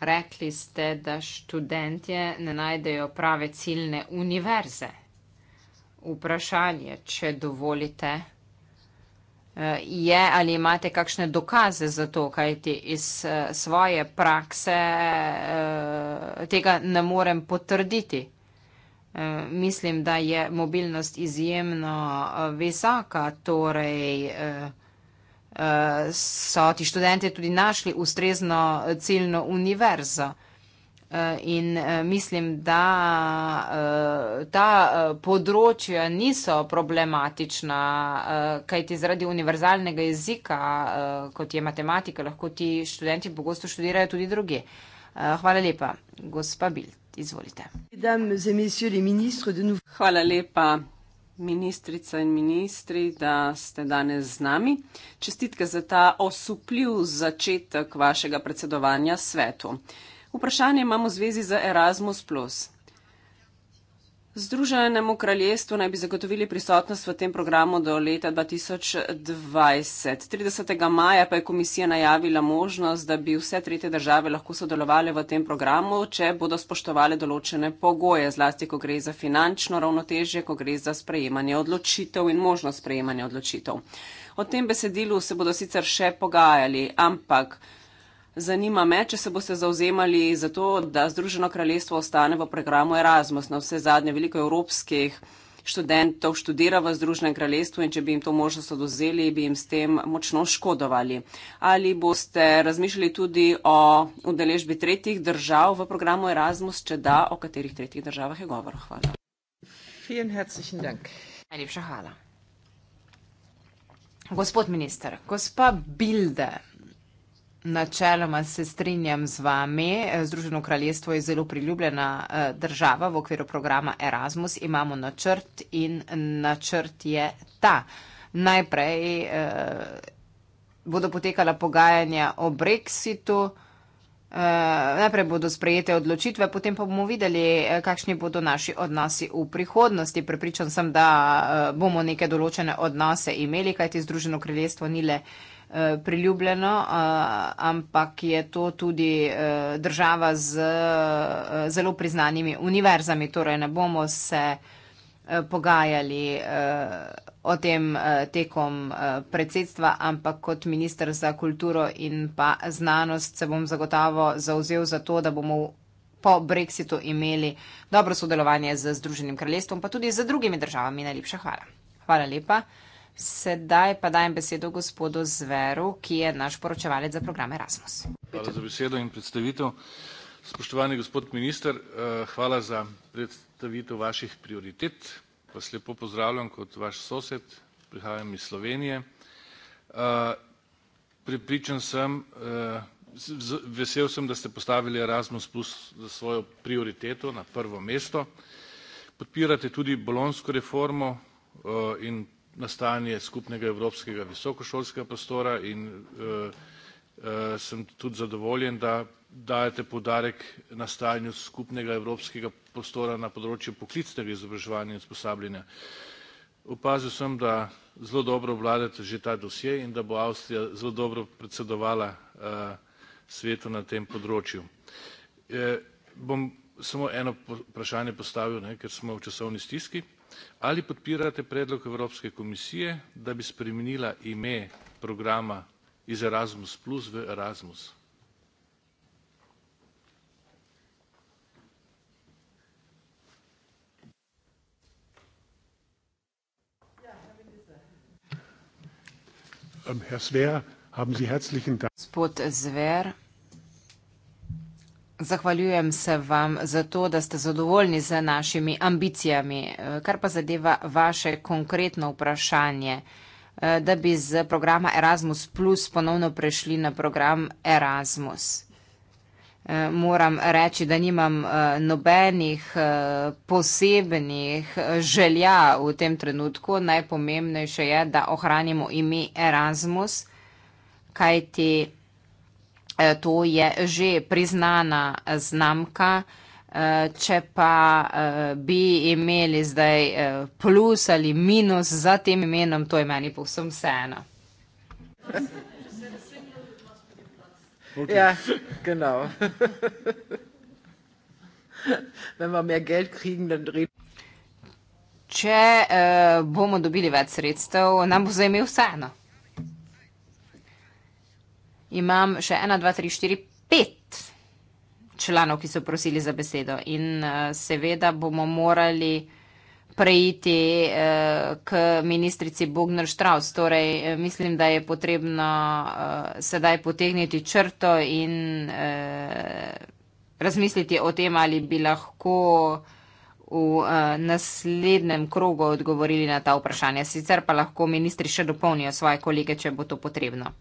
Rekli ste, da študentje ne najdejo prave ciljne univerze. Vprašanje, če dovolite, eh, je ali imate kakšne dokaze za to, kajti iz eh, svoje prakse eh, tega ne morem potrditi. Mislim, da je mobilnost izjemno visoka, torej so ti študenti tudi našli ustrezno ciljno univerzo. Eh, in eh, mislim, da eh, ta področja niso problematična, kajti zaradi univerzalnega jezika, kot je matematika, lahko ti študenti pogosto študirajo tudi druge. Hvala lepa, gospa Bilt, izvolite. Hvala lepa, ministrica in ministri, da ste danes z nami. Čestitke za ta osupljiv začetek vašega predsedovanja svetu. Vprašanje imamo v zvezi z Erasmus. Združenemu kraljestvu naj bi zagotovili prisotnost v tem programu do leta 2020. 30. maja pa je komisija najavila možnost, da bi vse tretje države lahko sodelovali v tem programu, če bodo spoštovali določene pogoje, zlasti ko gre za finančno ravnotežje, ko gre za sprejemanje odločitev in možnost sprejemanja odločitev. O tem besedilu se bodo sicer še pogajali, ampak. Zanima me, če se boste zauzemali za to, da Združeno kraljestvo ostane v programu Erasmus. Na vse zadnje veliko evropskih študentov študira v Združenem kraljestvu in če bi jim to možnost oduzeli, bi jim s tem močno škodovali. Ali boste razmišljali tudi o udeležbi tretjih držav v programu Erasmus, če da, o katerih tretjih državah je govor? Hvala. Gospod minister, gospa Bilde. Načeloma se strinjam z vami. Združeno kraljestvo je zelo priljubljena eh, država v okviru programa Erasmus. Imamo načrt in načrt je ta. Najprej eh, bodo potekala pogajanja o Brexitu, eh, najprej bodo sprejete odločitve, potem pa bomo videli, eh, kakšni bodo naši odnosi v prihodnosti. Prepričan sem, da eh, bomo neke določene odnose imeli, kajti Združeno kraljestvo ni le. Eh, Eh, priljubljeno, eh, ampak je to tudi eh, država z zelo priznanimi univerzami, torej ne bomo se pogajali o tem tekom predsedstva, ampak kot minister za kulturo in pa znanost se bom zagotavo zauzel za to, da bomo po brexitu imeli dobro sodelovanje z Združenim kraljestvom, pa tudi z drugimi državami. Najlepša hvala. Hvala lepa. Sedaj pa dajem besedo gospodu Zveru, ki je naš poročevalec za program Erasmus. Hvala za besedo in predstavitev. Spoštovani gospod minister, eh, hvala za predstavitev vaših prioritet. Vas lepo pozdravljam kot vaš sosed, prihajam iz Slovenije. Eh, prepričan sem, eh, vesel sem, da ste postavili Erasmus plus za svojo prioriteto na prvo mesto. Podpirate tudi bolonjsko reformo, in nastajanje skupnega evropskega visokošolskega prostora in eh, eh, sem tudi zadovoljen da dajete poudarek nastajanju skupnega evropskega prostora na področju poklicnega izobraževanja in usposabljanja opazil sem da zelo dobro obvladate že ta dosje in da bo avstrija zelo dobro predsedovala eh, svetu na tem področju bom samo eno vprašanje postavil ne ker smo v časovni stiski ali podpirate predlog evropske komisije da bi spremenila ime programa iz erasmus v erasmus gospod zver Zahvaljujem se vam za to, da ste zadovoljni z našimi ambicijami. Kar pa zadeva vaše konkretno vprašanje, eh, da bi z programa Erasmus Plus ponovno prešli na program Erasmus. Eh, moram reči, da nimam eh, nobenih posebnih želja v tem trenutku. Najpomembnejše je, da ohranimo ime Erasmus, kajti. E, to je že priznana znamka. E, če pa e, bi imeli zdaj plus ali minus za tem imenom, to je meni povsem vseeno. Okay. Ja, genau. <laughs> Če uh, bomo dobili več sredstev, nam bo zajemil vseeno imam še ena, dva, tri, štiri, pet članov, ki so prosili za besedo. In uh, seveda bomo morali preiti uh, k ministrici Bogner Štraus. Torej, eh, mislim, da je potrebno uh, sedaj potegniti črto in uh, razmisliti o tem, ali bi lahko v uh, naslednjem krogu odgovorili na ta vprašanja. Sicer pa lahko ministri še dopolnijo svoje kolege, če bo to potrebno.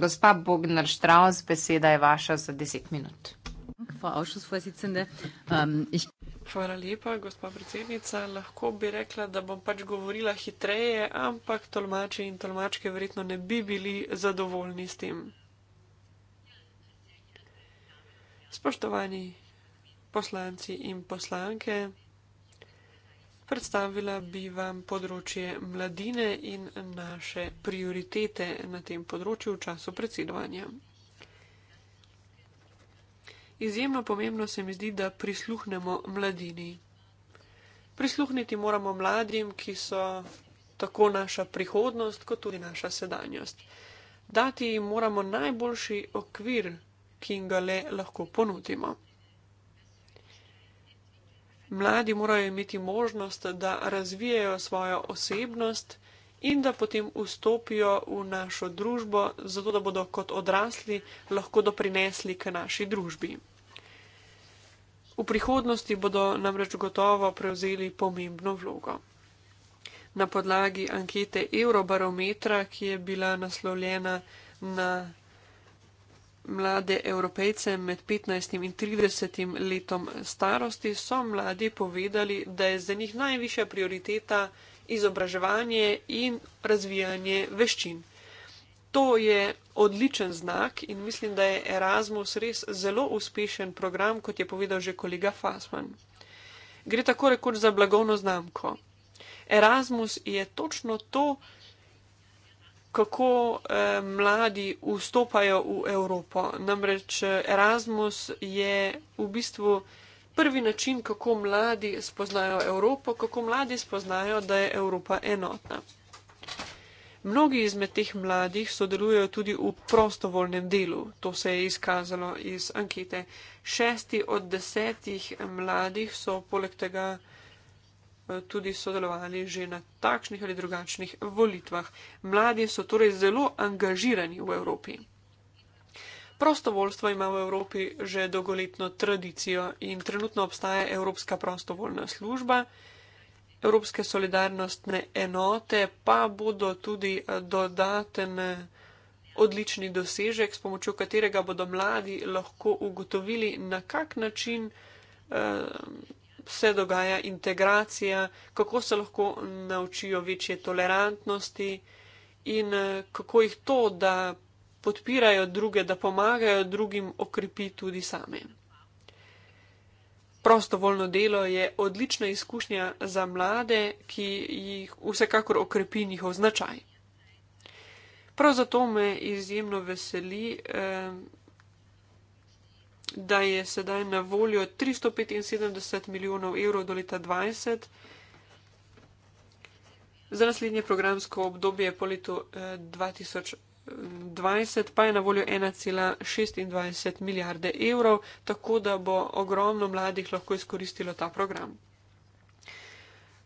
Gospa Bogner Štraus, beseda je vaša za 10 minut. Ähm, Hvala lepa, gospa predsednica. Lahko bi rekla, da bom pač govorila hitreje, ampak tolmače in tolmačke verjetno ne bi bili zadovoljni s tem. Spoštovani poslanci in poslanke, Predstavila bi vam področje mladine in naše prioritete na tem področju v času predsedovanja. Izjemno pomembno se mi zdi, da prisluhnemo mladini. Prisluhniti moramo mladim, ki so tako naša prihodnost, kot tudi naša sedanjost. Dati jim moramo najboljši okvir, ki jim ga le lahko ponudimo. Mladi morajo imeti možnost, da razvijajo svojo osebnost in da potem vstopijo v našo družbo, zato da bodo kot odrasli lahko doprinesli k naši družbi. V prihodnosti bodo namreč gotovo prevzeli pomembno vlogo. Na podlagi ankete Eurobarometra, ki je bila naslovljena na mlade evropejce med 15 in 30 letom starosti, so mladi povedali, da je za njih najvišja prioriteta izobraževanje in razvijanje veščin. To je odličen znak in mislim, da je Erasmus res zelo uspešen program, kot je povedal že kolega Fasman. Gre tako rekoč za blagovno znamko. Erasmus je točno to, kar kako eh, mladi vstopajo v Evropo. Namreč eh, Erasmus je v bistvu prvi način, kako mladi spoznajo Evropo, kako mladi spoznajo, da je Evropa enotna. Mnogi izmed teh mladih sodelujo tudi v prostovoljnem delu, to se je izkazalo iz ankete. Šesti od desetih mladih so poleg tega tudi sodelovali že na takšnih ali drugačnih volitvah. Mladi so torej zelo angažirani v Evropi. Prostovoljstvo ima v Evropi že dolgoletno tradicijo in trenutno obstaja Evropska prostovoljna služba. Evropske solidarnostne enote pa bodo tudi eh, dodaten eh, odlični dosežek, s pomočjo katerega bodo mladi lahko ugotovili, na kak način eh, se dogaja integracija, kako se lahko naučijo večje tolerantnosti in eh, kako jih to, da podpirajo druge, da pomagajo drugim, okrepi tudi same. Prostovoljno delo je odlična izkušnja za mlade, ki jih vsekakor okrepi njihov značaj. Prav zato me izjemno veseli, eh, da je sedaj na voljo 375 milijonov evrov do leta 2020. Za naslednje programsko obdobje po letu 2020 eh, pa je na voljo 1,26 milijarde evrov, tako da bo ogromno mladih lahko izkoristilo ta program.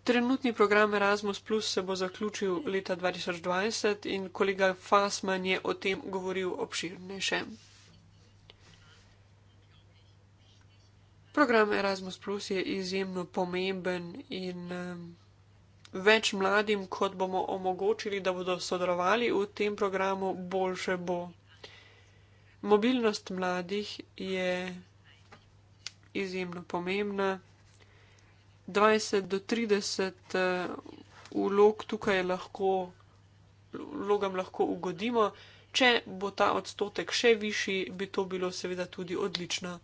Trenutni program Erasmus Plus se bo zaključil leta 2020 in kolega Fasman je o tem govoril obširnejšem. Program Erasmus Plus je izjemno pomemben in um, več mladim, kot bomo omogočili, da bodo sodelovali v tem programu, boljše bo. Mobilnost mladih je izjemno pomembna. 20 do 30 eh, vlog uh, tukaj lahko, lahko ugodimo. Če bo ta odstotek še višji, bi to bilo seveda tudi odlično.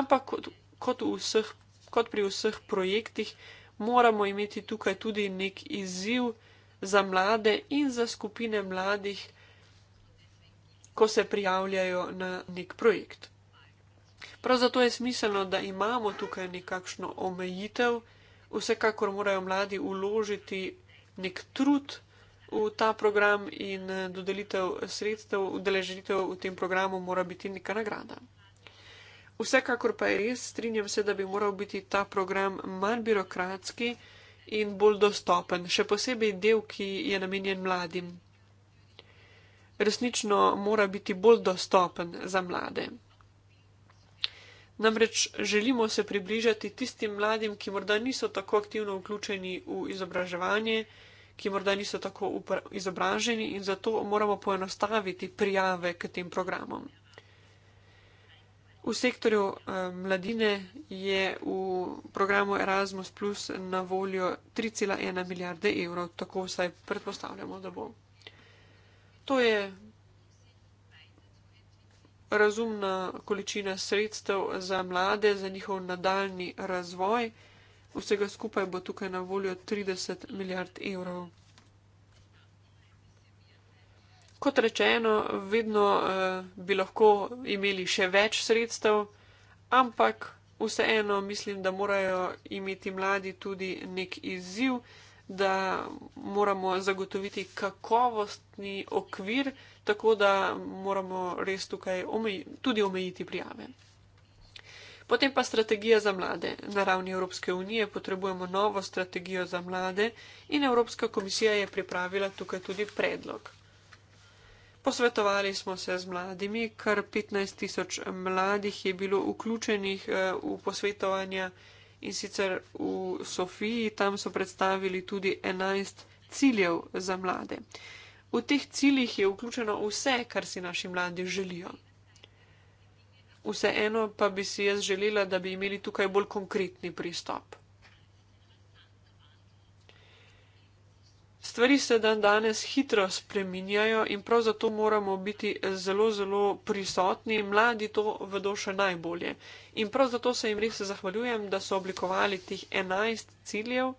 Ampak kot, vseh, kot pri vseh projektih, moramo imeti tukaj tudi nek izziv za mlade in za skupine mladih, ko se prijavljajo na nek projekt. Prav zato je smiselno, da imamo tukaj nekakšno omejitev, vsekakor morajo mladi uložiti nek trud v ta program in dodelitev sredstev, udeležitev v tem programu mora biti neka nagrada. Vsekakor pa je res, strinjam se, da bi moral biti ta program manj birokratski in bolj dostopen, še posebej del, ki je namenjen mladim. Resnično mora biti bolj dostopen za mlade. Namreč želimo se približati tistim mladim, ki morda niso tako aktivno vključeni v izobraževanje, ki morda niso tako izobraženi in zato moramo poenostaviti prijave k tem programom. V sektorju eh, mladine je v programu Erasmus Plus na voljo 3,1 milijarde evrov, tako vsaj predpostavljamo, da bo. To je razumna količina sredstev za mlade, za njihov nadaljni razvoj. Vsega skupaj bo tukaj na voljo 30 milijard evrov kot rečeno, vedno uh, bi lahko imeli še več sredstev, ampak vseeno mislim, da morajo imeti mladi tudi nek izziv, da moramo zagotoviti kakovostni okvir, tako da moramo res tukaj omej tudi omejiti prijave. Potem pa strategija za mlade. Na ravni Evropske unije potrebujemo novo strategijo za mlade in Evropska komisija je pripravila tukaj tudi predlog. Posvetovali smo se z mladimi, kar 15 tisoč mladih je bilo vključenih eh, v posvetovanja in sicer v Sofiji, tam so predstavili tudi 11 ciljev za mlade. V teh ciljih je vključeno vse, kar si naši mladi želijo. Vseeno pa bi si jaz želela, da bi imeli tukaj bolj konkretni pristop. Stvari se dan danes hitro spreminjajo in prav zato moramo biti zelo, zelo prisotni. Mladi to vedo še najbolje. In prav zato se jim res zahvaljujem, da so oblikovali teh 11 ciljev.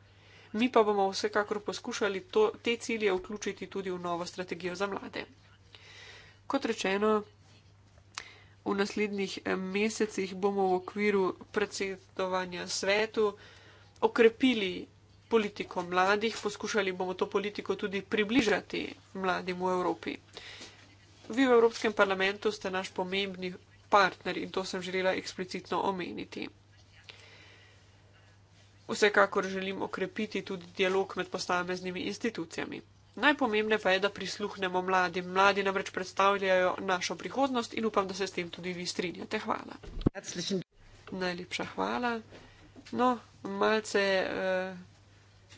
Mi pa bomo vsekakor poskušali to, te cilje vključiti tudi v novo strategijo za mlade. Kot rečeno, v naslednjih eh, mesecih bomo v okviru predsedovanja svetu okrepili politiko mladih, poskušali bomo to politiko tudi približati mladim v Evropi. Vi v Evropskem parlamentu ste naš pomembni partner in to sem želela eksplicitno omeniti. Vsekakor želim okrepiti tudi dialog med posameznimi institucijami. Najpomembne pa je, da prisluhnemo mladim. Mladi namreč predstavljajo našo prihodnost in upam, da se s tem tudi vi strinjate. Hvala. Najlepša hvala. No, malce. Uh,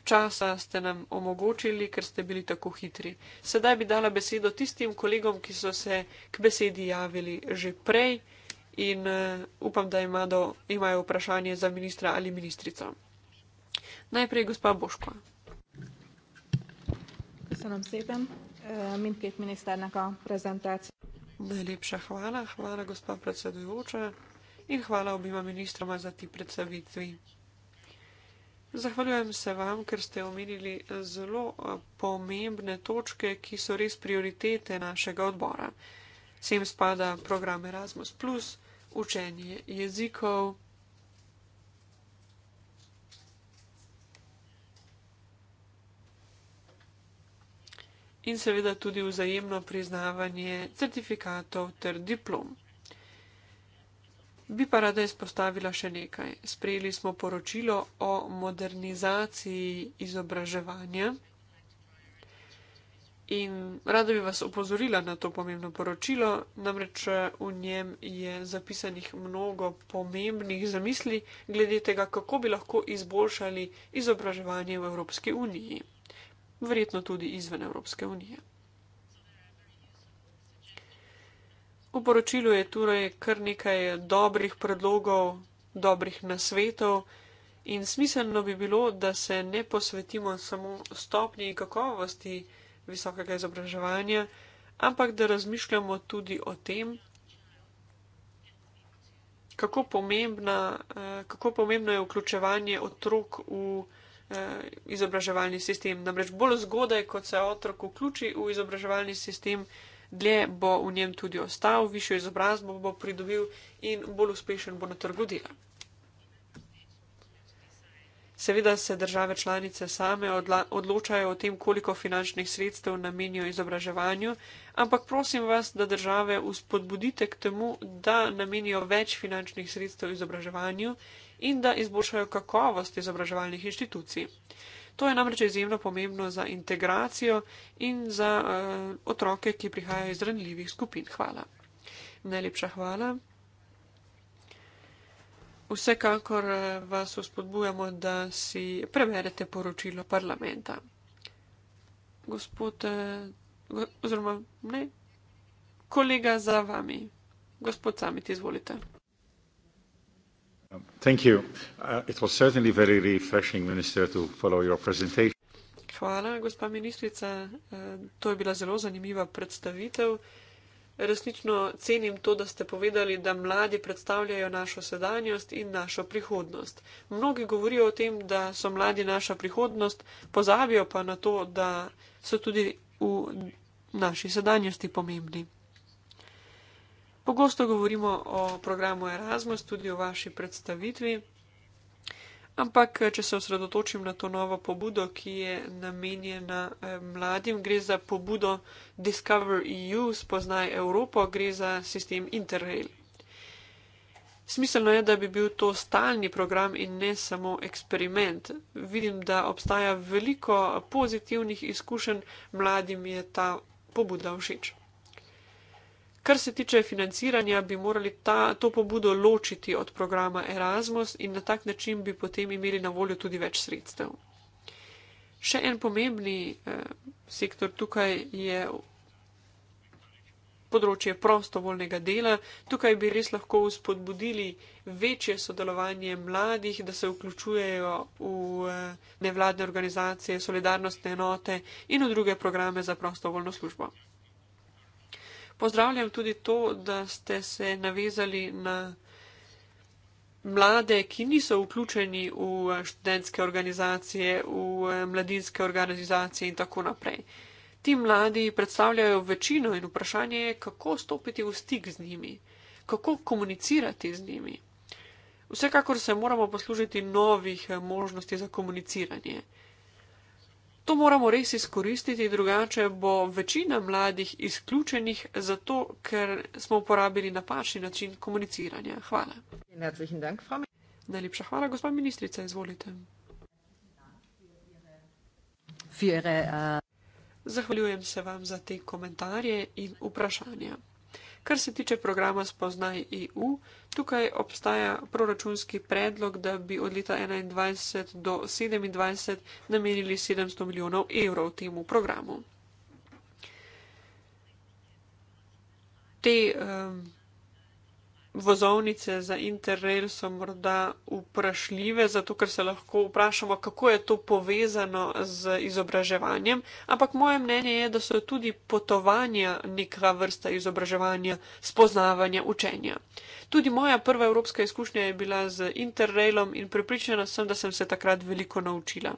časa ste nam omogočili, ker ste bili tako hitri. Sedaj bi dala besedo tistim kolegom, ki so se k besedi javili že prej in uh, upam, da imado, imajo vprašanje za ministra ali ministrico. Najprej gospa Boško. Eh, Najlepša hvala, hvala gospa predsedujoča in hvala obima ministroma za ti predstavitvi. Zahvaljujem se vam, ker ste omenili eh, zelo eh, pomembne točke, ki so res prioritete našega odbora. Sem spada program Erasmus, učenje jezikov. In seveda tudi vzajemno priznavanje certifikatov ter diplom. Bi pa rada izpostavila še nekaj. Sprejeli smo poročilo o modernizaciji izobraževanja in rada bi vas opozorila na to pomembno poročilo, namreč eh, v njem je zapisanih mnogo pomembnih zamisli glede tega, kako bi lahko izboljšali izobraževanje v Evropski uniji, verjetno tudi izven Evropske unije. V poročilu je torej kar nekaj dobrih predlogov, dobrih nasvetov in smiselno bi bilo, da se ne posvetimo samo stopnji kakovosti visokega izobraževanja, ampak da razmišljamo tudi o tem, kako, pomembna, eh, kako pomembno je vključevanje otrok v eh, izobraževalni sistem. Namreč bolj zgodaj, kot se otrok vključi v izobraževalni sistem, dlje bo v njem tudi ostal, višjo izobrazbo bo pridobil in bolj uspešen bo na trgu dela. Seveda se države članice same odločajo o tem, koliko finančnih sredstev namenijo izobraževanju, ampak prosim vas, da države uspodbudite k temu, da namenijo več finančnih sredstev izobraževanju in da izboljšajo kakovost izobraževalnih inštitucij. To je namreč izjemno pomembno za integracijo in za uh, otroke, ki prihajajo iz ranljivih skupin. Hvala. Najlepša hvala. Vsekakor eh, vas vzpodbujamo, da si preverite poročilo parlamenta. Gospod, eh, oziroma ne, kolega za vami, gospod Samit, izvolite. Thank you. Uh, it was certainly very refreshing, Minister, to follow your presentation. Hvala, gospa ministrica. Uh, to je bila zelo zanimiva predstavitev. Resnično cenim to, da ste povedali, da mladi predstavljajo našo sedanjost in našo prihodnost. Mnogi govorijo o tem, da so mladi naša prihodnost, pozabijo pa na to, da so tudi v naši sedanjosti pomembni. Pogosto govorimo o programu Erasmus, tudi o vaši predstavitvi. Ampak, če se osredotočim na to novo pobudo, ki je namenjena eh, mladim, gre za pobudo Discover EU, spoznaj Evropo, gre za sistem Interrail. Smiselno je, da bi bil to stalni program in ne samo eksperiment. Vidim, da obstaja veliko pozitivnih izkušenj, mladim je ta pobuda všeč. Kar se tiče financiranja, bi morali ta, to pobudo ločiti od programa Erasmus in na tak način bi potem imeli na voljo tudi več sredstev. Še en pomembni eh, sektor tukaj je področje prostovoljnega dela. Tukaj bi res lahko spodbudili večje sodelovanje mladih, da se vključujejo v eh, nevladne organizacije, solidarnostne enote in v druge programe za prostovoljno službo. Pozdravljam tudi to, da ste se navezali na mlade, ki niso vključeni v študentske organizacije, v eh, mladinske organizacije in tako naprej. Ti mladi predstavljajo večino in vprašanje je, kako stopiti v stik z njimi, kako komunicirati z njimi. Vsekakor se moramo poslužiti novih eh, možnosti za komuniciranje. To moramo res izkoristiti, drugače bo večina mladih izključenih, zato ker smo uporabili napačen način komuniciranja. Hvala. Najlepša hvala, gospod ministrica, izvolite. Äh, Zahvaljujem se vam za te komentarje in vprašanja. Kar se tiče programa Spoznaj EU, tukaj obstaja proračunski predlog, da bi od leta 2021 do 2027 namenili 700 milijonov evrov temu programu. Te um, vozovnice za Interrail so morda vprašljive, zato ker se lahko vprašamo, kako je to povezano z izobraževanjem, ampak moje mnenje je, da so tudi potovanja neka vrsta izobraževanja, spoznavanja, učenja. Tudi moja prva evropska izkušnja je bila z Interrailom in prepričana sem, da sem se takrat veliko naučila.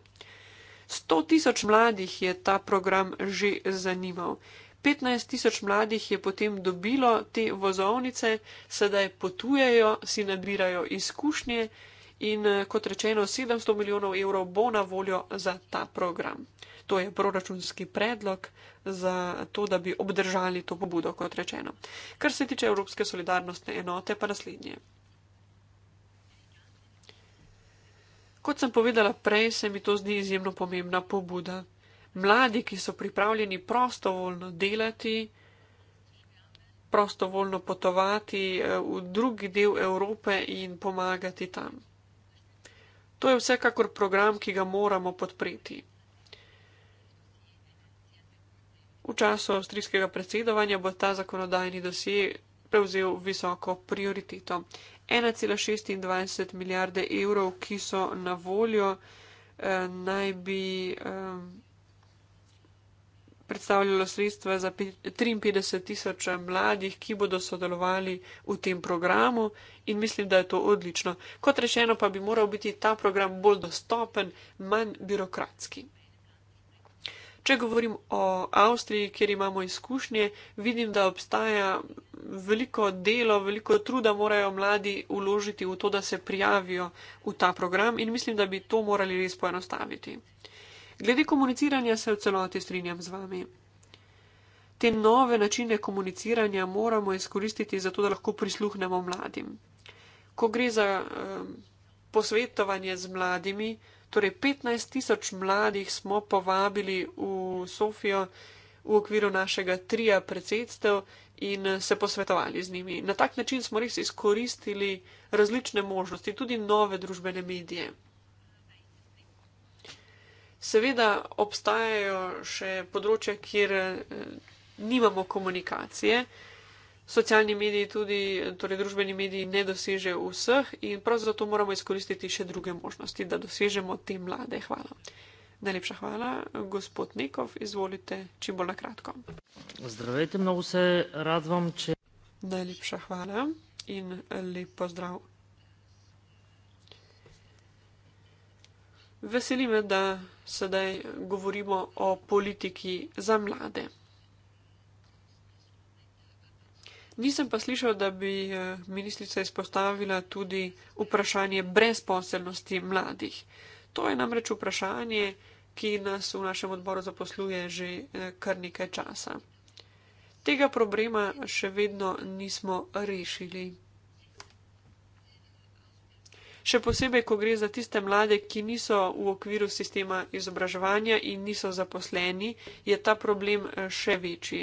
100 tisoč mladih je ta program že zanimal. 15 tisoč mladih je potem dobilo te vozovnice, sedaj potujejo, si nabirajo izkušnje in kot rečeno, 700 milijonov evrov bo na voljo za ta program. To je proračunski predlog za to, da bi obdržali to pobudo, kot rečeno. Kar se tiče Evropske solidarnostne enote, pa naslednje. Kot sem povedala prej, se mi to zdi izjemno pomembna pobuda mladi, ki so pripravljeni prostovoljno delati, prostovoljno potovati eh, v drugi del Evrope in pomagati tam. To je vsekakor program, ki ga moramo podpreti. V času avstrijskega predsedovanja bo ta zakonodajni dosje prevzel visoko prioriteto. 1,26 milijarde evrov, ki so na voljo, eh, naj bi. Eh, predstavljalo sredstva za 53 tisoč mladih, ki bodo sodelovali v tem programu in mislim, da je to odlično. Kot rečeno, pa bi moral biti ta program bolj dostopen, manj birokratski. Če govorim o Avstriji, kjer imamo izkušnje, vidim, da obstaja veliko delo, veliko truda morajo mladi vložiti v to, da se prijavijo v ta program in mislim, da bi to morali res poenostaviti. Glede komuniciranja se v celoti strinjam z vami. Te nove načine komuniciranja moramo izkoristiti zato, da lahko prisluhnemo mladim. Ko gre za um, posvetovanje z mladimi, torej 15 tisoč mladih smo povabili v Sofijo v okviru našega trija predsedstev in eh, se posvetovali z njimi. Na tak način smo res izkoristili različne možnosti, tudi nove družbene medije. Seveda obstajajo še področja, kjer eh, nimamo komunikacije. Socialni mediji, tudi torej družbeni mediji, ne dosežejo vseh in prav zato moramo izkoristiti še druge možnosti, da dosežemo te mlade. Hvala. Najlepša hvala, gospod Nekov, izvolite čim bolj na kratko. Zdravite me vse, rad vam če. Najlepša hvala in lep pozdrav Veseli me, da sedaj govorimo o politiki za mlade. Nisem pa slišal, da bi eh, ministrica izpostavila tudi vprašanje brezposelnosti mladih. To je namreč vprašanje, ki nas v našem odboru zaposluje že eh, kar nekaj časa. Tega problema še vedno nismo rešili še posebej, ko gre za tiste mlade, ki niso v okviru sistema izobraževanja in niso zaposleni, je ta problem eh, še večji.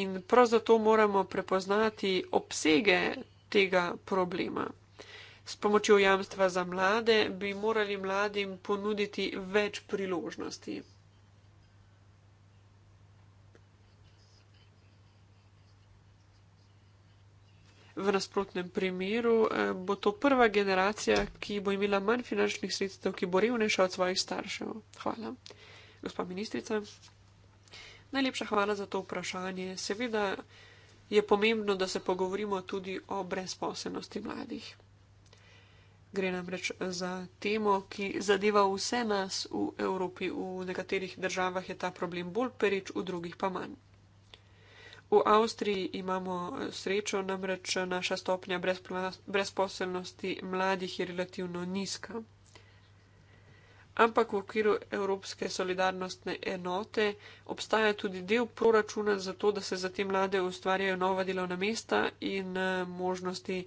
In prav zato moramo prepoznati obsege tega problema. S pomočjo jamstva za mlade bi morali mladim ponuditi več priložnosti. v nasprotnem primeru eh, bo to prva generacija, ki bo imela manj finančnih sredstev, ki bo revnejša od svojih staršev. Hvala. Gospa ministrica, najlepša hvala za to vprašanje. Seveda je pomembno, da se pogovorimo tudi o brezposelnosti mladih. Gre namreč za temo, ki zadeva vse nas v Evropi. V nekaterih državah je ta problem bolj pereč, v drugih pa manj. V Avstriji imamo srečo, namreč naša stopnja brezposelnosti mladih je relativno nizka. Ampak v okviru Evropske solidarnostne enote obstaja tudi del proračuna za to, da se za te mlade ustvarjajo nova delovna mesta in eh, možnosti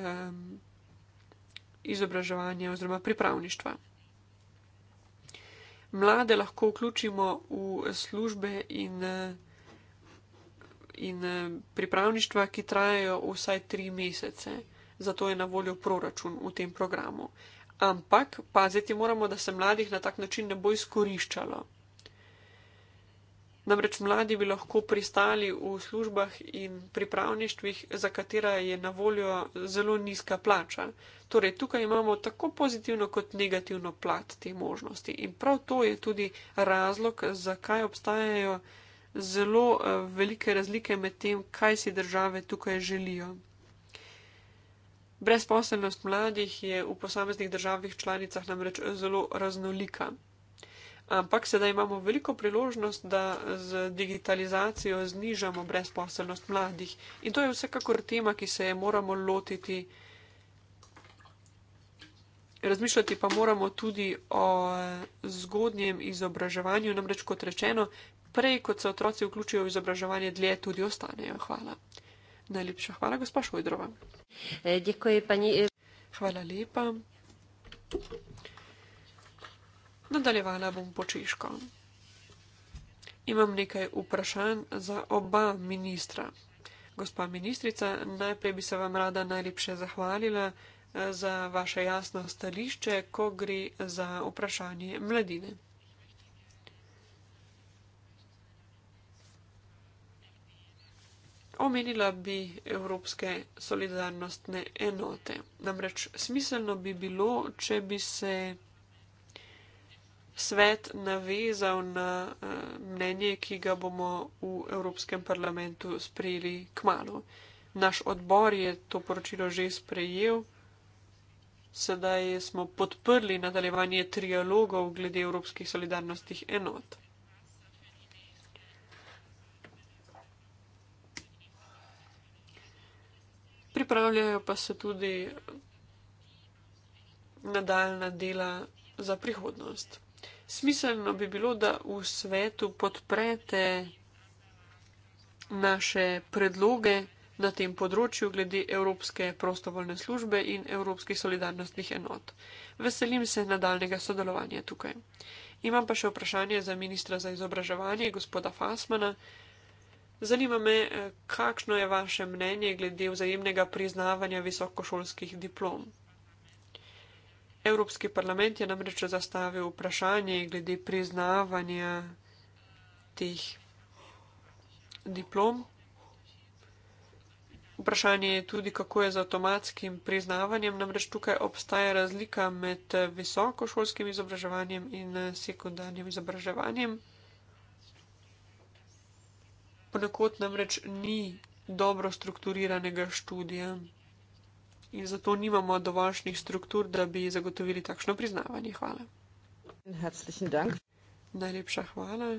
um, izobraževanja oziroma pripravništva. Mlade lahko vključimo v službe in uh, in eh, pripravništva, ki trajajo vsaj tri mesece. Zato je na voljo proračun v tem programu. Ampak paziti moramo, da se mladih na tak način ne bo izkoriščalo. Namreč mladi bi lahko pristali v službah in pripravništvih, za katera je na voljo zelo nizka plača. Torej, tukaj imamo tako pozitivno kot negativno plat te možnosti. In prav to je tudi razlog, zakaj obstajajo zelo eh, velike razlike med tem, kaj si države tukaj želijo. Brezposelnost mladih je v posameznih državah članicah namreč zelo raznolika. Ampak sedaj imamo veliko priložnost, da z digitalizacijo znižamo brezposelnost mladih. In to je vsekakor tema, ki se je moramo lotiti. Razmišljati pa moramo tudi o eh, zgodnjem izobraževanju, namreč kot rečeno, prej kot se otroci vključijo v izobraževanje, dlje tudi ostanejo. Hvala. Najlepša hvala, gospa Šojdrova. Eh, Dekuji, pani... Eh, hvala lepa. Nadaljevala bom po češko. Imam nekaj vprašanj za oba ministra. Gospa ministrica, najprej bi se vam rada najlepše zahvalila eh, za vaše jasno stališče, ko gre za vprašanje mladine. Omenila bi evropske solidarnostne enote. Namreč smiselno bi bilo, če bi se svet navezal na eh, mnenje, ki ga bomo v Evropskem parlamentu sprejeli k malu. Naš odbor je to poročilo že sprejel, sedaj smo podprli nadaljevanje trialogov glede evropskih solidarnostnih enot. pripravljajo pa se tudi nadaljna dela za prihodnost. Smiselno bi bilo, da v svetu podprete naše predloge na tem področju glede Evropske prostovoljne službe in Evropskih solidarnostnih enot. Veselim se nadaljnega sodelovanja tukaj. Imam pa še vprašanje za ministra za izobraževanje, gospoda Fasmana. Zanima me, eh, kakšno je vaše mnenje glede vzajemnega priznavanja visokošolskih diplom? Evropski parlament je namreč zastavil vprašanje glede priznavanja teh diplom. Vprašanje je tudi, kako je z avtomatskim priznavanjem, namreč tukaj obstaja razlika med visokošolskim izobraževanjem in sekundarnim izobraževanjem ponekod namreč ni dobro strukturiranega študija in zato nimamo dovoljšnih struktur, da bi zagotovili takšno priznavanje. Hvala. Najlepša hvala.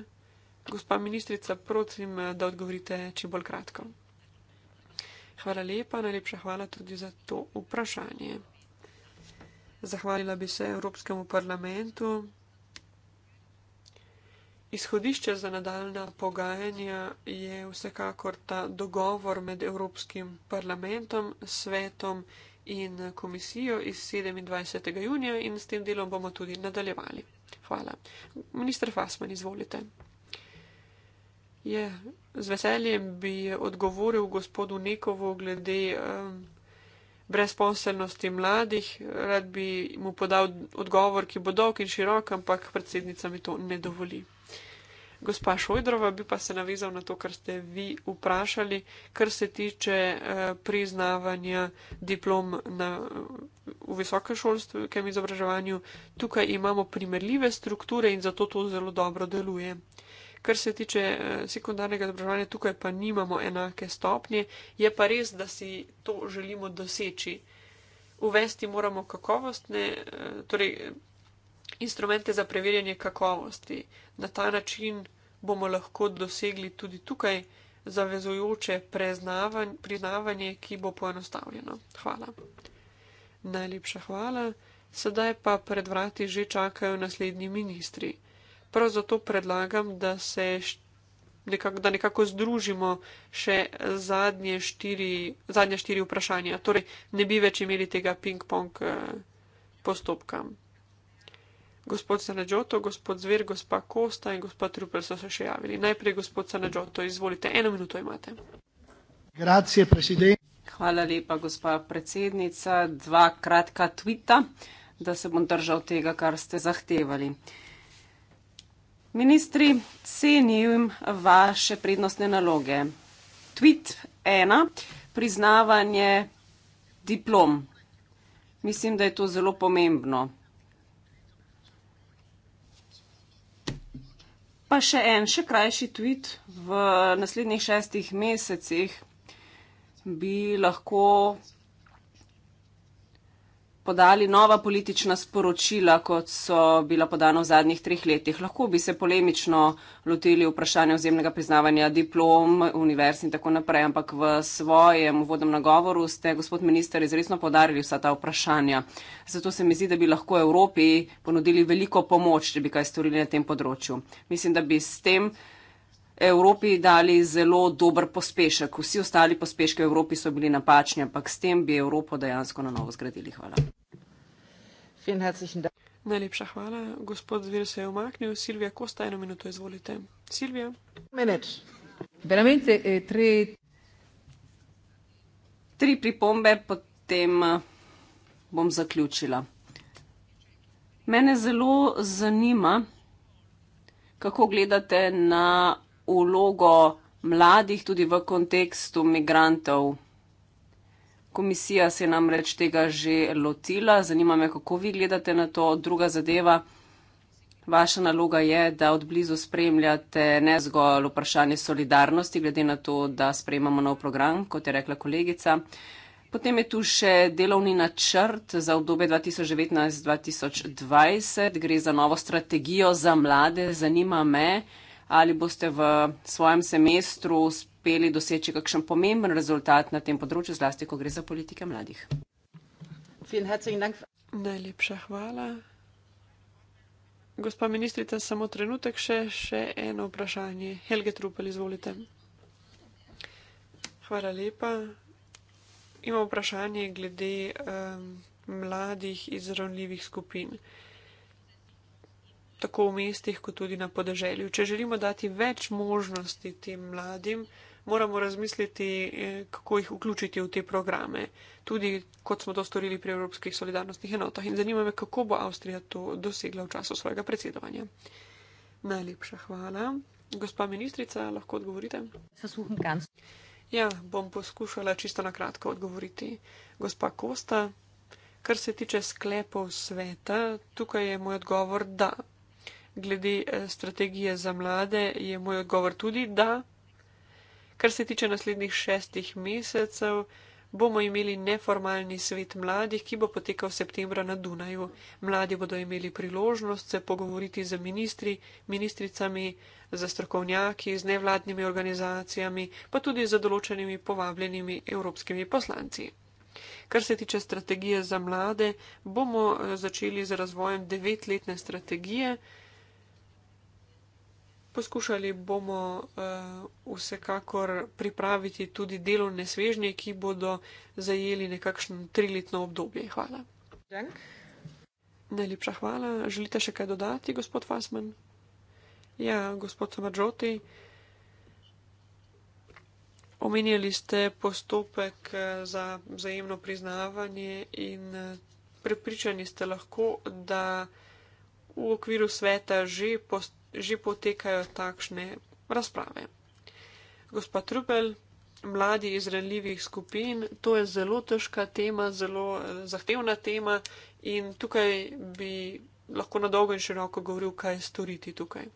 Gospa ministrica, prosim, da odgovorite čim bolj kratko. Hvala lepa, najlepša hvala tudi za to vprašanje. Zahvalila bi se Evropskemu parlamentu, Izhodišče za nadaljna pogajanja je vsekakor ta dogovor med Evropskim parlamentom, svetom in komisijo iz 27. junija in s tem delom bomo tudi nadaljevali. Hvala. Minister Fasman, izvolite. Je, z veseljem bi odgovoril gospodu Nekovu glede um, brezposelnosti mladih. Rad bi mu podal odgovor, ki bo dolg in širok, ampak predsednica mi to ne dovoli. Gospa Šojdrova, bi pa se navezal na to, kar ste vi vprašali, kar se tiče eh, priznavanja diplom na, v visokošolskem izobraževanju. Tukaj imamo primerljive strukture in zato to zelo dobro deluje. Kar se tiče eh, sekundarnega izobraževanja, tukaj pa nimamo enake stopnje, je pa res, da si to želimo doseči. Uvesti moramo kakovostne, eh, torej instrumente za preverjanje kakovosti. Na ta način bomo lahko dosegli tudi tukaj zavezujoče priznavanje, ki bo poenostavljeno. Hvala. Najlepša hvala. Sedaj pa pred vrati že čakajo naslednji ministri. Prav zato predlagam, da se nekako, da nekako združimo še zadnje štiri, zadnje štiri vprašanja. Torej, ne bi več imeli tega ping-pong eh, postopka. Gospod Sanađoto, gospod Zver, gospa Kosta in gospod Rupel so se še javili. Najprej gospod Sanađoto, izvolite, eno minuto imate. Grazie, Hvala lepa, gospa predsednica. Dva kratka tvita, da se bom držal tega, kar ste zahtevali. Ministri, cenim vaše prednostne naloge. Tvit ena, priznavanje diplom. Mislim, da je to zelo pomembno. Pa še en, še krajši tweet v naslednjih šestih mesecih bi lahko podali nova politična sporočila, kot so bila podana v zadnjih treh letih. Lahko bi se polemično lotili vprašanja vzemnega priznavanja diplom, univerz in tako naprej, ampak v svojem uvodnem nagovoru ste, gospod minister, izredno podarili vsa ta vprašanja. Zato se mi zdi, da bi lahko Evropi ponudili veliko pomoč, če bi kaj storili na tem področju. Mislim, da bi s tem Evropi dali zelo dober pospešek. Vsi ostali pospeški v Evropi so bili napačni, ampak s tem bi Evropo dejansko na novo zgradili. Hvala. Najlepša hvala. Gospod Zvir se je omaknil. Silvija, ko sta eno minuto, izvolite. Silvija. Meneč. Veramente eh, tri... tri pripombe, potem eh, bom zaključila. Mene zelo zanima, kako gledate na vlogo mladih tudi v kontekstu migrantov? Komisija se je namreč tega že lotila. Zanima me, kako vi gledate na to. Druga zadeva, vaša naloga je, da odblizu spremljate ne zgolj vprašanje solidarnosti, glede na to, da sprejemamo nov program, kot je rekla kolegica. Potem je tu še delovni načrt za obdobje 2019-2020. Gre za novo strategijo za mlade. Zanima me, ali boste v svojem semestru uspeli doseči kakšen pomemben rezultat na tem področju, zlasti, ko gre za politike mladih. Najlepša hvala. Gospa ministrica, samo trenutek, še, še eno vprašanje. Helge Trupel, izvolite. Hvala lepa. Imam vprašanje glede um, mladih iz ranljivih skupin tako v mestih, kot tudi na podeželju. Če želimo dati več možnosti tem mladim, moramo razmisliti, eh, kako jih vključiti v te programe, tudi kot smo to storili pri Evropskih solidarnostnih enotah. In zanima me, kako bo Avstrija to dosegla v času svojega predsedovanja. Najlepša hvala. Gospa ministrica, lahko odgovorite? Ja, bom poskušala čisto na kratko odgovoriti. Gospa Kosta, kar se tiče sklepov sveta, tukaj je moj odgovor da glede eh, strategije za mlade, je moj odgovor tudi da. Kar se tiče naslednjih šestih mesecev, bomo imeli neformalni svet mladih, ki bo potekal v septembra na Dunaju. Mladi bodo imeli priložnost se pogovoriti z ministri, ministricami, z strokovnjaki, z nevladnimi organizacijami, pa tudi z določenimi povabljenimi evropskimi poslanci. Kar se tiče strategije za mlade, bomo eh, začeli z razvojem devetletne strategije, Poskušali bomo uh, vsekakor pripraviti tudi delovne svežnje, ki bodo zajeli nekakšno triletno obdobje. Hvala. Dank. Najlepša hvala. Želite še kaj dodati, gospod Fasman? Ja, gospod Samadžoti. Omenjali ste postopek eh, za vzajemno priznavanje in eh, prepričani ste lahko, da v okviru sveta že postopek že potekajo takšne razprave. Gospa Trubel, mladi iz ranljivih skupin, to je zelo težka tema, zelo eh, zahtevna tema in tukaj bi lahko na dolgo in široko govoril, kaj storiti tukaj.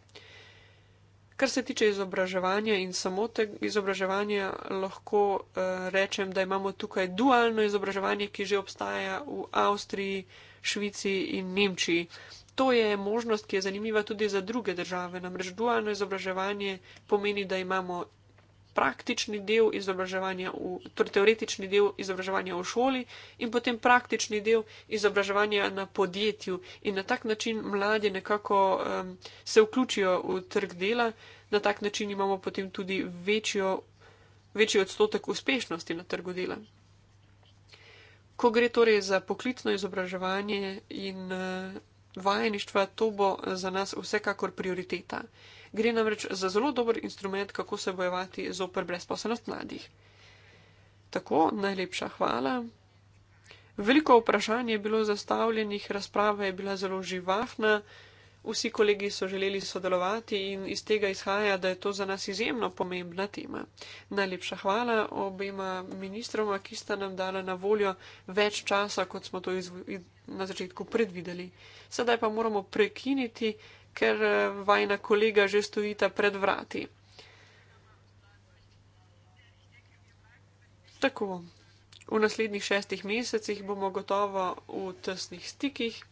Kar se tiče izobraževanja in samo tega izobraževanja, lahko uh, rečem, da imamo tukaj dualno izobraževanje, ki že obstaja v Avstriji, Švici in Nemčiji to je možnost, ki je zanimiva tudi za druge države. Namreč dualno izobraževanje pomeni, da imamo praktični del izobraževanja, v, torej teoretični del izobraževanja v šoli in potem praktični del izobraževanja na podjetju. In na tak način mladi nekako um, se vključijo v trg dela, na tak način imamo potem tudi večjo, večji odstotek uspešnosti na trgu dela. Ko gre torej za poklicno izobraževanje in uh, vajeništva, to bo za nas vsekakor prioriteta. Gre namreč za zelo dober instrument, kako se bojevati zoper brezposelnost mladih. Tako, najlepša hvala. Veliko vprašanj je bilo zastavljenih, razprava je bila zelo živahna. Vsi kolegi so želeli sodelovati in iz tega izhaja, da je to za nas izjemno pomembna tema. Najlepša hvala obema ministroma, ki sta nam dala na voljo več časa, kot smo to na začetku predvideli. Sedaj pa moramo prekiniti, ker vajna kolega že stojita pred vrati. Tako, v naslednjih šestih mesecih bomo gotovo v tesnih stikih.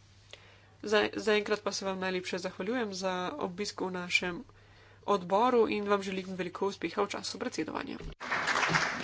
Zaenkrat za pa se vam najlepše zahvaljujem za obisk v našem odboru in vam želim veliko uspeha v času predsedovanja. Thank you.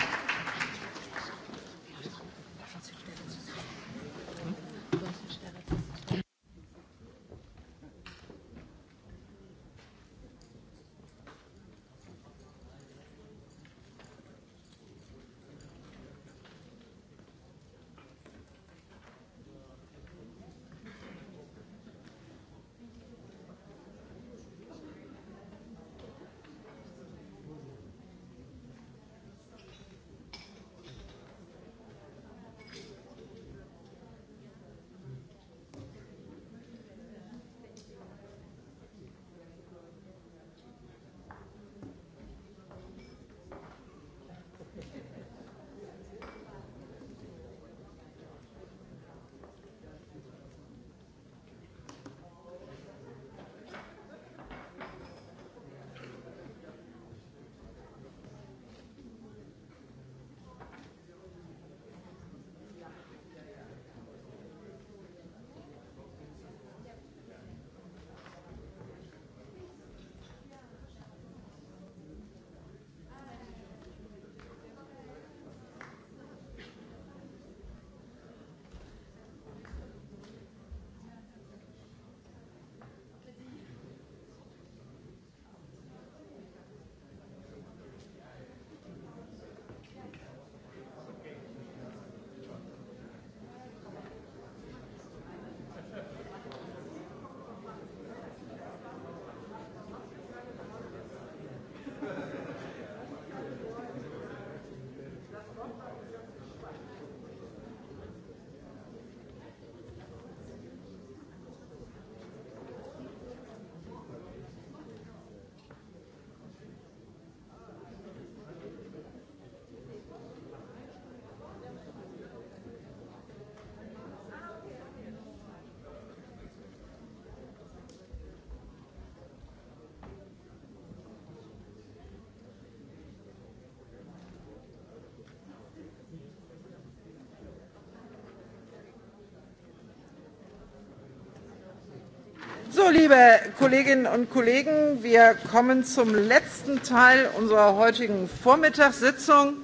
liebe Kolleginnen und Kollegen, wir kommen zum letzten Teil unserer heutigen Vormittagssitzung.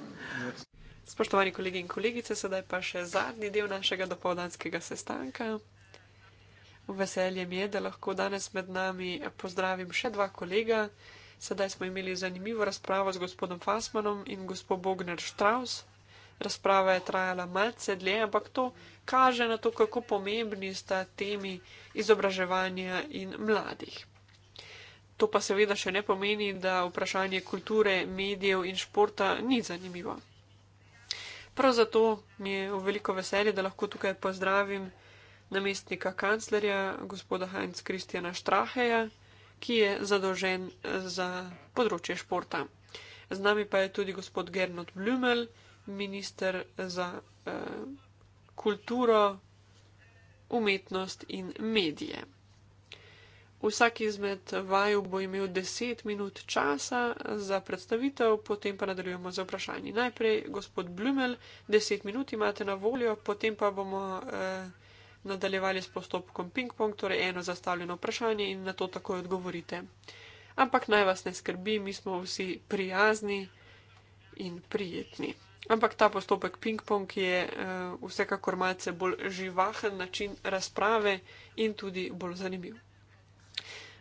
Spoštovani kolegi in kolegice, sedaj pa še zadnji del našega dopoldanskega sestanka. Veselje mi je, da lahko danes med nami pozdravim še dva kolega. Sedaj smo imeli zanimivo razpravo z gospodom Fasmanom in gospod Bogner Štraus razprava je trajala malce dlje, ampak to kaže na to, kako pomembni sta temi izobraževanja in mladih. To pa seveda še ne pomeni, da vprašanje kulture, medijev in športa ni zanimivo. Prav zato mi je v veliko veselje, da lahko tukaj pozdravim namestnika kanclerja, gospoda Heinz Kristjana Straheja, ki je zadolžen za področje športa. Z nami pa je tudi gospod Gernot Blumel, minister za eh, kulturo, umetnost in medije. Vsak izmed vaju bo imel deset minut časa za predstavitev, potem pa nadaljujemo z vprašanji. Najprej gospod Blumel, deset minut imate na voljo, potem pa bomo eh, nadaljevali s postopkom ping-pong, torej eno zastavljeno vprašanje in na to takoj odgovorite. Ampak naj vas ne skrbi, mi smo vsi prijazni in prijetni. Ampak ta postopek ping-pong je uh, vsekakor malce bolj živahen način razprave in tudi bolj zanimiv.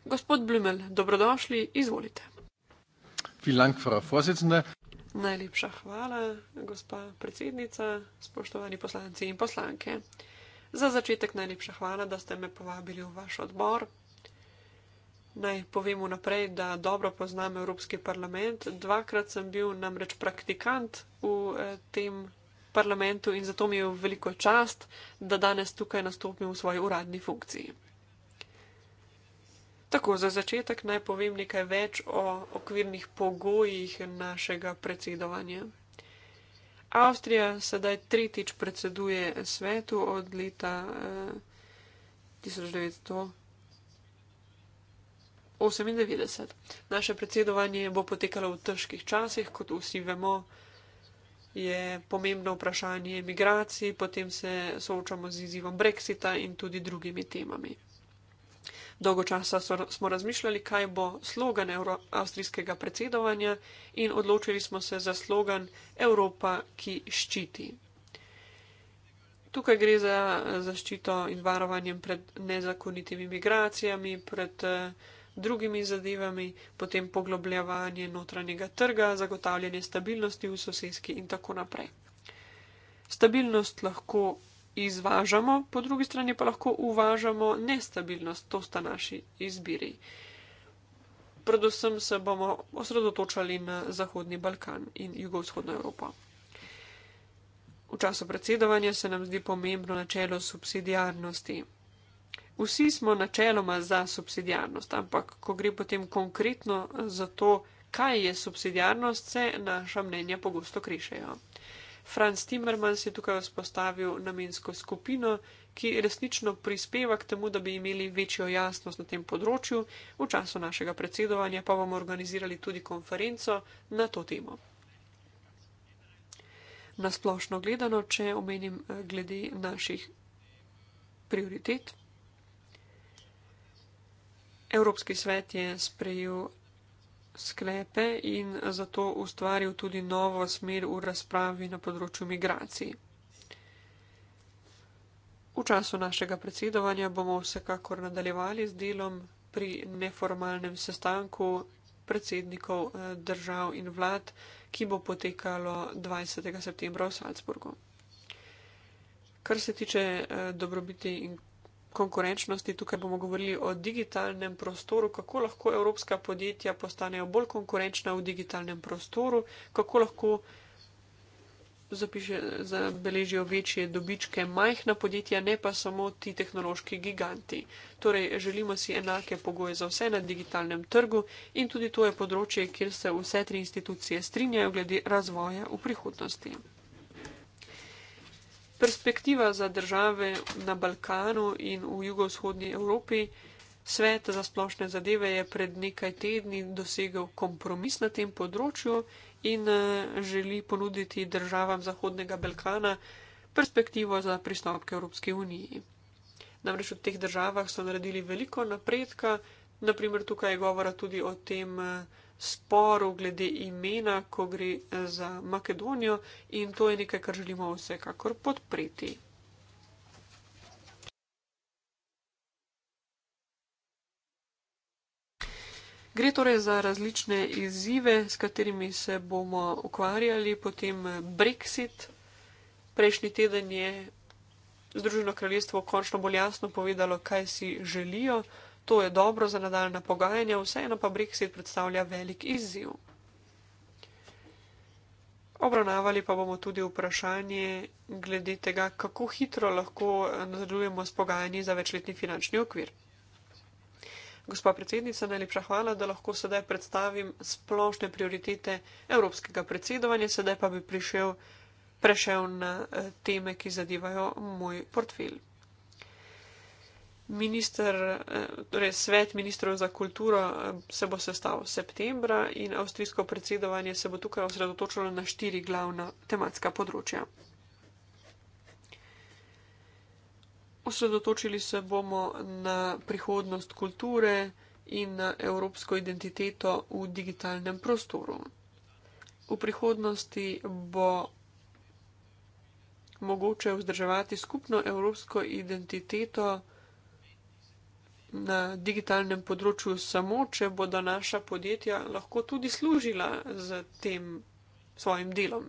Gospod Blumel, dobrodošli, izvolite. Filank, fra Fosicende. Najlepša hvala, gospa predsednica, spoštovani poslanci in poslanke. Za začetek najlepša hvala, da ste me povabili v vaš odbor, Naj povem vnaprej, da dobro poznam Evropski parlament. Dvakrat sem bil namreč praktikant v eh, tem parlamentu in zato mi je veliko čast, da danes tukaj nastopim v svoji uradni funkciji. Tako za začetek naj povem nekaj več o okvirnih pogojih našega predsedovanja. Avstrija sedaj tretjič predseduje svetu od leta eh, 1900. 98. Naše predsedovanje bo potekalo v težkih časih, kot vsi vemo, je pomembno vprašanje migracij, potem se soočamo z izzivom Brexita in tudi drugimi temami. Dolgo časa so, smo razmišljali, kaj bo slogan Euro avstrijskega predsedovanja in odločili smo se za slogan Evropa, ki ščiti. Tukaj gre za zaščito in varovanjem pred nezakonitimi migracijami, pred uh, drugimi zadevami, potem poglobljavanje notranjega trga, zagotavljanje stabilnosti v sosedski in tako naprej. Stabilnost lahko izvažamo, po drugi strani pa lahko uvažamo nestabilnost, to sta naši izbiri. Predvsem se bomo osredotočali na Zahodni Balkan in Jugovzhodno Evropo. V času predsedovanja se nam zdi pomembno načelo subsidijarnosti, vsi smo načeloma za subsidijarnost, ampak ko gre potem konkretno za to, kaj je subsidijarnost, se naša mnenja pogosto krišajo. Franz Timmermans je tukaj vzpostavil namensko skupino, ki resnično prispeva k temu, da bi imeli večjo jasnost na tem področju. V času našega predsedovanja pa bomo organizirali tudi konferenco na to temo. Nasplošno gledano, če omenim eh, glede naših prioritet. Evropski svet je sprejel sklepe in zato ustvaril tudi novo smer v razpravi na področju migracij. V času našega predsedovanja bomo vsekakor nadaljevali z delom pri neformalnem sestanku predsednikov eh, držav in vlad, ki bo potekalo 20. septembra v Salzburgu. Kar se tiče eh, dobrobiti in konkurenčnosti, tukaj bomo govorili o digitalnem prostoru, kako lahko evropska podjetja postanejo bolj konkurenčna v digitalnem prostoru, kako lahko zapiše, zabeležijo večje dobičke majhna podjetja, ne pa samo ti tehnološki giganti. Torej, želimo si enake pogoje za vse na digitalnem trgu in tudi to je področje, kjer se vse tri institucije strinjajo glede razvoja v prihodnosti. Perspektiva za države na Balkanu in v jugovzhodnji Evropi, svet za splošne zadeve je pred nekaj tedni dosegel kompromis na tem področju in eh, želi ponuditi državam Zahodnega Balkana perspektivo za pristop k Evropski uniji. Namreč v teh državah so naredili veliko napredka, Naprimer, tukaj je govora tudi o tem eh, sporu glede imena, ko gre eh, za Makedonijo in to je nekaj, kar želimo vsekakor podpreti. Gre torej za različne izzive, s katerimi se bomo ukvarjali, potem eh, Brexit. Prejšnji teden je Združeno kraljestvo končno bolj jasno povedalo, kaj si želijo. To je dobro za nadaljna pogajanja, vseeno pa Brexit predstavlja velik izziv. Obravnavali pa bomo tudi vprašanje glede tega, kako hitro lahko nadaljujemo s pogajanji za večletni finančni okvir. Gospa predsednica, najlepša hvala, da lahko sedaj predstavim splošne prioritete evropskega predsedovanja, sedaj pa bi prišel, prešel na eh, teme, ki zadevajo moj portfelj minister, eh, torej svet ministrov za kulturo eh, se bo sestavil septembra in avstrijsko predsedovanje se bo tukaj osredotočilo na štiri glavna tematska področja. Osredotočili se bomo na prihodnost kulture in na evropsko identiteto v digitalnem prostoru. V prihodnosti bo mogoče vzdrževati skupno evropsko identiteto na digitalnem področju, samo če bodo naša podjetja lahko tudi služila z tem svojim delom.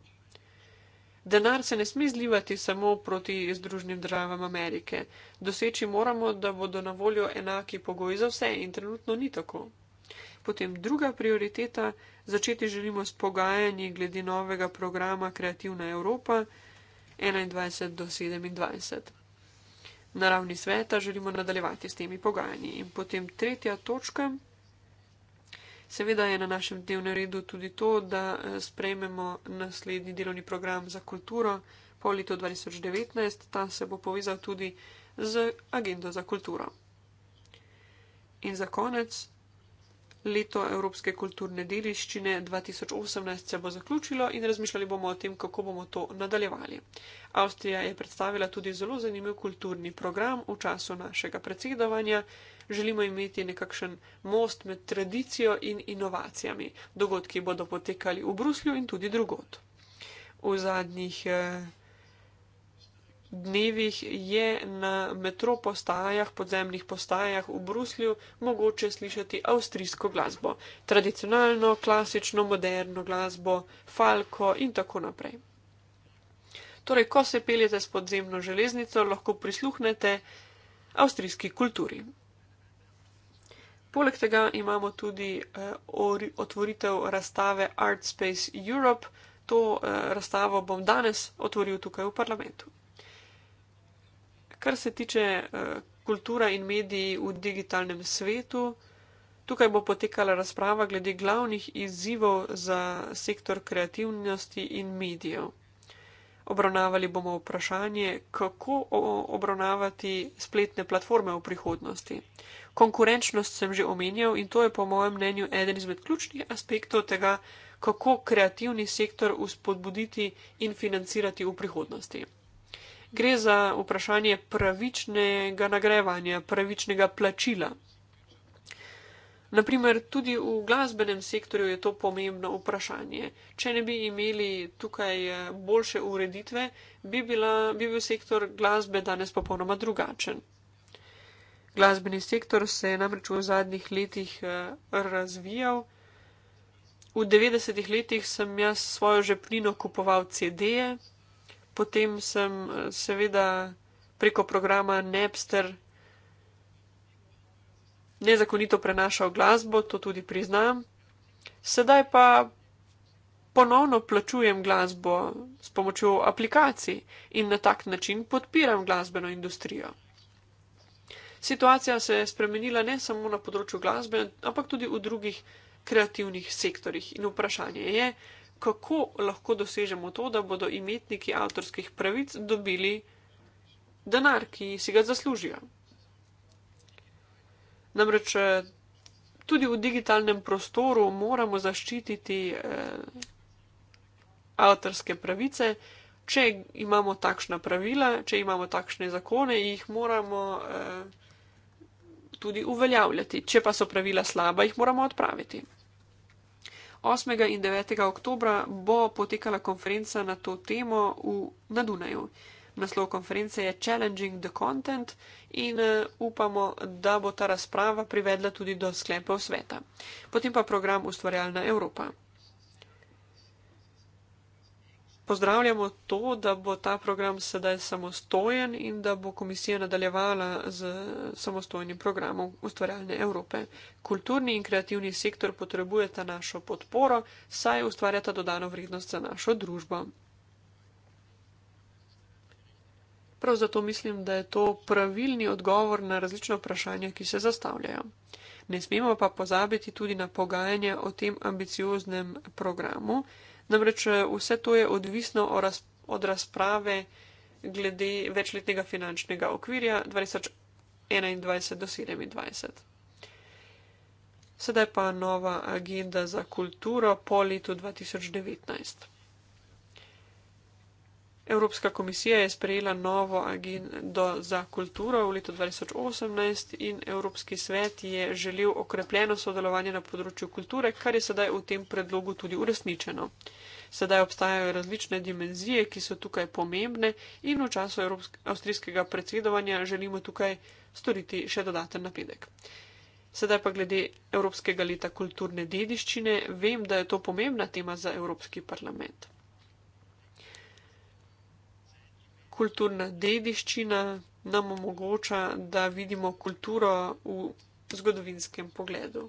Denar se ne sme zlivati samo proti Združenim državam Amerike. Doseči moramo, da bodo na voljo enaki pogoji za vse in trenutno ni tako. Potem druga prioriteta, začeti želimo s pogajanji glede novega programa Kreativna Evropa 21 do 27 na ravni sveta želimo nadaljevati s temi pogajanji. In potem tretja točka. Seveda je na našem dnevnem redu tudi to, da eh, sprejmemo naslednji delovni program za kulturo po letu 2019. Ta se bo povezal tudi z agendo za kulturo. In za konec Leto evropske kulturne dediščine 2018 se bo zaključilo in razmišljali bomo o tem, kako bomo to nadaljevali. Avstrija je predstavila tudi zelo zanimiv kulturni program v času našega predsedovanja. Želimo imeti nekakšen most med tradicijo in inovacijami. Dogodki bodo potekali v Bruslju in tudi drugod. V zadnjih eh, dnevih je na metropostajah, podzemnih postajah v Bruslju mogoče slišati avstrijsko glasbo, tradicionalno, klasično, moderno glasbo, falko in tako naprej. Torej, ko se peljete s podzemno železnico, lahko prisluhnete avstrijski kulturi. Poleg tega imamo tudi eh, otvoritev razstave Art Space Europe. To eh, razstavo bom danes otvoril tukaj v parlamentu. Kar se tiče eh, kulture in mediji v digitalnem svetu, tukaj bo potekala razprava glede glavnih izzivov za sektor kreativnosti in medijev. Obravnavali bomo vprašanje, kako obravnavati spletne platforme v prihodnosti. Konkurenčnost sem že omenjal in to je po mojem mnenju eden izmed ključnih aspektov tega, kako kreativni sektor uspodbuditi in financirati v prihodnosti gre za vprašanje pravičnega nagrajevanja, pravičnega plačila. Naprimer, tudi v glasbenem sektorju je to pomembno vprašanje. Če ne bi imeli tukaj eh, boljše ureditve, bi, bila, bi bil sektor glasbe danes popolnoma drugačen. Glasbeni sektor se je namreč v zadnjih letih eh, razvijal. V 90-ih letih sem jaz svojo žepnino kupoval CD-je, potem sem eh, seveda preko programa Napster nezakonito prenašal glasbo, to tudi priznam. Sedaj pa ponovno plačujem glasbo s pomočjo aplikacij in na tak način podpiram glasbeno industrijo. Situacija se je spremenila ne samo na področju glasbe, ampak tudi v drugih kreativnih sektorjih. In vprašanje je, kako lahko dosežemo to, da bodo imetniki avtorskih pravic dobili denar, ki si ga zaslužijo. Namreč eh, tudi v digitalnem prostoru moramo zaščititi eh, avtorske pravice. Če imamo takšna pravila, če imamo takšne zakone, jih moramo eh, tudi uveljavljati. Če pa so pravila slaba, jih moramo odpraviti. 8. in 9. oktobra bo potekala konferenca na to temo v, na Dunaju. Naslov konference je Challenging the Content in eh, upamo, da bo ta razprava privedla tudi do sklepov sveta. Potem pa program Ustvarjalna Evropa. Pozdravljamo to, da bo ta program sedaj samostojen in da bo komisija nadaljevala z samostojnim programom ustvarjalne Evrope. Kulturni in kreativni sektor potrebujeta našo podporo, saj ustvarjata dodano vrednost za našo družbo. Prav zato mislim, da je to pravilni odgovor na različne vprašanja, ki se zastavljajo. Ne smemo pa pozabiti tudi na pogajanje o tem ambicioznem programu, Namreč eh, vse to je odvisno od razprave glede večletnega finančnega okvirja 2021 do 2027. Sedaj pa nova agenda za kulturo po letu 2019. Evropska komisija je sprejela novo agendo za kulturo v letu 2018 in Evropski svet je želel okrepljeno sodelovanje na področju kulture, kar je sedaj v tem predlogu tudi uresničeno. Sedaj obstajajo različne dimenzije, ki so tukaj pomembne in v času avstrijskega predsedovanja želimo tukaj storiti še dodaten napredek. Sedaj pa glede Evropskega leta kulturne dediščine, vem, da je to pomembna tema za Evropski parlament. kulturna dediščina nam omogoča, da vidimo kulturo v zgodovinskem pogledu.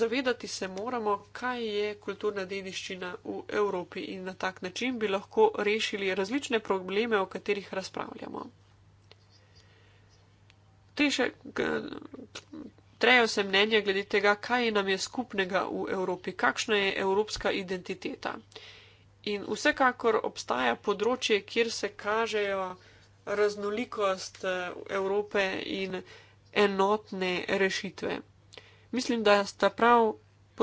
Zavedati se moramo, kaj je kulturna dediščina v Evropi in na tak način bi lahko rešili različne probleme, o katerih razpravljamo. Teše, trejo se mnenja glede tega, kaj nam je skupnega v Evropi, kakšna je evropska identiteta. In vsekakor obstaja področje, kjer se kažejo raznolikost eh, Evrope in enotne rešitve. Mislim, da sta prav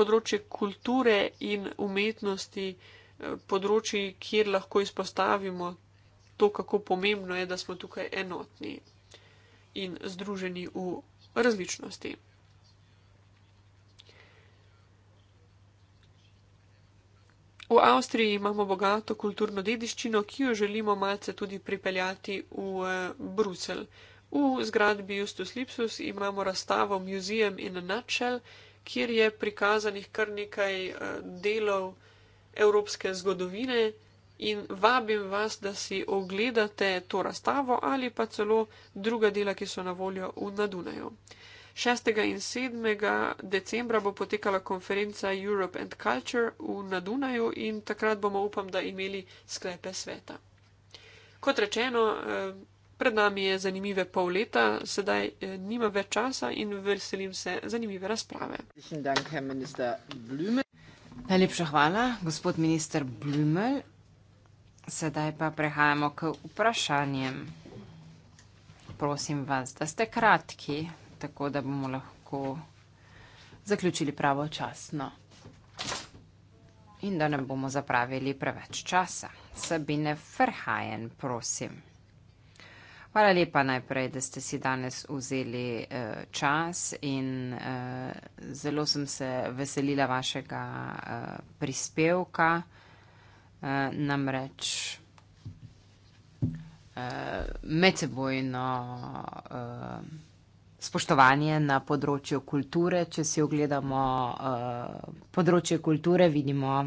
področje kulture in umetnosti eh, področji, kjer lahko izpostavimo to, kako pomembno je, da smo tukaj enotni in združeni v različnosti. V Avstriji imamo bogato kulturno dediščino, ki jo želimo malce tudi pripeljati v uh, Bruselj. V zgradbi Justus Lipsus imamo razstavo Museum in Nutshell, kjer je prikazanih kar nekaj uh, delov evropske zgodovine in vabim vas, da si ogledate to razstavo ali pa celo druga dela, ki so na voljo v Nadunaju. 6. in 7. decembra bo potekala konferenca Europe and Culture v Nadunaju in takrat bomo, upam, da imeli sklepe sveta. Kot rečeno, eh, pred nami je zanimive pol leta, sedaj eh, nima več časa in veselim se zanimive razprave. Najlepša hvala, gospod minister Blumel. Sedaj pa prehajamo k vprašanjem. Prosim vas, da ste kratki tako da bomo lahko zaključili pravo časno. In da ne bomo zapravili preveč časa. Sabine Ferhajen, prosim. Hvala lepa najprej, da ste si danes vzeli eh, čas in eh, zelo sem se veselila vašega eh, prispevka. Eh, namreč eh, medsebojno. Eh, spoštovanje na področju kulture. Če si ogledamo uh, področje kulture, vidimo,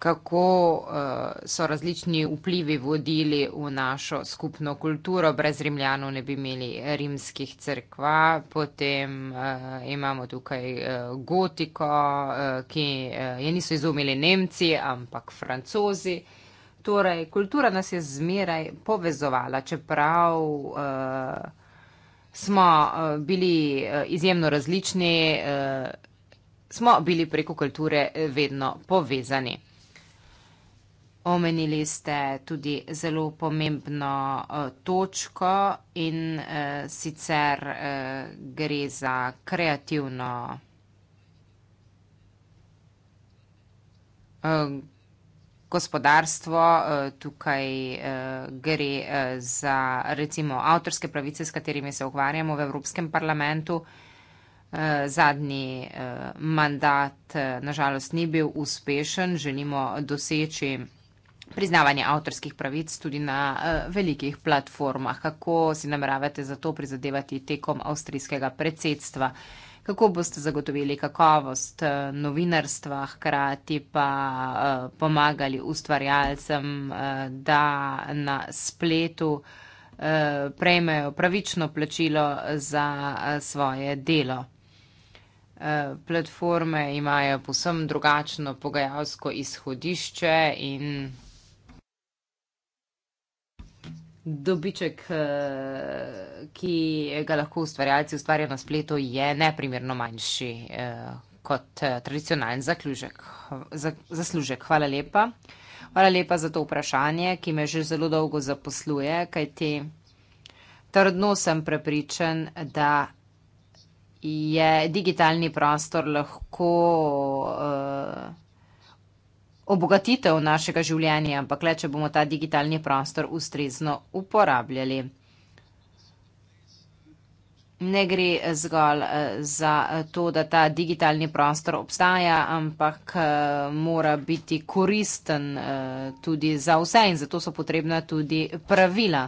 kako uh, so različni vplivi vodili v našo skupno kulturo. Brez Rimljanov ne bi imeli rimskih crkva, potem uh, imamo tukaj uh, gotiko, uh, ki uh, je niso izumili Nemci, ampak Francozi. Torej, kultura nas je zmeraj povezovala, čeprav uh, smo eh, bili eh, izjemno različni, eh, smo bili preko kulture vedno povezani. Omenili ste tudi zelo pomembno točko in sicer gre za kreativno gospodarstvo, eh, tukaj eh, gre eh, za recimo avtorske pravice, s katerimi se ukvarjamo v Evropskem parlamentu. Zadnji mandat nažalost ni bil uspešen, želimo doseči priznavanje avtorskih pravic tudi na velikih platformah. Kako si nameravate za to prizadevati tekom avstrijskega predsedstva? kako boste zagotovili kakovost eh, novinarstva, hkrati pa eh, pomagali ustvarjalcem, eh, da na spletu prejmejo pravično plačilo za svoje delo. Platforme imajo posebno drugačno pogajalsko izhodišče in dobiček, eh, ki ga lahko ustvarjalci ustvarjajo na spletu, je neprimerno manjši eh, kot eh, tradicionalen zaklužek, zaslužek. Hvala lepa. Hvala lepa za to vprašanje, ki me že zelo dolgo zaposluje, kajti trdno sem prepričan, da je digitalni prostor lahko. Uh, obogatitev našega življenja, ampak le, če bomo ta digitalni prostor ustrezno uporabljali. Ne gre eh, zgolj eh, za eh, to, da ta digitalni prostor obstaja, ampak mora biti koristen tudi za vse in zato so potrebna tudi pravila.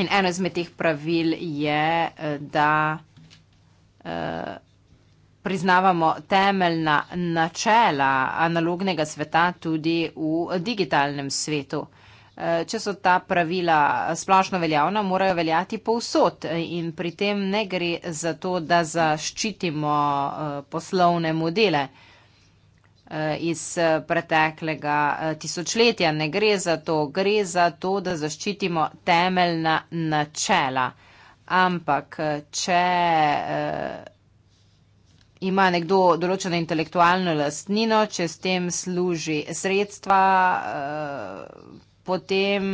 In eno izmed teh pravil je, da priznavamo temeljna načela analognega sveta tudi v digitalnem svetu. E, če so ta pravila splošno veljavna, morajo veljati povsod in pri tem ne gre za to, da zaščitimo e, poslovne modele e, iz preteklega tisočletja. Ne gre za to, gre za to, da zaščitimo temeljna načela. Ampak, če. Eh, ima nekdo določeno intelektualno lastnino, če s tem služi sredstva, eh, potem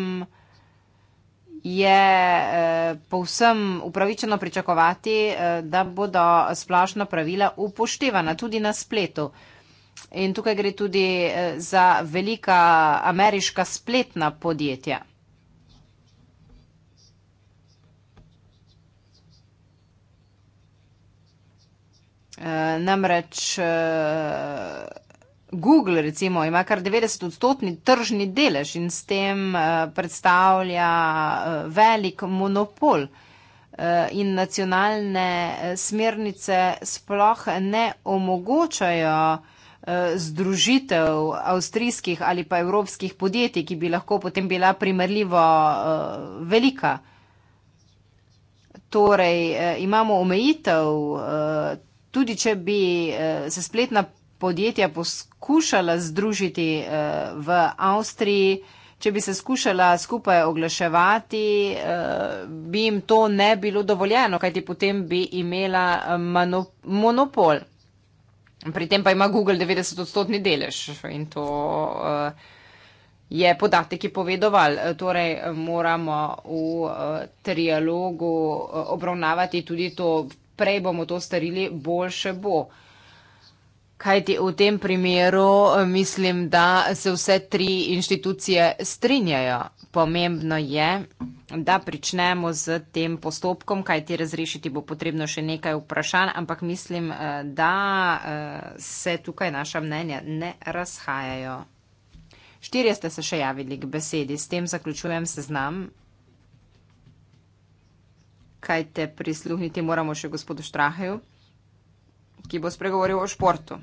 je eh, povsem upravičeno pričakovati, eh, da bodo splošna pravila upoštevana tudi na spletu. In tukaj gre tudi za velika ameriška spletna podjetja. Uh, namreč uh, Google recimo ima kar 90 odstotni tržni delež in s tem uh, predstavlja uh, velik monopol uh, in nacionalne smernice sploh ne omogočajo uh, združitev avstrijskih ali pa evropskih podjetij, ki bi lahko potem bila primerljivo uh, velika. Torej, imamo omejitev tudi če bi uh, se spletna podjetja poskušala združiti uh, v Avstriji, če bi se skušala skupaj oglaševati, uh, bi jim to ne bilo dovoljeno, kajti potem bi imela mano, monopol. Pri tem pa ima Google 90 odstotni delež in to. Uh, Je podatek, ki povedoval, torej moramo v trialogu obravnavati tudi to prej bomo to starili, boljše bo. Kaj ti v tem primeru eh, mislim, da se vse tri inštitucije strinjajo. Pomembno je, da pričnemo z tem postopkom, kaj ti razrešiti bo potrebno še nekaj vprašanj, ampak mislim, eh, da eh, se tukaj naša mnenja ne razhajajo. Štirje ste se še javili k besedi, s tem zaključujem seznam kaj te prisluhniti moramo še gospodu Štraheju, ki bo spregovoril o športu.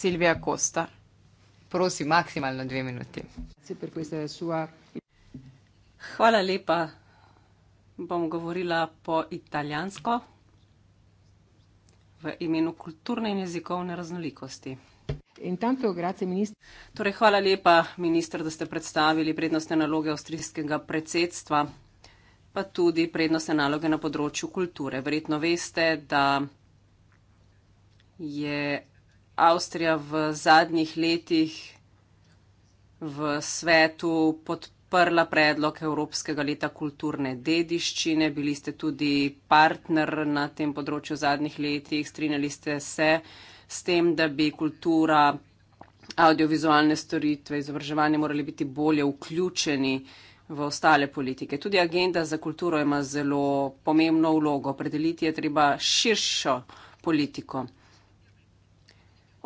Silvija Kosta, prosim, maksimalno dve minuti. Hvala lepa. Bom govorila po italijansko v imenu kulturne in jezikovne raznolikosti. Intanto, grazie, torej, hvala lepa, minister, da ste predstavili prednostne naloge avstrijskega predsedstva pa tudi prednostne naloge na področju kulture. Verjetno veste, da je Avstrija v zadnjih letih v svetu podprla predlog Evropskega leta kulturne dediščine. Bili ste tudi partner na tem področju v zadnjih letih. Strinjali ste se s tem, da bi kultura, audiovizualne storitve, izobraževanje morali biti bolje vključeni v ostale politike. Tudi agenda za kulturo ima zelo pomembno vlogo. Predeliti je treba širšo politiko.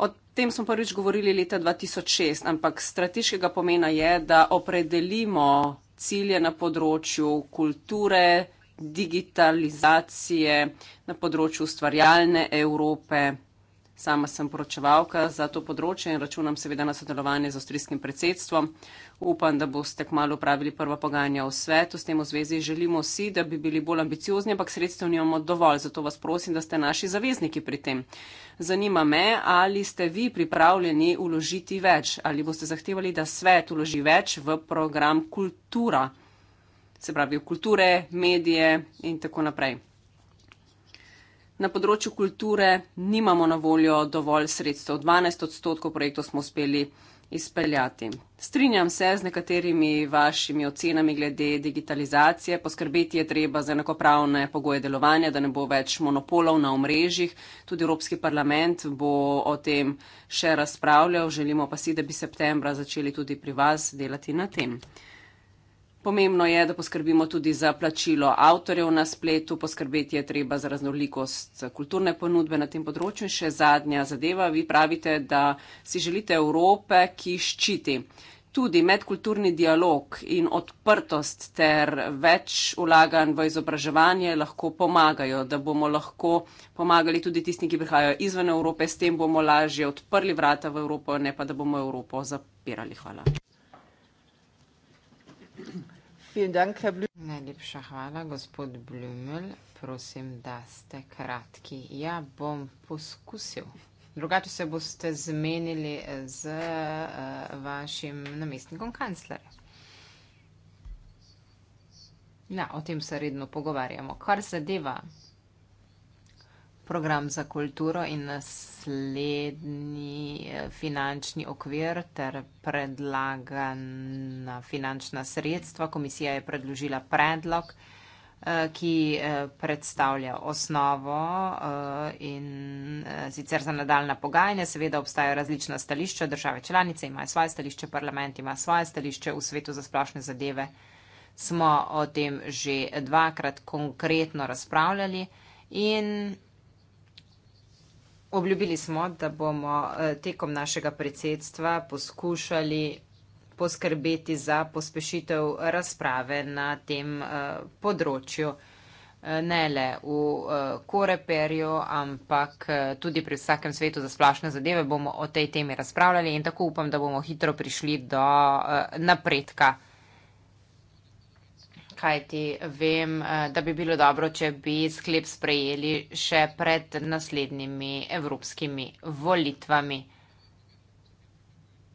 O tem smo prvič govorili leta 2006, ampak strateškega pomena je, da opredelimo cilje na področju kulture, digitalizacije, na področju ustvarjalne Evrope. Sama sem poročevalka za to področje in računam seveda na sodelovanje z avstrijskim predsedstvom. Upam, da boste kmalo upravili prva pogajanja v svetu. S tem v zvezi želimo vsi, da bi bili bolj ambiciozni, ampak sredstev nimamo dovolj. Zato vas prosim, da ste naši zavezniki pri tem. Zanima me, ali ste vi pripravljeni uložiti več, ali boste zahtevali, da svet uloži več v program kultura, se pravi v kulture, medije in tako naprej. Na področju kulture nimamo na voljo dovolj sredstev. 12 odstotkov projektov smo uspeli izpeljati. Strinjam se z nekaterimi vašimi ocenami glede digitalizacije. Poskrbeti je treba za enakopravne pogoje delovanja, da ne bo več monopolov na omrežjih. Tudi Evropski parlament bo o tem še razpravljal. Želimo pa si, da bi septembra začeli tudi pri vas delati na tem. Pomembno je, da poskrbimo tudi za plačilo avtorjev na spletu, poskrbeti je treba za raznolikost kulturne ponudbe na tem področju. In še zadnja zadeva, vi pravite, da si želite Evrope, ki ščiti tudi medkulturni dialog in odprtost ter več ulaganj v izobraževanje lahko pomagajo, da bomo lahko pomagali tudi tistim, ki prihajajo izven Evrope, s tem bomo lažje odprli vrata v Evropo, ne pa da bomo Evropo zapirali. Hvala. Vielen Dank, Herr Blümel. Najlepša hvala, gospod Blümel. Prosim, da ste kratki. Ja, bom poskusil. Drugače se boste zmenili z uh, vašim namestnikom kanclerja. Na, ja, o tem se redno pogovarjamo. Kar zadeva program za kulturo in naslednji eh, finančni okvir ter predlagana finančna sredstva. Komisija je predložila predlog, eh, ki eh, predstavlja osnovo in sicer za nadaljna pogajanja. Seveda obstajajo različna stališča, države članice imajo svoje stališče, parlament ima svoje stališče v svetu za splošne zadeve. Smo o tem že dvakrat konkretno razpravljali. In Obljubili smo, da bomo eh, tekom našega predsedstva poskušali poskrbeti za pospešitev razprave na tem eh, področju, eh, ne le v Koreperju, ampak tudi pri vsakem svetu za splašne zadeve bomo o tej temi razpravljali in tako upam, da bomo hitro prišli do napredka. Kajti vem, eh, da bi bilo dobro, če bi sklep sprejeli še pred naslednjimi evropskimi volitvami.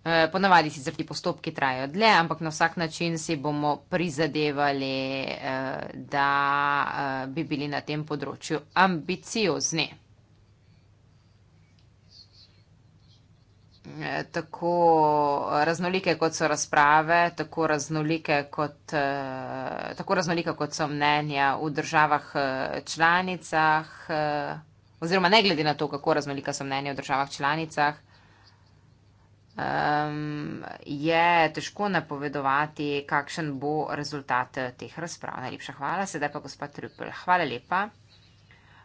Eh, ponavadi sicer ti postopki trajajo dlje, ampak na vsak način si bomo prizadevali, eh, da bi bili na tem področju ambiciozni. Eh, tako eh, raznolike, kot so razprave, tako raznolike, kot, eh, tako raznolike, kot so mnenja v državah članicah, oziroma ne glede na to, kako raznolika so mnenja v državah članicah, ehm, je težko napovedovati, kakšen bo rezultat teh razprav. Najlepša hvala, sedaj pa gospod Trupel. Hvala lepa.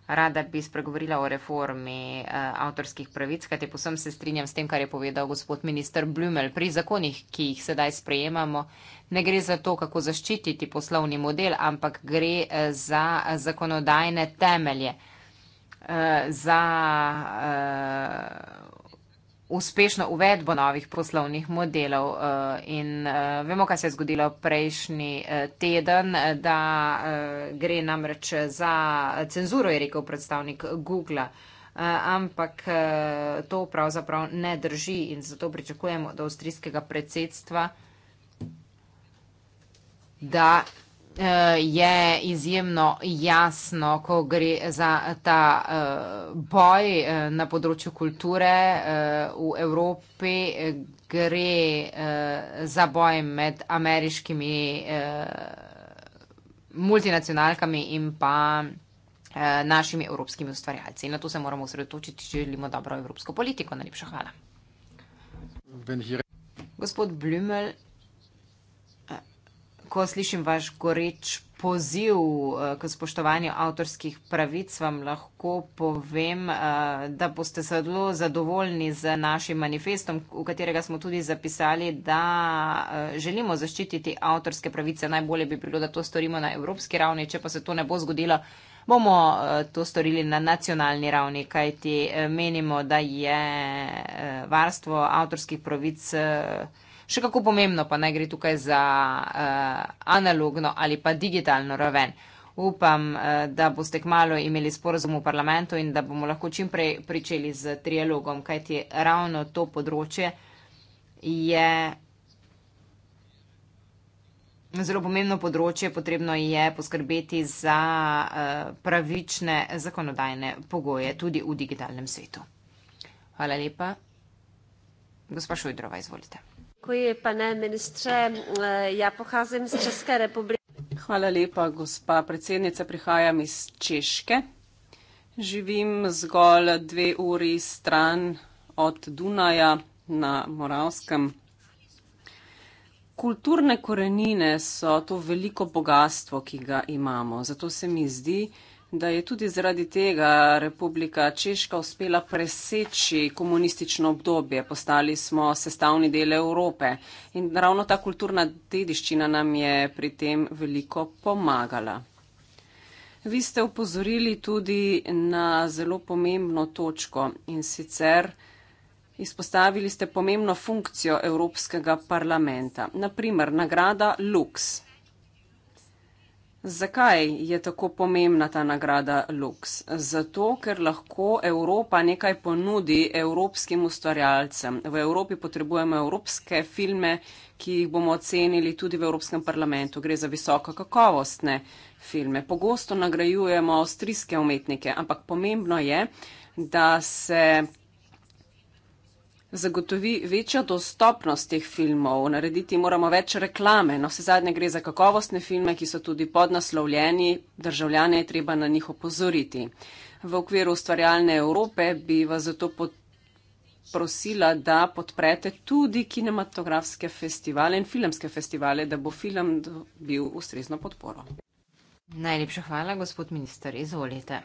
Rada bi spregovorila o reformi eh, avtorskih pravic, kajti posem se strinjam s tem, kar je povedal gospod minister Blumel. Pri zakonih, ki jih sedaj sprejemamo, ne gre za to, kako zaščititi poslovni model, ampak gre eh, za zakonodajne temelje, eh, za eh, uspešno uvedbo novih poslovnih modelov. Eh, in eh, vemo, kaj se je zgodilo prejšnji eh, teden, da gre namreč za cenzuro, je rekel predstavnik Google. Ampak to pravzaprav ne drži in zato pričakujemo od avstrijskega predsedstva, da Eh, je izjemno jasno, ko gre za ta eh, boj eh, na področju kulture v Evropi, gre za boj med ameriškimi multinacionalkami in pa našimi evropskimi ustvarjalci. Na to se moramo osredotočiti, če želimo dobro evropsko politiko. Najlepša hvala. Gospod Blümel ko slišim vaš goreč poziv eh, k spoštovanju avtorskih pravic, vam lahko povem, eh, da boste zelo zadovoljni z našim manifestom, v katerega smo tudi zapisali, da eh, želimo zaščititi avtorske pravice. Najbolje bi bilo, da to storimo na evropski ravni, če pa se to ne bo zgodilo, bomo to storili na nacionalni ravni, kajti menimo, da je varstvo avtorskih pravic še kako pomembno pa naj gre tukaj za uh, analogno ali pa digitalno raven. Upam, uh, da boste kmalo imeli sporozum v parlamentu in da bomo lahko čimprej pričeli z trialogom, kajti ravno to področje je zelo pomembno področje, potrebno je poskrbeti za uh, pravične zakonodajne pogoje tudi v digitalnem svetu. Hvala lepa. Gospa Šojdrova, izvolite pane ministre, eh, ja pohazem z České republiky. Hvala lepa, gospa predsednica, prihajam iz Češke. Živim zgolj dve uri stran od Dunaja na Moravskem. Kulturne korenine so to veliko bogatstvo, ki ga imamo, zato se mi zdi, da je tudi zaradi tega Republika Češka uspela preseči komunistično obdobje. Postali smo sestavni del Evrope in ravno ta kulturna dediščina nam je pri tem veliko pomagala. Vi ste upozorili tudi na zelo pomembno točko in sicer izpostavili ste pomembno funkcijo Evropskega parlamenta. Naprimer, nagrada Lux. Zakaj je tako pomembna ta nagrada Lux? Zato, ker lahko Evropa nekaj ponudi evropskim ustvarjalcem. V Evropi potrebujemo evropske filme, ki jih bomo ocenili tudi v Evropskem parlamentu. Gre za visoko kakovostne filme. Pogosto nagrajujemo avstrijske umetnike, ampak pomembno je, da se zagotovi večjo dostopnost teh filmov. Narediti moramo več reklame. No, vse zadnje gre za kakovostne filme, ki so tudi podnaslovljeni, državljane je treba na njih opozoriti. V okviru ustvarjalne Evrope bi vas zato prosila, da podprete tudi kinematografske festivale in filmske festivale, da bo film bil ustrezno podporo. Najlepša hvala, gospod minister, izvolite.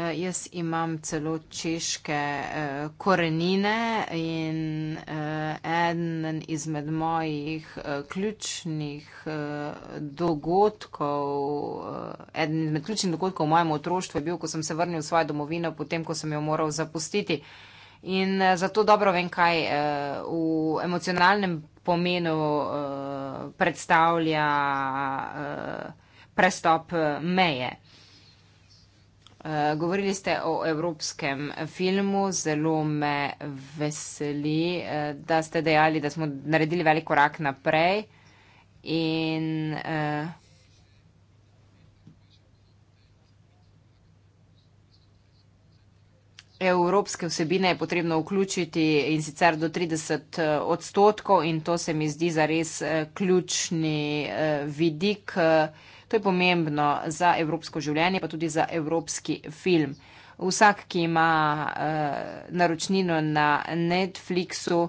Eh, jaz imam celo češke uh, korenine in uh, eden izmed mojih uh, ključnih uh, dogodkov, uh, eden izmed ključnih dogodkov v mojem otroštvu je bil, ko sem se vrnil v svojo domovino, potem, ko sem jo moral zapustiti. In uh, zato dobro vem, kaj uh, v emocionalnem pomenu uh, predstavlja uh, prestop meje govorili ste o evropskem filmu, zelo me veseli, uh, da ste dejali, da smo naredili velik korak naprej. In, uh, Evropske vsebine je potrebno vključiti in sicer do 30 eh, odstotkov in to se mi zdi za res ključni vidik. To je pomembno za evropsko življenje, pa tudi za evropski film. Vsak, ki ima uh, naročnino na Netflixu, uh,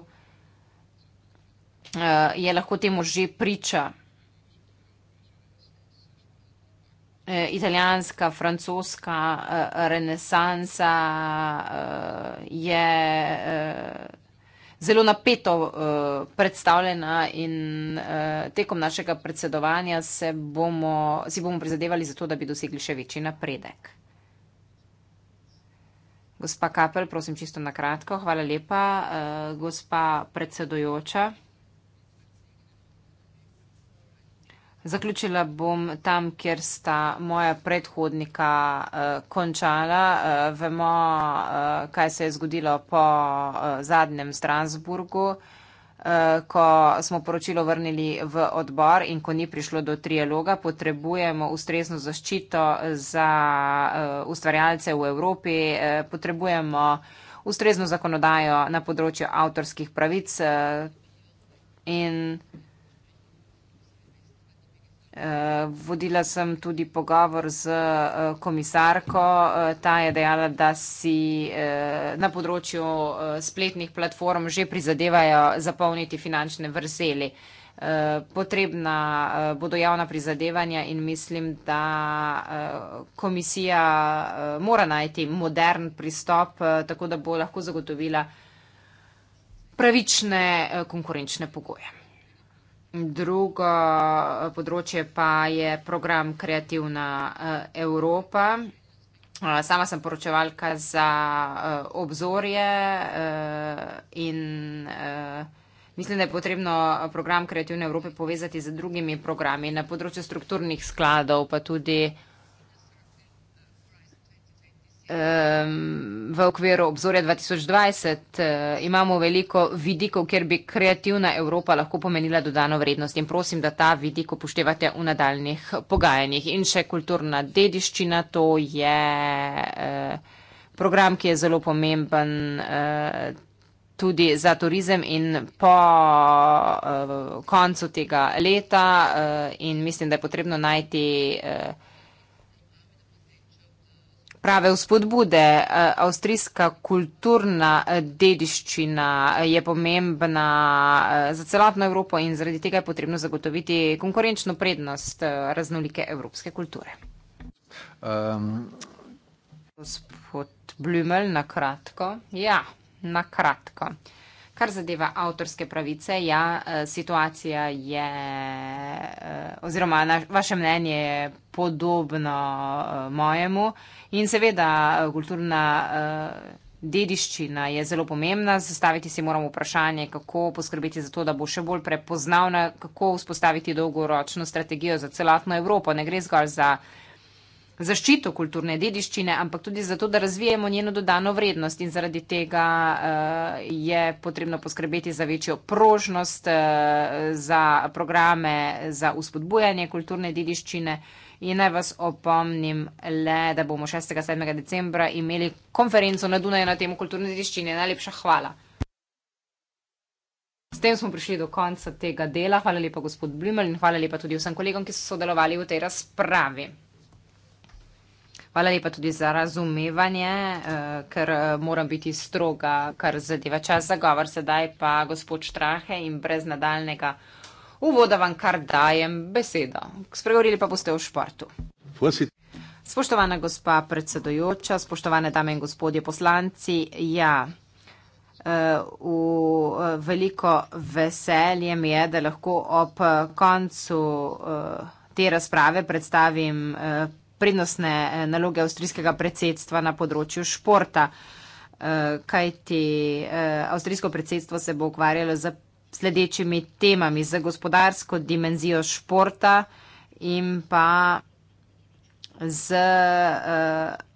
je lahko temu že priča. Eh, italijanska, francoska uh, renesansa uh, je. Uh, zelo napeto uh, predstavljena in uh, tekom našega predsedovanja bomo, si bomo prizadevali za to, da bi dosegli še večji napredek. Gospa Kapel, prosim čisto na kratko. Hvala lepa, uh, gospa predsedojoča. Zaključila bom tam, kjer sta moja predhodnika uh, končala. Uh, vemo, uh, kaj se je zgodilo po uh, zadnjem Strasburgu, uh, ko smo poročilo vrnili v odbor in ko ni prišlo do trialoga. Potrebujemo ustrezno zaščito za uh, ustvarjalce v Evropi, uh, potrebujemo ustrezno zakonodajo na področju avtorskih pravic uh, in. Eh, vodila sem tudi pogovor z eh, komisarko. Eh, ta je dejala, da si na področju spletnih platform že prizadevajo zapolniti finančne vrzeli. Potrebna bodo javna prizadevanja in mislim, da komisija mora najti modern pristop, tako da bo lahko zagotovila pravične konkurenčne pogoje. Drugo eh, področje pa je program Kreativna eh, Evropa. Eh, sama sem poročevalka za obzorje in mislim, da je potrebno program Kreativne Evrope povezati z drugimi programi na področju strukturnih skladov, pa tudi um, v okviru obzorja 2020 uh, eh, imamo veliko vidikov, kjer bi kreativna Evropa lahko pomenila dodano vrednost in prosim, da ta vidik upoštevate v nadaljnih pogajanjih. In še kulturna dediščina, to je uh, program, ki je zelo pomemben. Uh, tudi za turizem in po uh, koncu tega leta uh, in mislim, da je potrebno najti uh, Prave vzpodbude. Eh, avstrijska kulturna eh, dediščina eh, je pomembna za celotno Evropo in zaradi tega je potrebno zagotoviti konkurenčno prednost raznolike evropske kulture. Um. Gospod Blümel, na kratko. Ja, na kratko. Kar zadeva avtorske pravice, ja, e, situacija je, e, oziroma naš, vaše mnenje je podobno e, mojemu in seveda kulturna dediščina je zelo pomembna. Zastaviti si moramo vprašanje, kako poskrbeti za to, da bo še bolj prepoznavna, kako vzpostaviti dolgoročno strategijo za celotno Evropo. Ne gre zgolj za zaščito kulturne dediščine, ampak tudi zato, da razvijemo njeno dodano vrednost in zaradi tega uh, je potrebno poskrbeti za večjo prožnost uh, za programe za uspodbujanje kulturne dediščine. In naj vas opomnim le, da bomo 6. in 7. decembra imeli konferenco na Dunaju na temo kulturne dediščine. Najlepša hvala. S tem smo prišli do konca tega dela. Hvala lepa gospod Blimel in hvala lepa tudi vsem kolegom, ki so sodelovali v tej razpravi. Hvala lepa tudi za razumevanje, eh, ker eh, moram biti stroga, kar zadeva čas za govor. Sedaj pa gospod Štrahe in brez nadaljnega uvoda vam kar dajem besedo. Spregovorili pa boste o športu. Prosim. Spoštovana gospa predsedojoča, spoštovane dame in gospodje poslanci, ja, eh, v veliko veselje mi je, da lahko ob koncu te razprave predstavim prednostne eh, naloge avstrijskega predsedstva na področju športa, eh, kajti eh, avstrijsko predsedstvo se bo ukvarjalo z sledečimi temami, z gospodarsko dimenzijo športa in pa z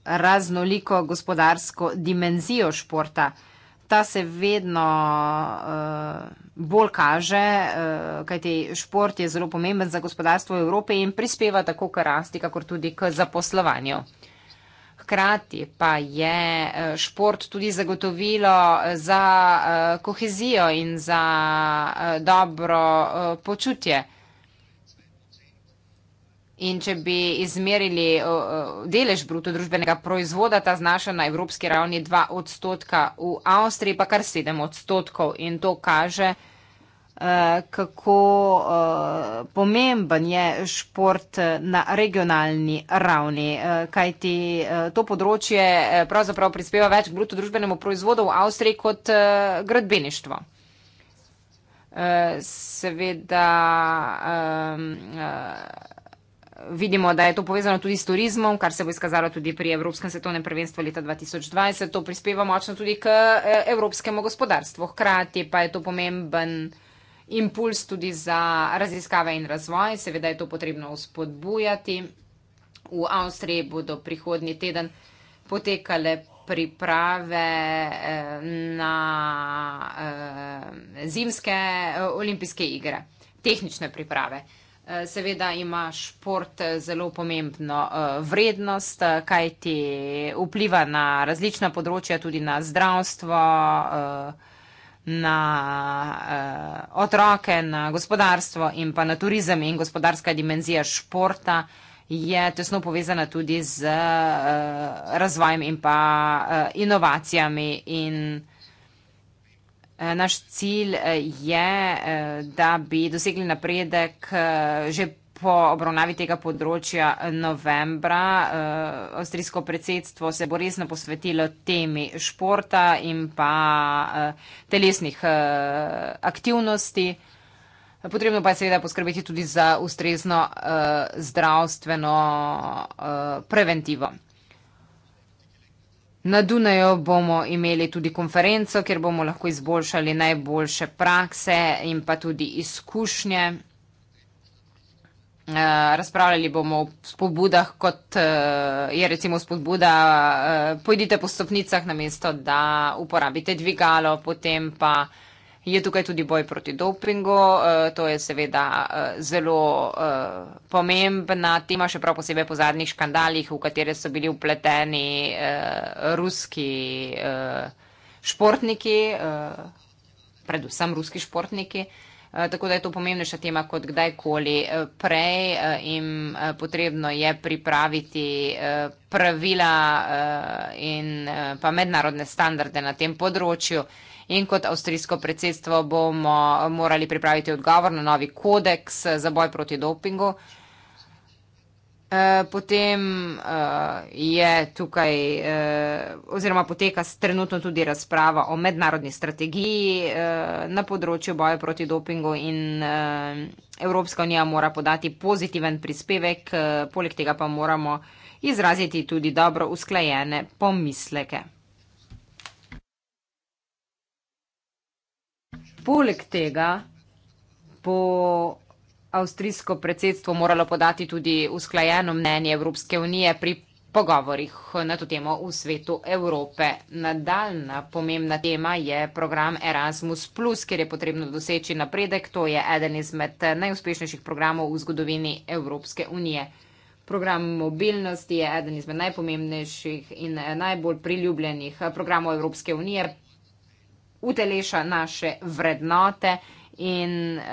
raznoliko gospodarsko dimenzijo športa ta se vedno uh, bolj kaže, uh, kajti šport je zelo pomemben za gospodarstvo Evrope in prispeva tako k rasti, kakor tudi k zaposlovanju. Hkrati pa je eh, šport tudi zagotovilo za uh, kohezijo in za uh, dobro uh, počutje. In če bi izmerili uh, delež bruto družbenega proizvoda, ta znaša na evropski ravni 2 odstotka, v Avstriji pa kar 7 odstotkov. In to kaže, uh, kako uh, pomemben je šport na regionalni ravni. Uh, eh, Kaj ti uh, to področje pravzaprav prispeva več k bruto družbenemu proizvodu v Avstriji kot uh, gradbeništvo. Uh, seveda. Um, uh, Vidimo, da je to povezano tudi s turizmom, kar se bo izkazalo tudi pri Evropskem svetovnem prvenstvu leta 2020. To prispeva močno tudi k eh, evropskemu gospodarstvu. Hkrati pa je to pomemben impuls tudi za raziskave in razvoj. Seveda je to potrebno vzpodbujati. V Avstriji bodo prihodnji teden potekale priprave eh, na eh, zimske olimpijske igre, tehnične priprave. Seveda ima šport eh, zelo pomembno eh, vrednost, eh, kaj ti vpliva na različna področja, tudi na zdravstvo, na otroke, na gospodarstvo in pa na turizem in gospodarska dimenzija športa je tesno povezana tudi z razvojem in pa inovacijami in inovacijami. Eh, naš cilj eh, je, eh, da bi dosegli napredek že po obravnavi tega področja novembra. Avstrijsko predsedstvo se bo resno posvetilo temi športa in pa telesnih aktivnosti. Potrebno pa je seveda poskrbeti tudi za ustrezno uh, zdravstveno uh, preventivo. Na Dunaju bomo imeli tudi konferenco, kjer bomo lahko izboljšali najboljše prakse in pa tudi izkušnje. Eh, razpravljali bomo o spodbudah, kot eh, je recimo spodbuda, eh, pojdite po stopnicah namesto, da uporabite dvigalo, potem pa. Je tukaj tudi boj proti dopingu, eh, to je seveda eh, zelo eh, pomembna tema, še prav posebej po zadnjih škandalih, v katere so bili upleteni ruski športniki, predvsem ruski športniki. Tako da je to pomembnejša tema kot kdajkoli prej in potrebno je pripraviti pravila in pa mednarodne standarde na tem področju in kot avstrijsko predsedstvo bomo morali pripraviti odgovor na novi kodeks za boj proti dopingu. Eh, potem eh, je tukaj, eh, oziroma poteka trenutno tudi razprava o mednarodni strategiji na področju boja proti dopingu in Evropska unija mora podati pozitiven prispevek, poleg tega pa moramo izraziti tudi dobro usklajene pomisleke. Poleg tega bo avstrijsko predsedstvo moralo podati tudi usklajeno mnenje Evropske unije pri pogovorih na to temo v svetu Evrope. Nadaljna pomembna tema je program Erasmus, kjer je potrebno doseči napredek. To je eden izmed najuspešnejših programov v zgodovini Evropske unije. Program mobilnosti je eden izmed najpomembnejših in najbolj priljubljenih programov Evropske unije uteleša naše vrednote in uh,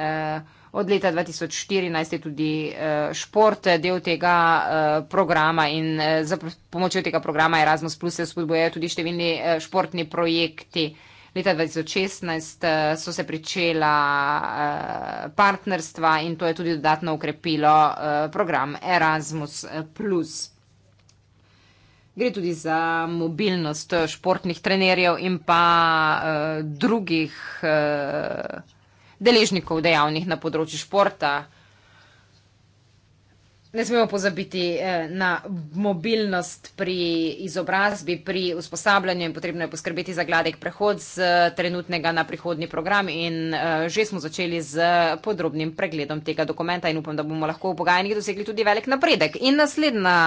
od leta 2014 je tudi uh, šport del tega uh, programa in uh, za pomočjo tega programa Erasmus Plus se spodbojajo tudi številni uh, športni projekti. Leta 2016 so se pričela partnerstva in to je tudi dodatno ukrepilo program Erasmus. Gre tudi za mobilnost eh, športnih trenerjev in pa uh, drugih uh, deležnikov dejavnih na področju športa. Ne smemo pozabiti eh, na mobilnost pri izobrazbi, pri usposabljanju in potrebno je poskrbeti za gladek prehod z eh, trenutnega na prihodni program in eh, že smo začeli z podrobnim pregledom tega dokumenta in upam, da bomo lahko v pogajanjih dosegli tudi velik napredek. In naslednja,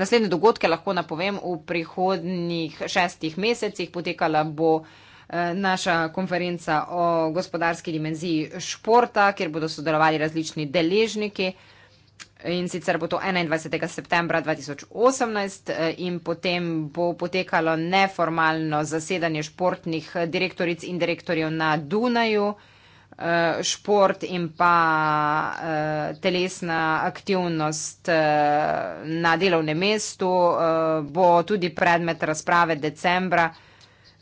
naslednje dogodke lahko napovem v prihodnih šestih mesecih potekala bo naša konferenca o gospodarski dimenziji športa, kjer bodo sodelovali različni deležniki. In sicer bo to 21. septembra 2018 eh, in potem bo potekalo neformalno zasedanje športnih eh, direktoric in direktorjev na Dunaju. Eh, šport in pa telesna aktivnost na delovnem mestu bo tudi predmet razprave decembra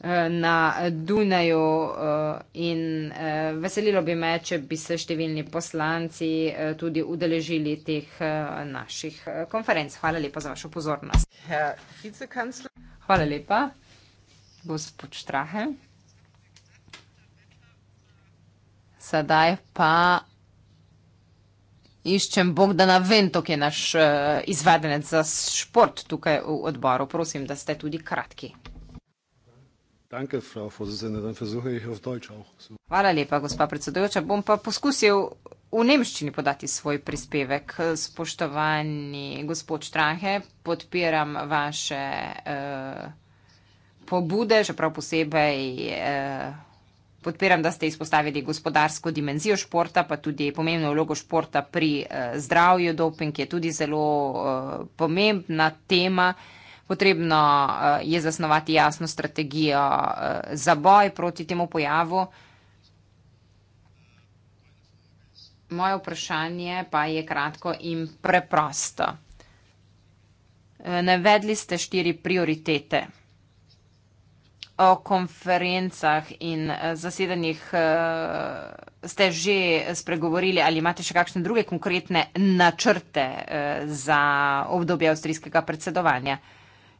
Eh, na Dunaju eh, in eh, veselilo bi me, če bi se številni poslanci tudi udeležili teh naših konferenc. Hvala lepa za vašo pozornost. Hvala lepa, gospod Štrahe. Sedaj pa iščem Bogdana Vento, ki je naš izvedenec za šport tukaj v odboru. Prosim, da ste tudi kratki. Hvala lepa, gospa predsedujoča. Bom pa poskusil v nemščini podati svoj prispevek. Spoštovani gospod Štrahe, podpiram vaše uh, pobude, še prav posebej. Uh, Podpiram, da ste izpostavili gospodarsko dimenzijo športa, pa tudi pomembno vlogo športa pri eh, zdravju. Doping je tudi zelo uh, pomembna tema. Uh, potrebno eh, je zasnovati jasno strategijo eh, za boj proti temu pojavu. Moje vprašanje pa je kratko in preprosto. Eh, navedli ste štiri prioritete o konferencah in zasedanjih ste že spregovorili ali imate še kakšne druge konkretne načrte za obdobje avstrijskega predsedovanja.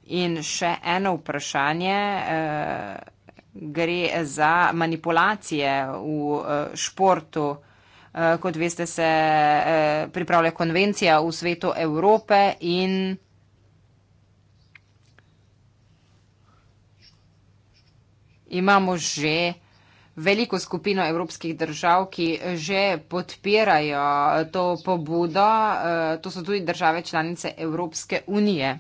In še eno vprašanje. Eh, gre za manipulacije v eh, športu. Eh, kot veste, se pripravlja konvencija v svetu Evrope in. Imamo že veliko skupino evropskih držav, ki že podpirajo to pobudo. To so tudi države članice Evropske unije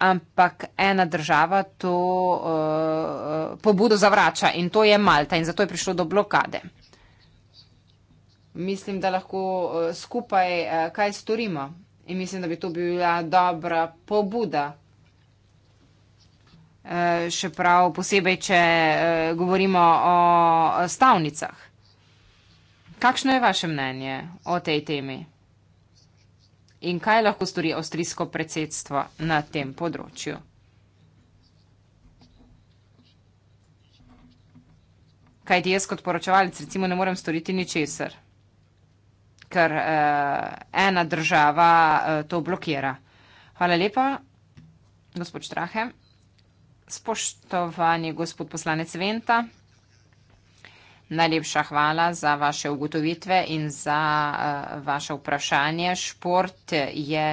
ampak ena država to uh, pobudo zavrača in to je Malta in zato je prišlo do blokade. Mislim, da lahko uh, skupaj uh, kaj storimo in mislim, da bi to bila dobra pobuda. Uh, še prav posebej, če uh, govorimo o stavnicah. Kakšno je vaše mnenje o tej temi? in kaj lahko stori avstrijsko predsedstvo na tem področju. Kaj ti jaz kot poročevalec recimo ne morem storiti ničesar, ker eh, ena država eh, to blokira. Hvala lepa, gospod Štrahe. Spoštovani gospod poslanec Venta. Najlepša hvala za vaše ugotovitve in za uh, vaše vprašanje. Šport je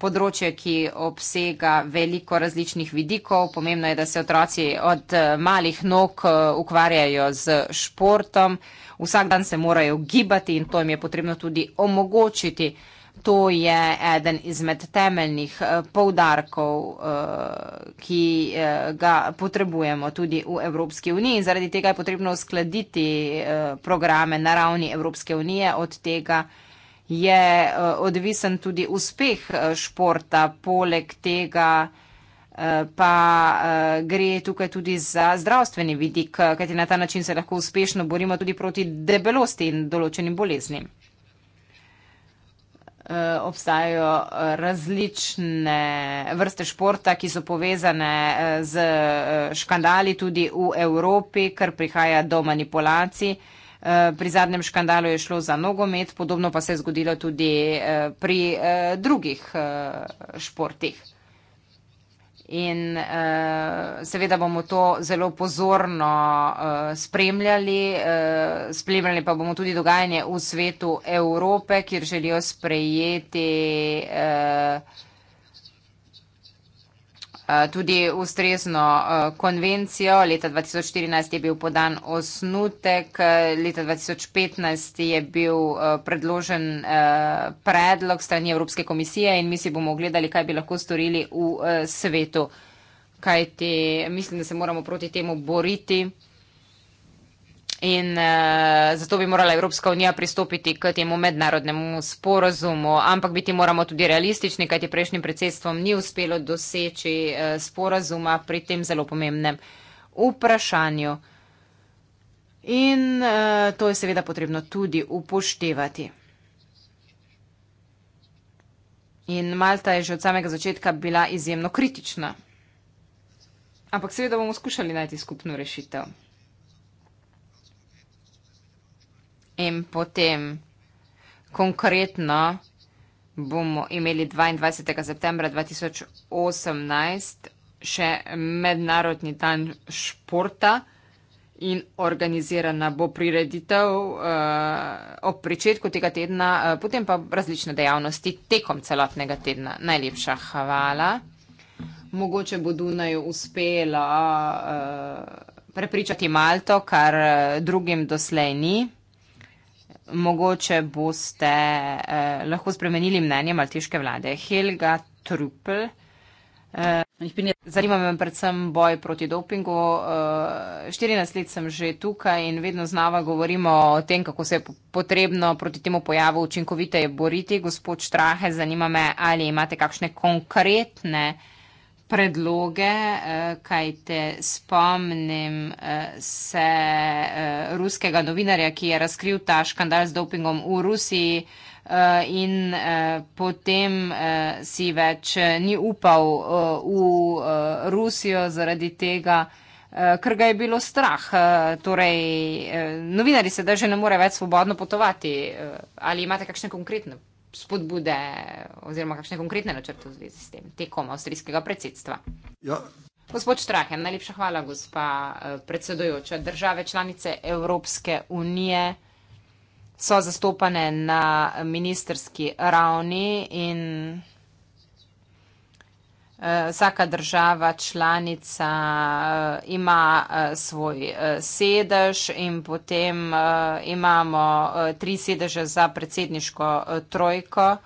področje, ki obsega veliko različnih vidikov. Pomembno je, da se otroci od eh, malih nog eh, ukvarjajo z športom. Vsak dan se morajo gibati in to jim je potrebno tudi omogočiti. Uh, To je eden izmed temeljnih eh, poudarkov, eh, ki eh, ga potrebujemo tudi v Evropski uniji in zaradi tega je potrebno uskladiti programe na ravni Evropske unije. Od tega je odvisen tudi uspeh športa, poleg tega pa gre tukaj tudi za zdravstveni vidik, kajti na ta način se lahko uspešno borimo tudi proti debelosti in določenim boleznim. Eh, obstajajo eh, različne vrste športa, ki so povezane eh, z škandali tudi v Evropi, ker prihaja do manipulacij. Pri zadnjem škandalu je šlo za nogomet, podobno pa se je zgodilo tudi pri drugih športih. In uh, seveda bomo to zelo pozorno uh, spremljali. Uh, spremljali pa bomo tudi dogajanje v svetu Evrope, kjer želijo sprejeti. Uh, Eh, tudi ustrezno eh, konvencijo. Leta 2014 je bil podan osnutek, eh, leta 2015 je bil predložen predlog strani Evropske komisije in mi si bomo ogledali, kaj bi lahko storili v svetu. Kajti mislim, da se moramo proti temu boriti in uh, zato bi morala Evropska unija pristopiti k temu mednarodnemu sporozumu. Ampak biti moramo tudi realistični, kajti prejšnjim predsedstvom ni uspelo doseči uh, eh, sporozuma pri tem zelo pomembnem vprašanju. In uh, to je seveda potrebno tudi upoštevati. In Malta je že od samega začetka bila izjemno kritična. Ampak seveda bomo skušali najti skupno rešitev. In potem konkretno bomo imeli 22. septembra 2018 še mednarodni dan športa in organizirana bo prireditev uh, ob pričetku tega tedna, uh, potem pa različne dejavnosti tekom celotnega tedna. Najlepša hvala. Mogoče bo Dunaju uspelo uh, prepričati Malto, kar drugim doslej ni mogoče boste eh, lahko spremenili mnenje maltiške vlade. Helga Trupel. Eh, zanima me predvsem boj proti dopingu. Eh, 14 let sem že tukaj in vedno znova govorimo o tem, kako se je potrebno proti temu pojavu učinkoviteje boriti. Gospod Štrahe, zanima me, ali imate kakšne konkretne predloge, eh, kaj te spomnim eh, se eh, ruskega novinarja, ki je razkril ta škandal z dopingom v Rusiji in potem si več ni upal v Rusijo zaradi tega, ker ga je bilo strah. Torej, novinari se da že ne more več svobodno potovati. Ali imate kakšne konkretne spodbude oziroma kakšne konkretne načrte v zvezi s tem tekom avstrijskega predsedstva. Ja. Gospod Štrahen, najlepša hvala, gospa eh, predsedujoča. Države članice Evropske unije so zastopane na ministerski ravni in Eh, vsaka država članica eh, ima eh, svoj sedež in potem imamo tri sedeže za predsedniško trojko.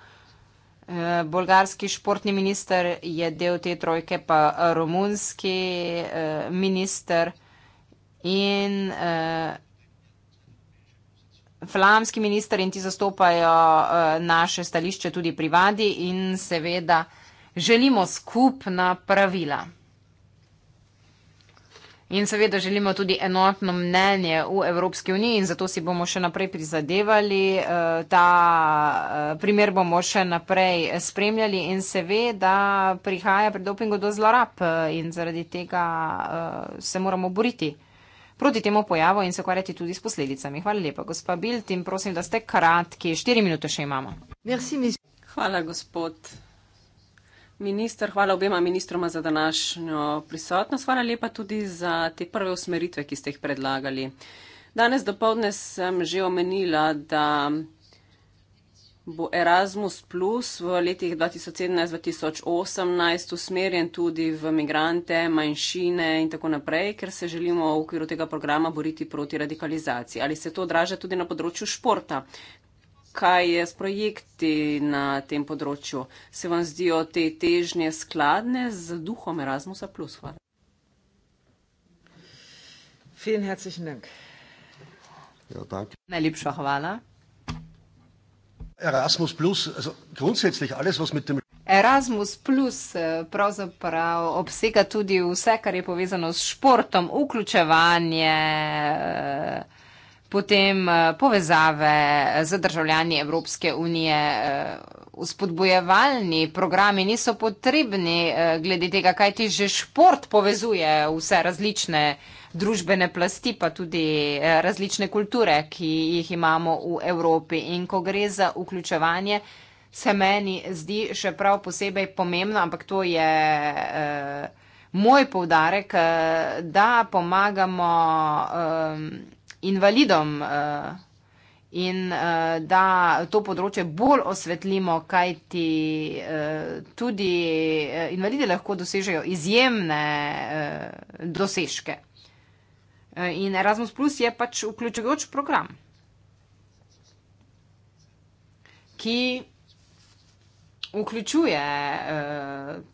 Bolgarski športni minister je del te trojke, pa romunski minister in flamski minister in ti zastopajo naše stališče tudi privadi in seveda želimo skupna pravila. In seveda želimo tudi enotno mnenje v Evropski uniji in zato si bomo še naprej prizadevali. Eh, ta eh, primer bomo še naprej spremljali in seveda prihaja pri dopingu do zlorab eh, in zaradi tega se moramo boriti proti temu pojavu in se ukvarjati tudi s posledicami. Hvala lepa, gospa Bilt in prosim, da ste kratki. Štiri minute še imamo. Merci, Hvala, gospod minister, hvala obema ministroma za današnjo prisotnost, hvala lepa tudi za te prve usmeritve, ki ste jih predlagali. Danes dopovdne sem že omenila, da bo Erasmus Plus v letih 2017-2018 usmerjen tudi v migrante, manjšine in tako naprej, ker se želimo v okviru tega programa boriti proti radikalizaciji. Ali se to odraža tudi na področju športa? kaj je s projekti na tem področju. Se vam zdijo te težnje skladne z duhom Erasmusa? Hvala. Ja, Najlepša hvala. Erasmus plus, grundsätzlich alles, was mit dem. Erasmus plus eh, pravzaprav obsega tudi vse, kar je povezano s športom, vključevanje. Uh, potem eh, povezave z državljani Evropske unije, uspodbojevalni eh, programi niso potrebni eh, glede tega, kaj ti že šport povezuje vse različne družbene plasti, pa tudi različne kulture, ki jih imamo v Evropi. In ko gre za vključevanje, se meni zdi še prav posebej pomembno, ampak to je. Moj povdarek, da pomagamo um, invalidom eh, in eh, da to področje bolj osvetlimo, kajti eh, tudi invalidi lahko dosežejo izjemne dosežke. In Erasmus Plus je pač vključujoč program, ki vključuje tudi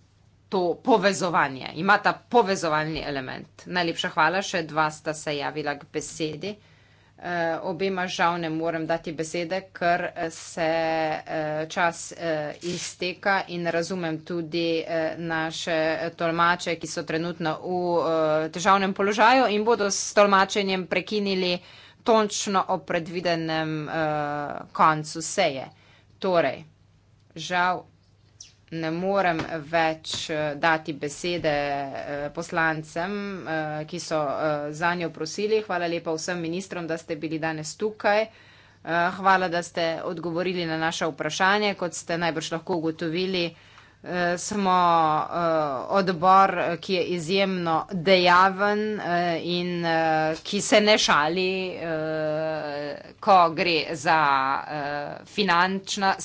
to povezovanje, ima ta povezovalni element. Najlepša hvala, še dva sta se javila k besedi. E, obema žal ne morem dati besede, ker eh, se e, čas e, izteka in razumem tudi e, naše tolmače, ki so trenutno v e, težavnem položaju in bodo s tolmačenjem prekinili točno o predvidenem e, koncu seje. Torej, žal ne morem več eh, dati besede eh, poslancem, eh, ki so za njo prosili. Hvala lepa vsem ministrom, da ste bili danes tukaj. Hvala, da ste odgovorili na naše vprašanje. Kot ste najbrž lahko ugotovili, smo odbor, ki je izjemno dejaven in ki se ne šali, ko gre za finančna sredstva,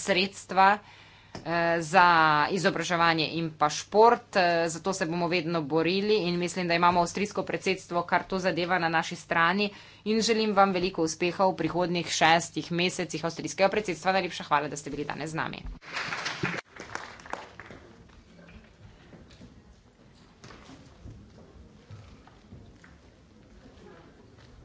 ki se ne šali. Eh, za izobraževanje in pa šport. Eh, zato se bomo vedno borili in mislim, da imamo avstrijsko predsedstvo, kar to zadeva na naši strani. In želim vam veliko uspeha v prihodnih šestih mesecih avstrijskega predsedstva. Najlepša hvala, da ste bili danes z nami.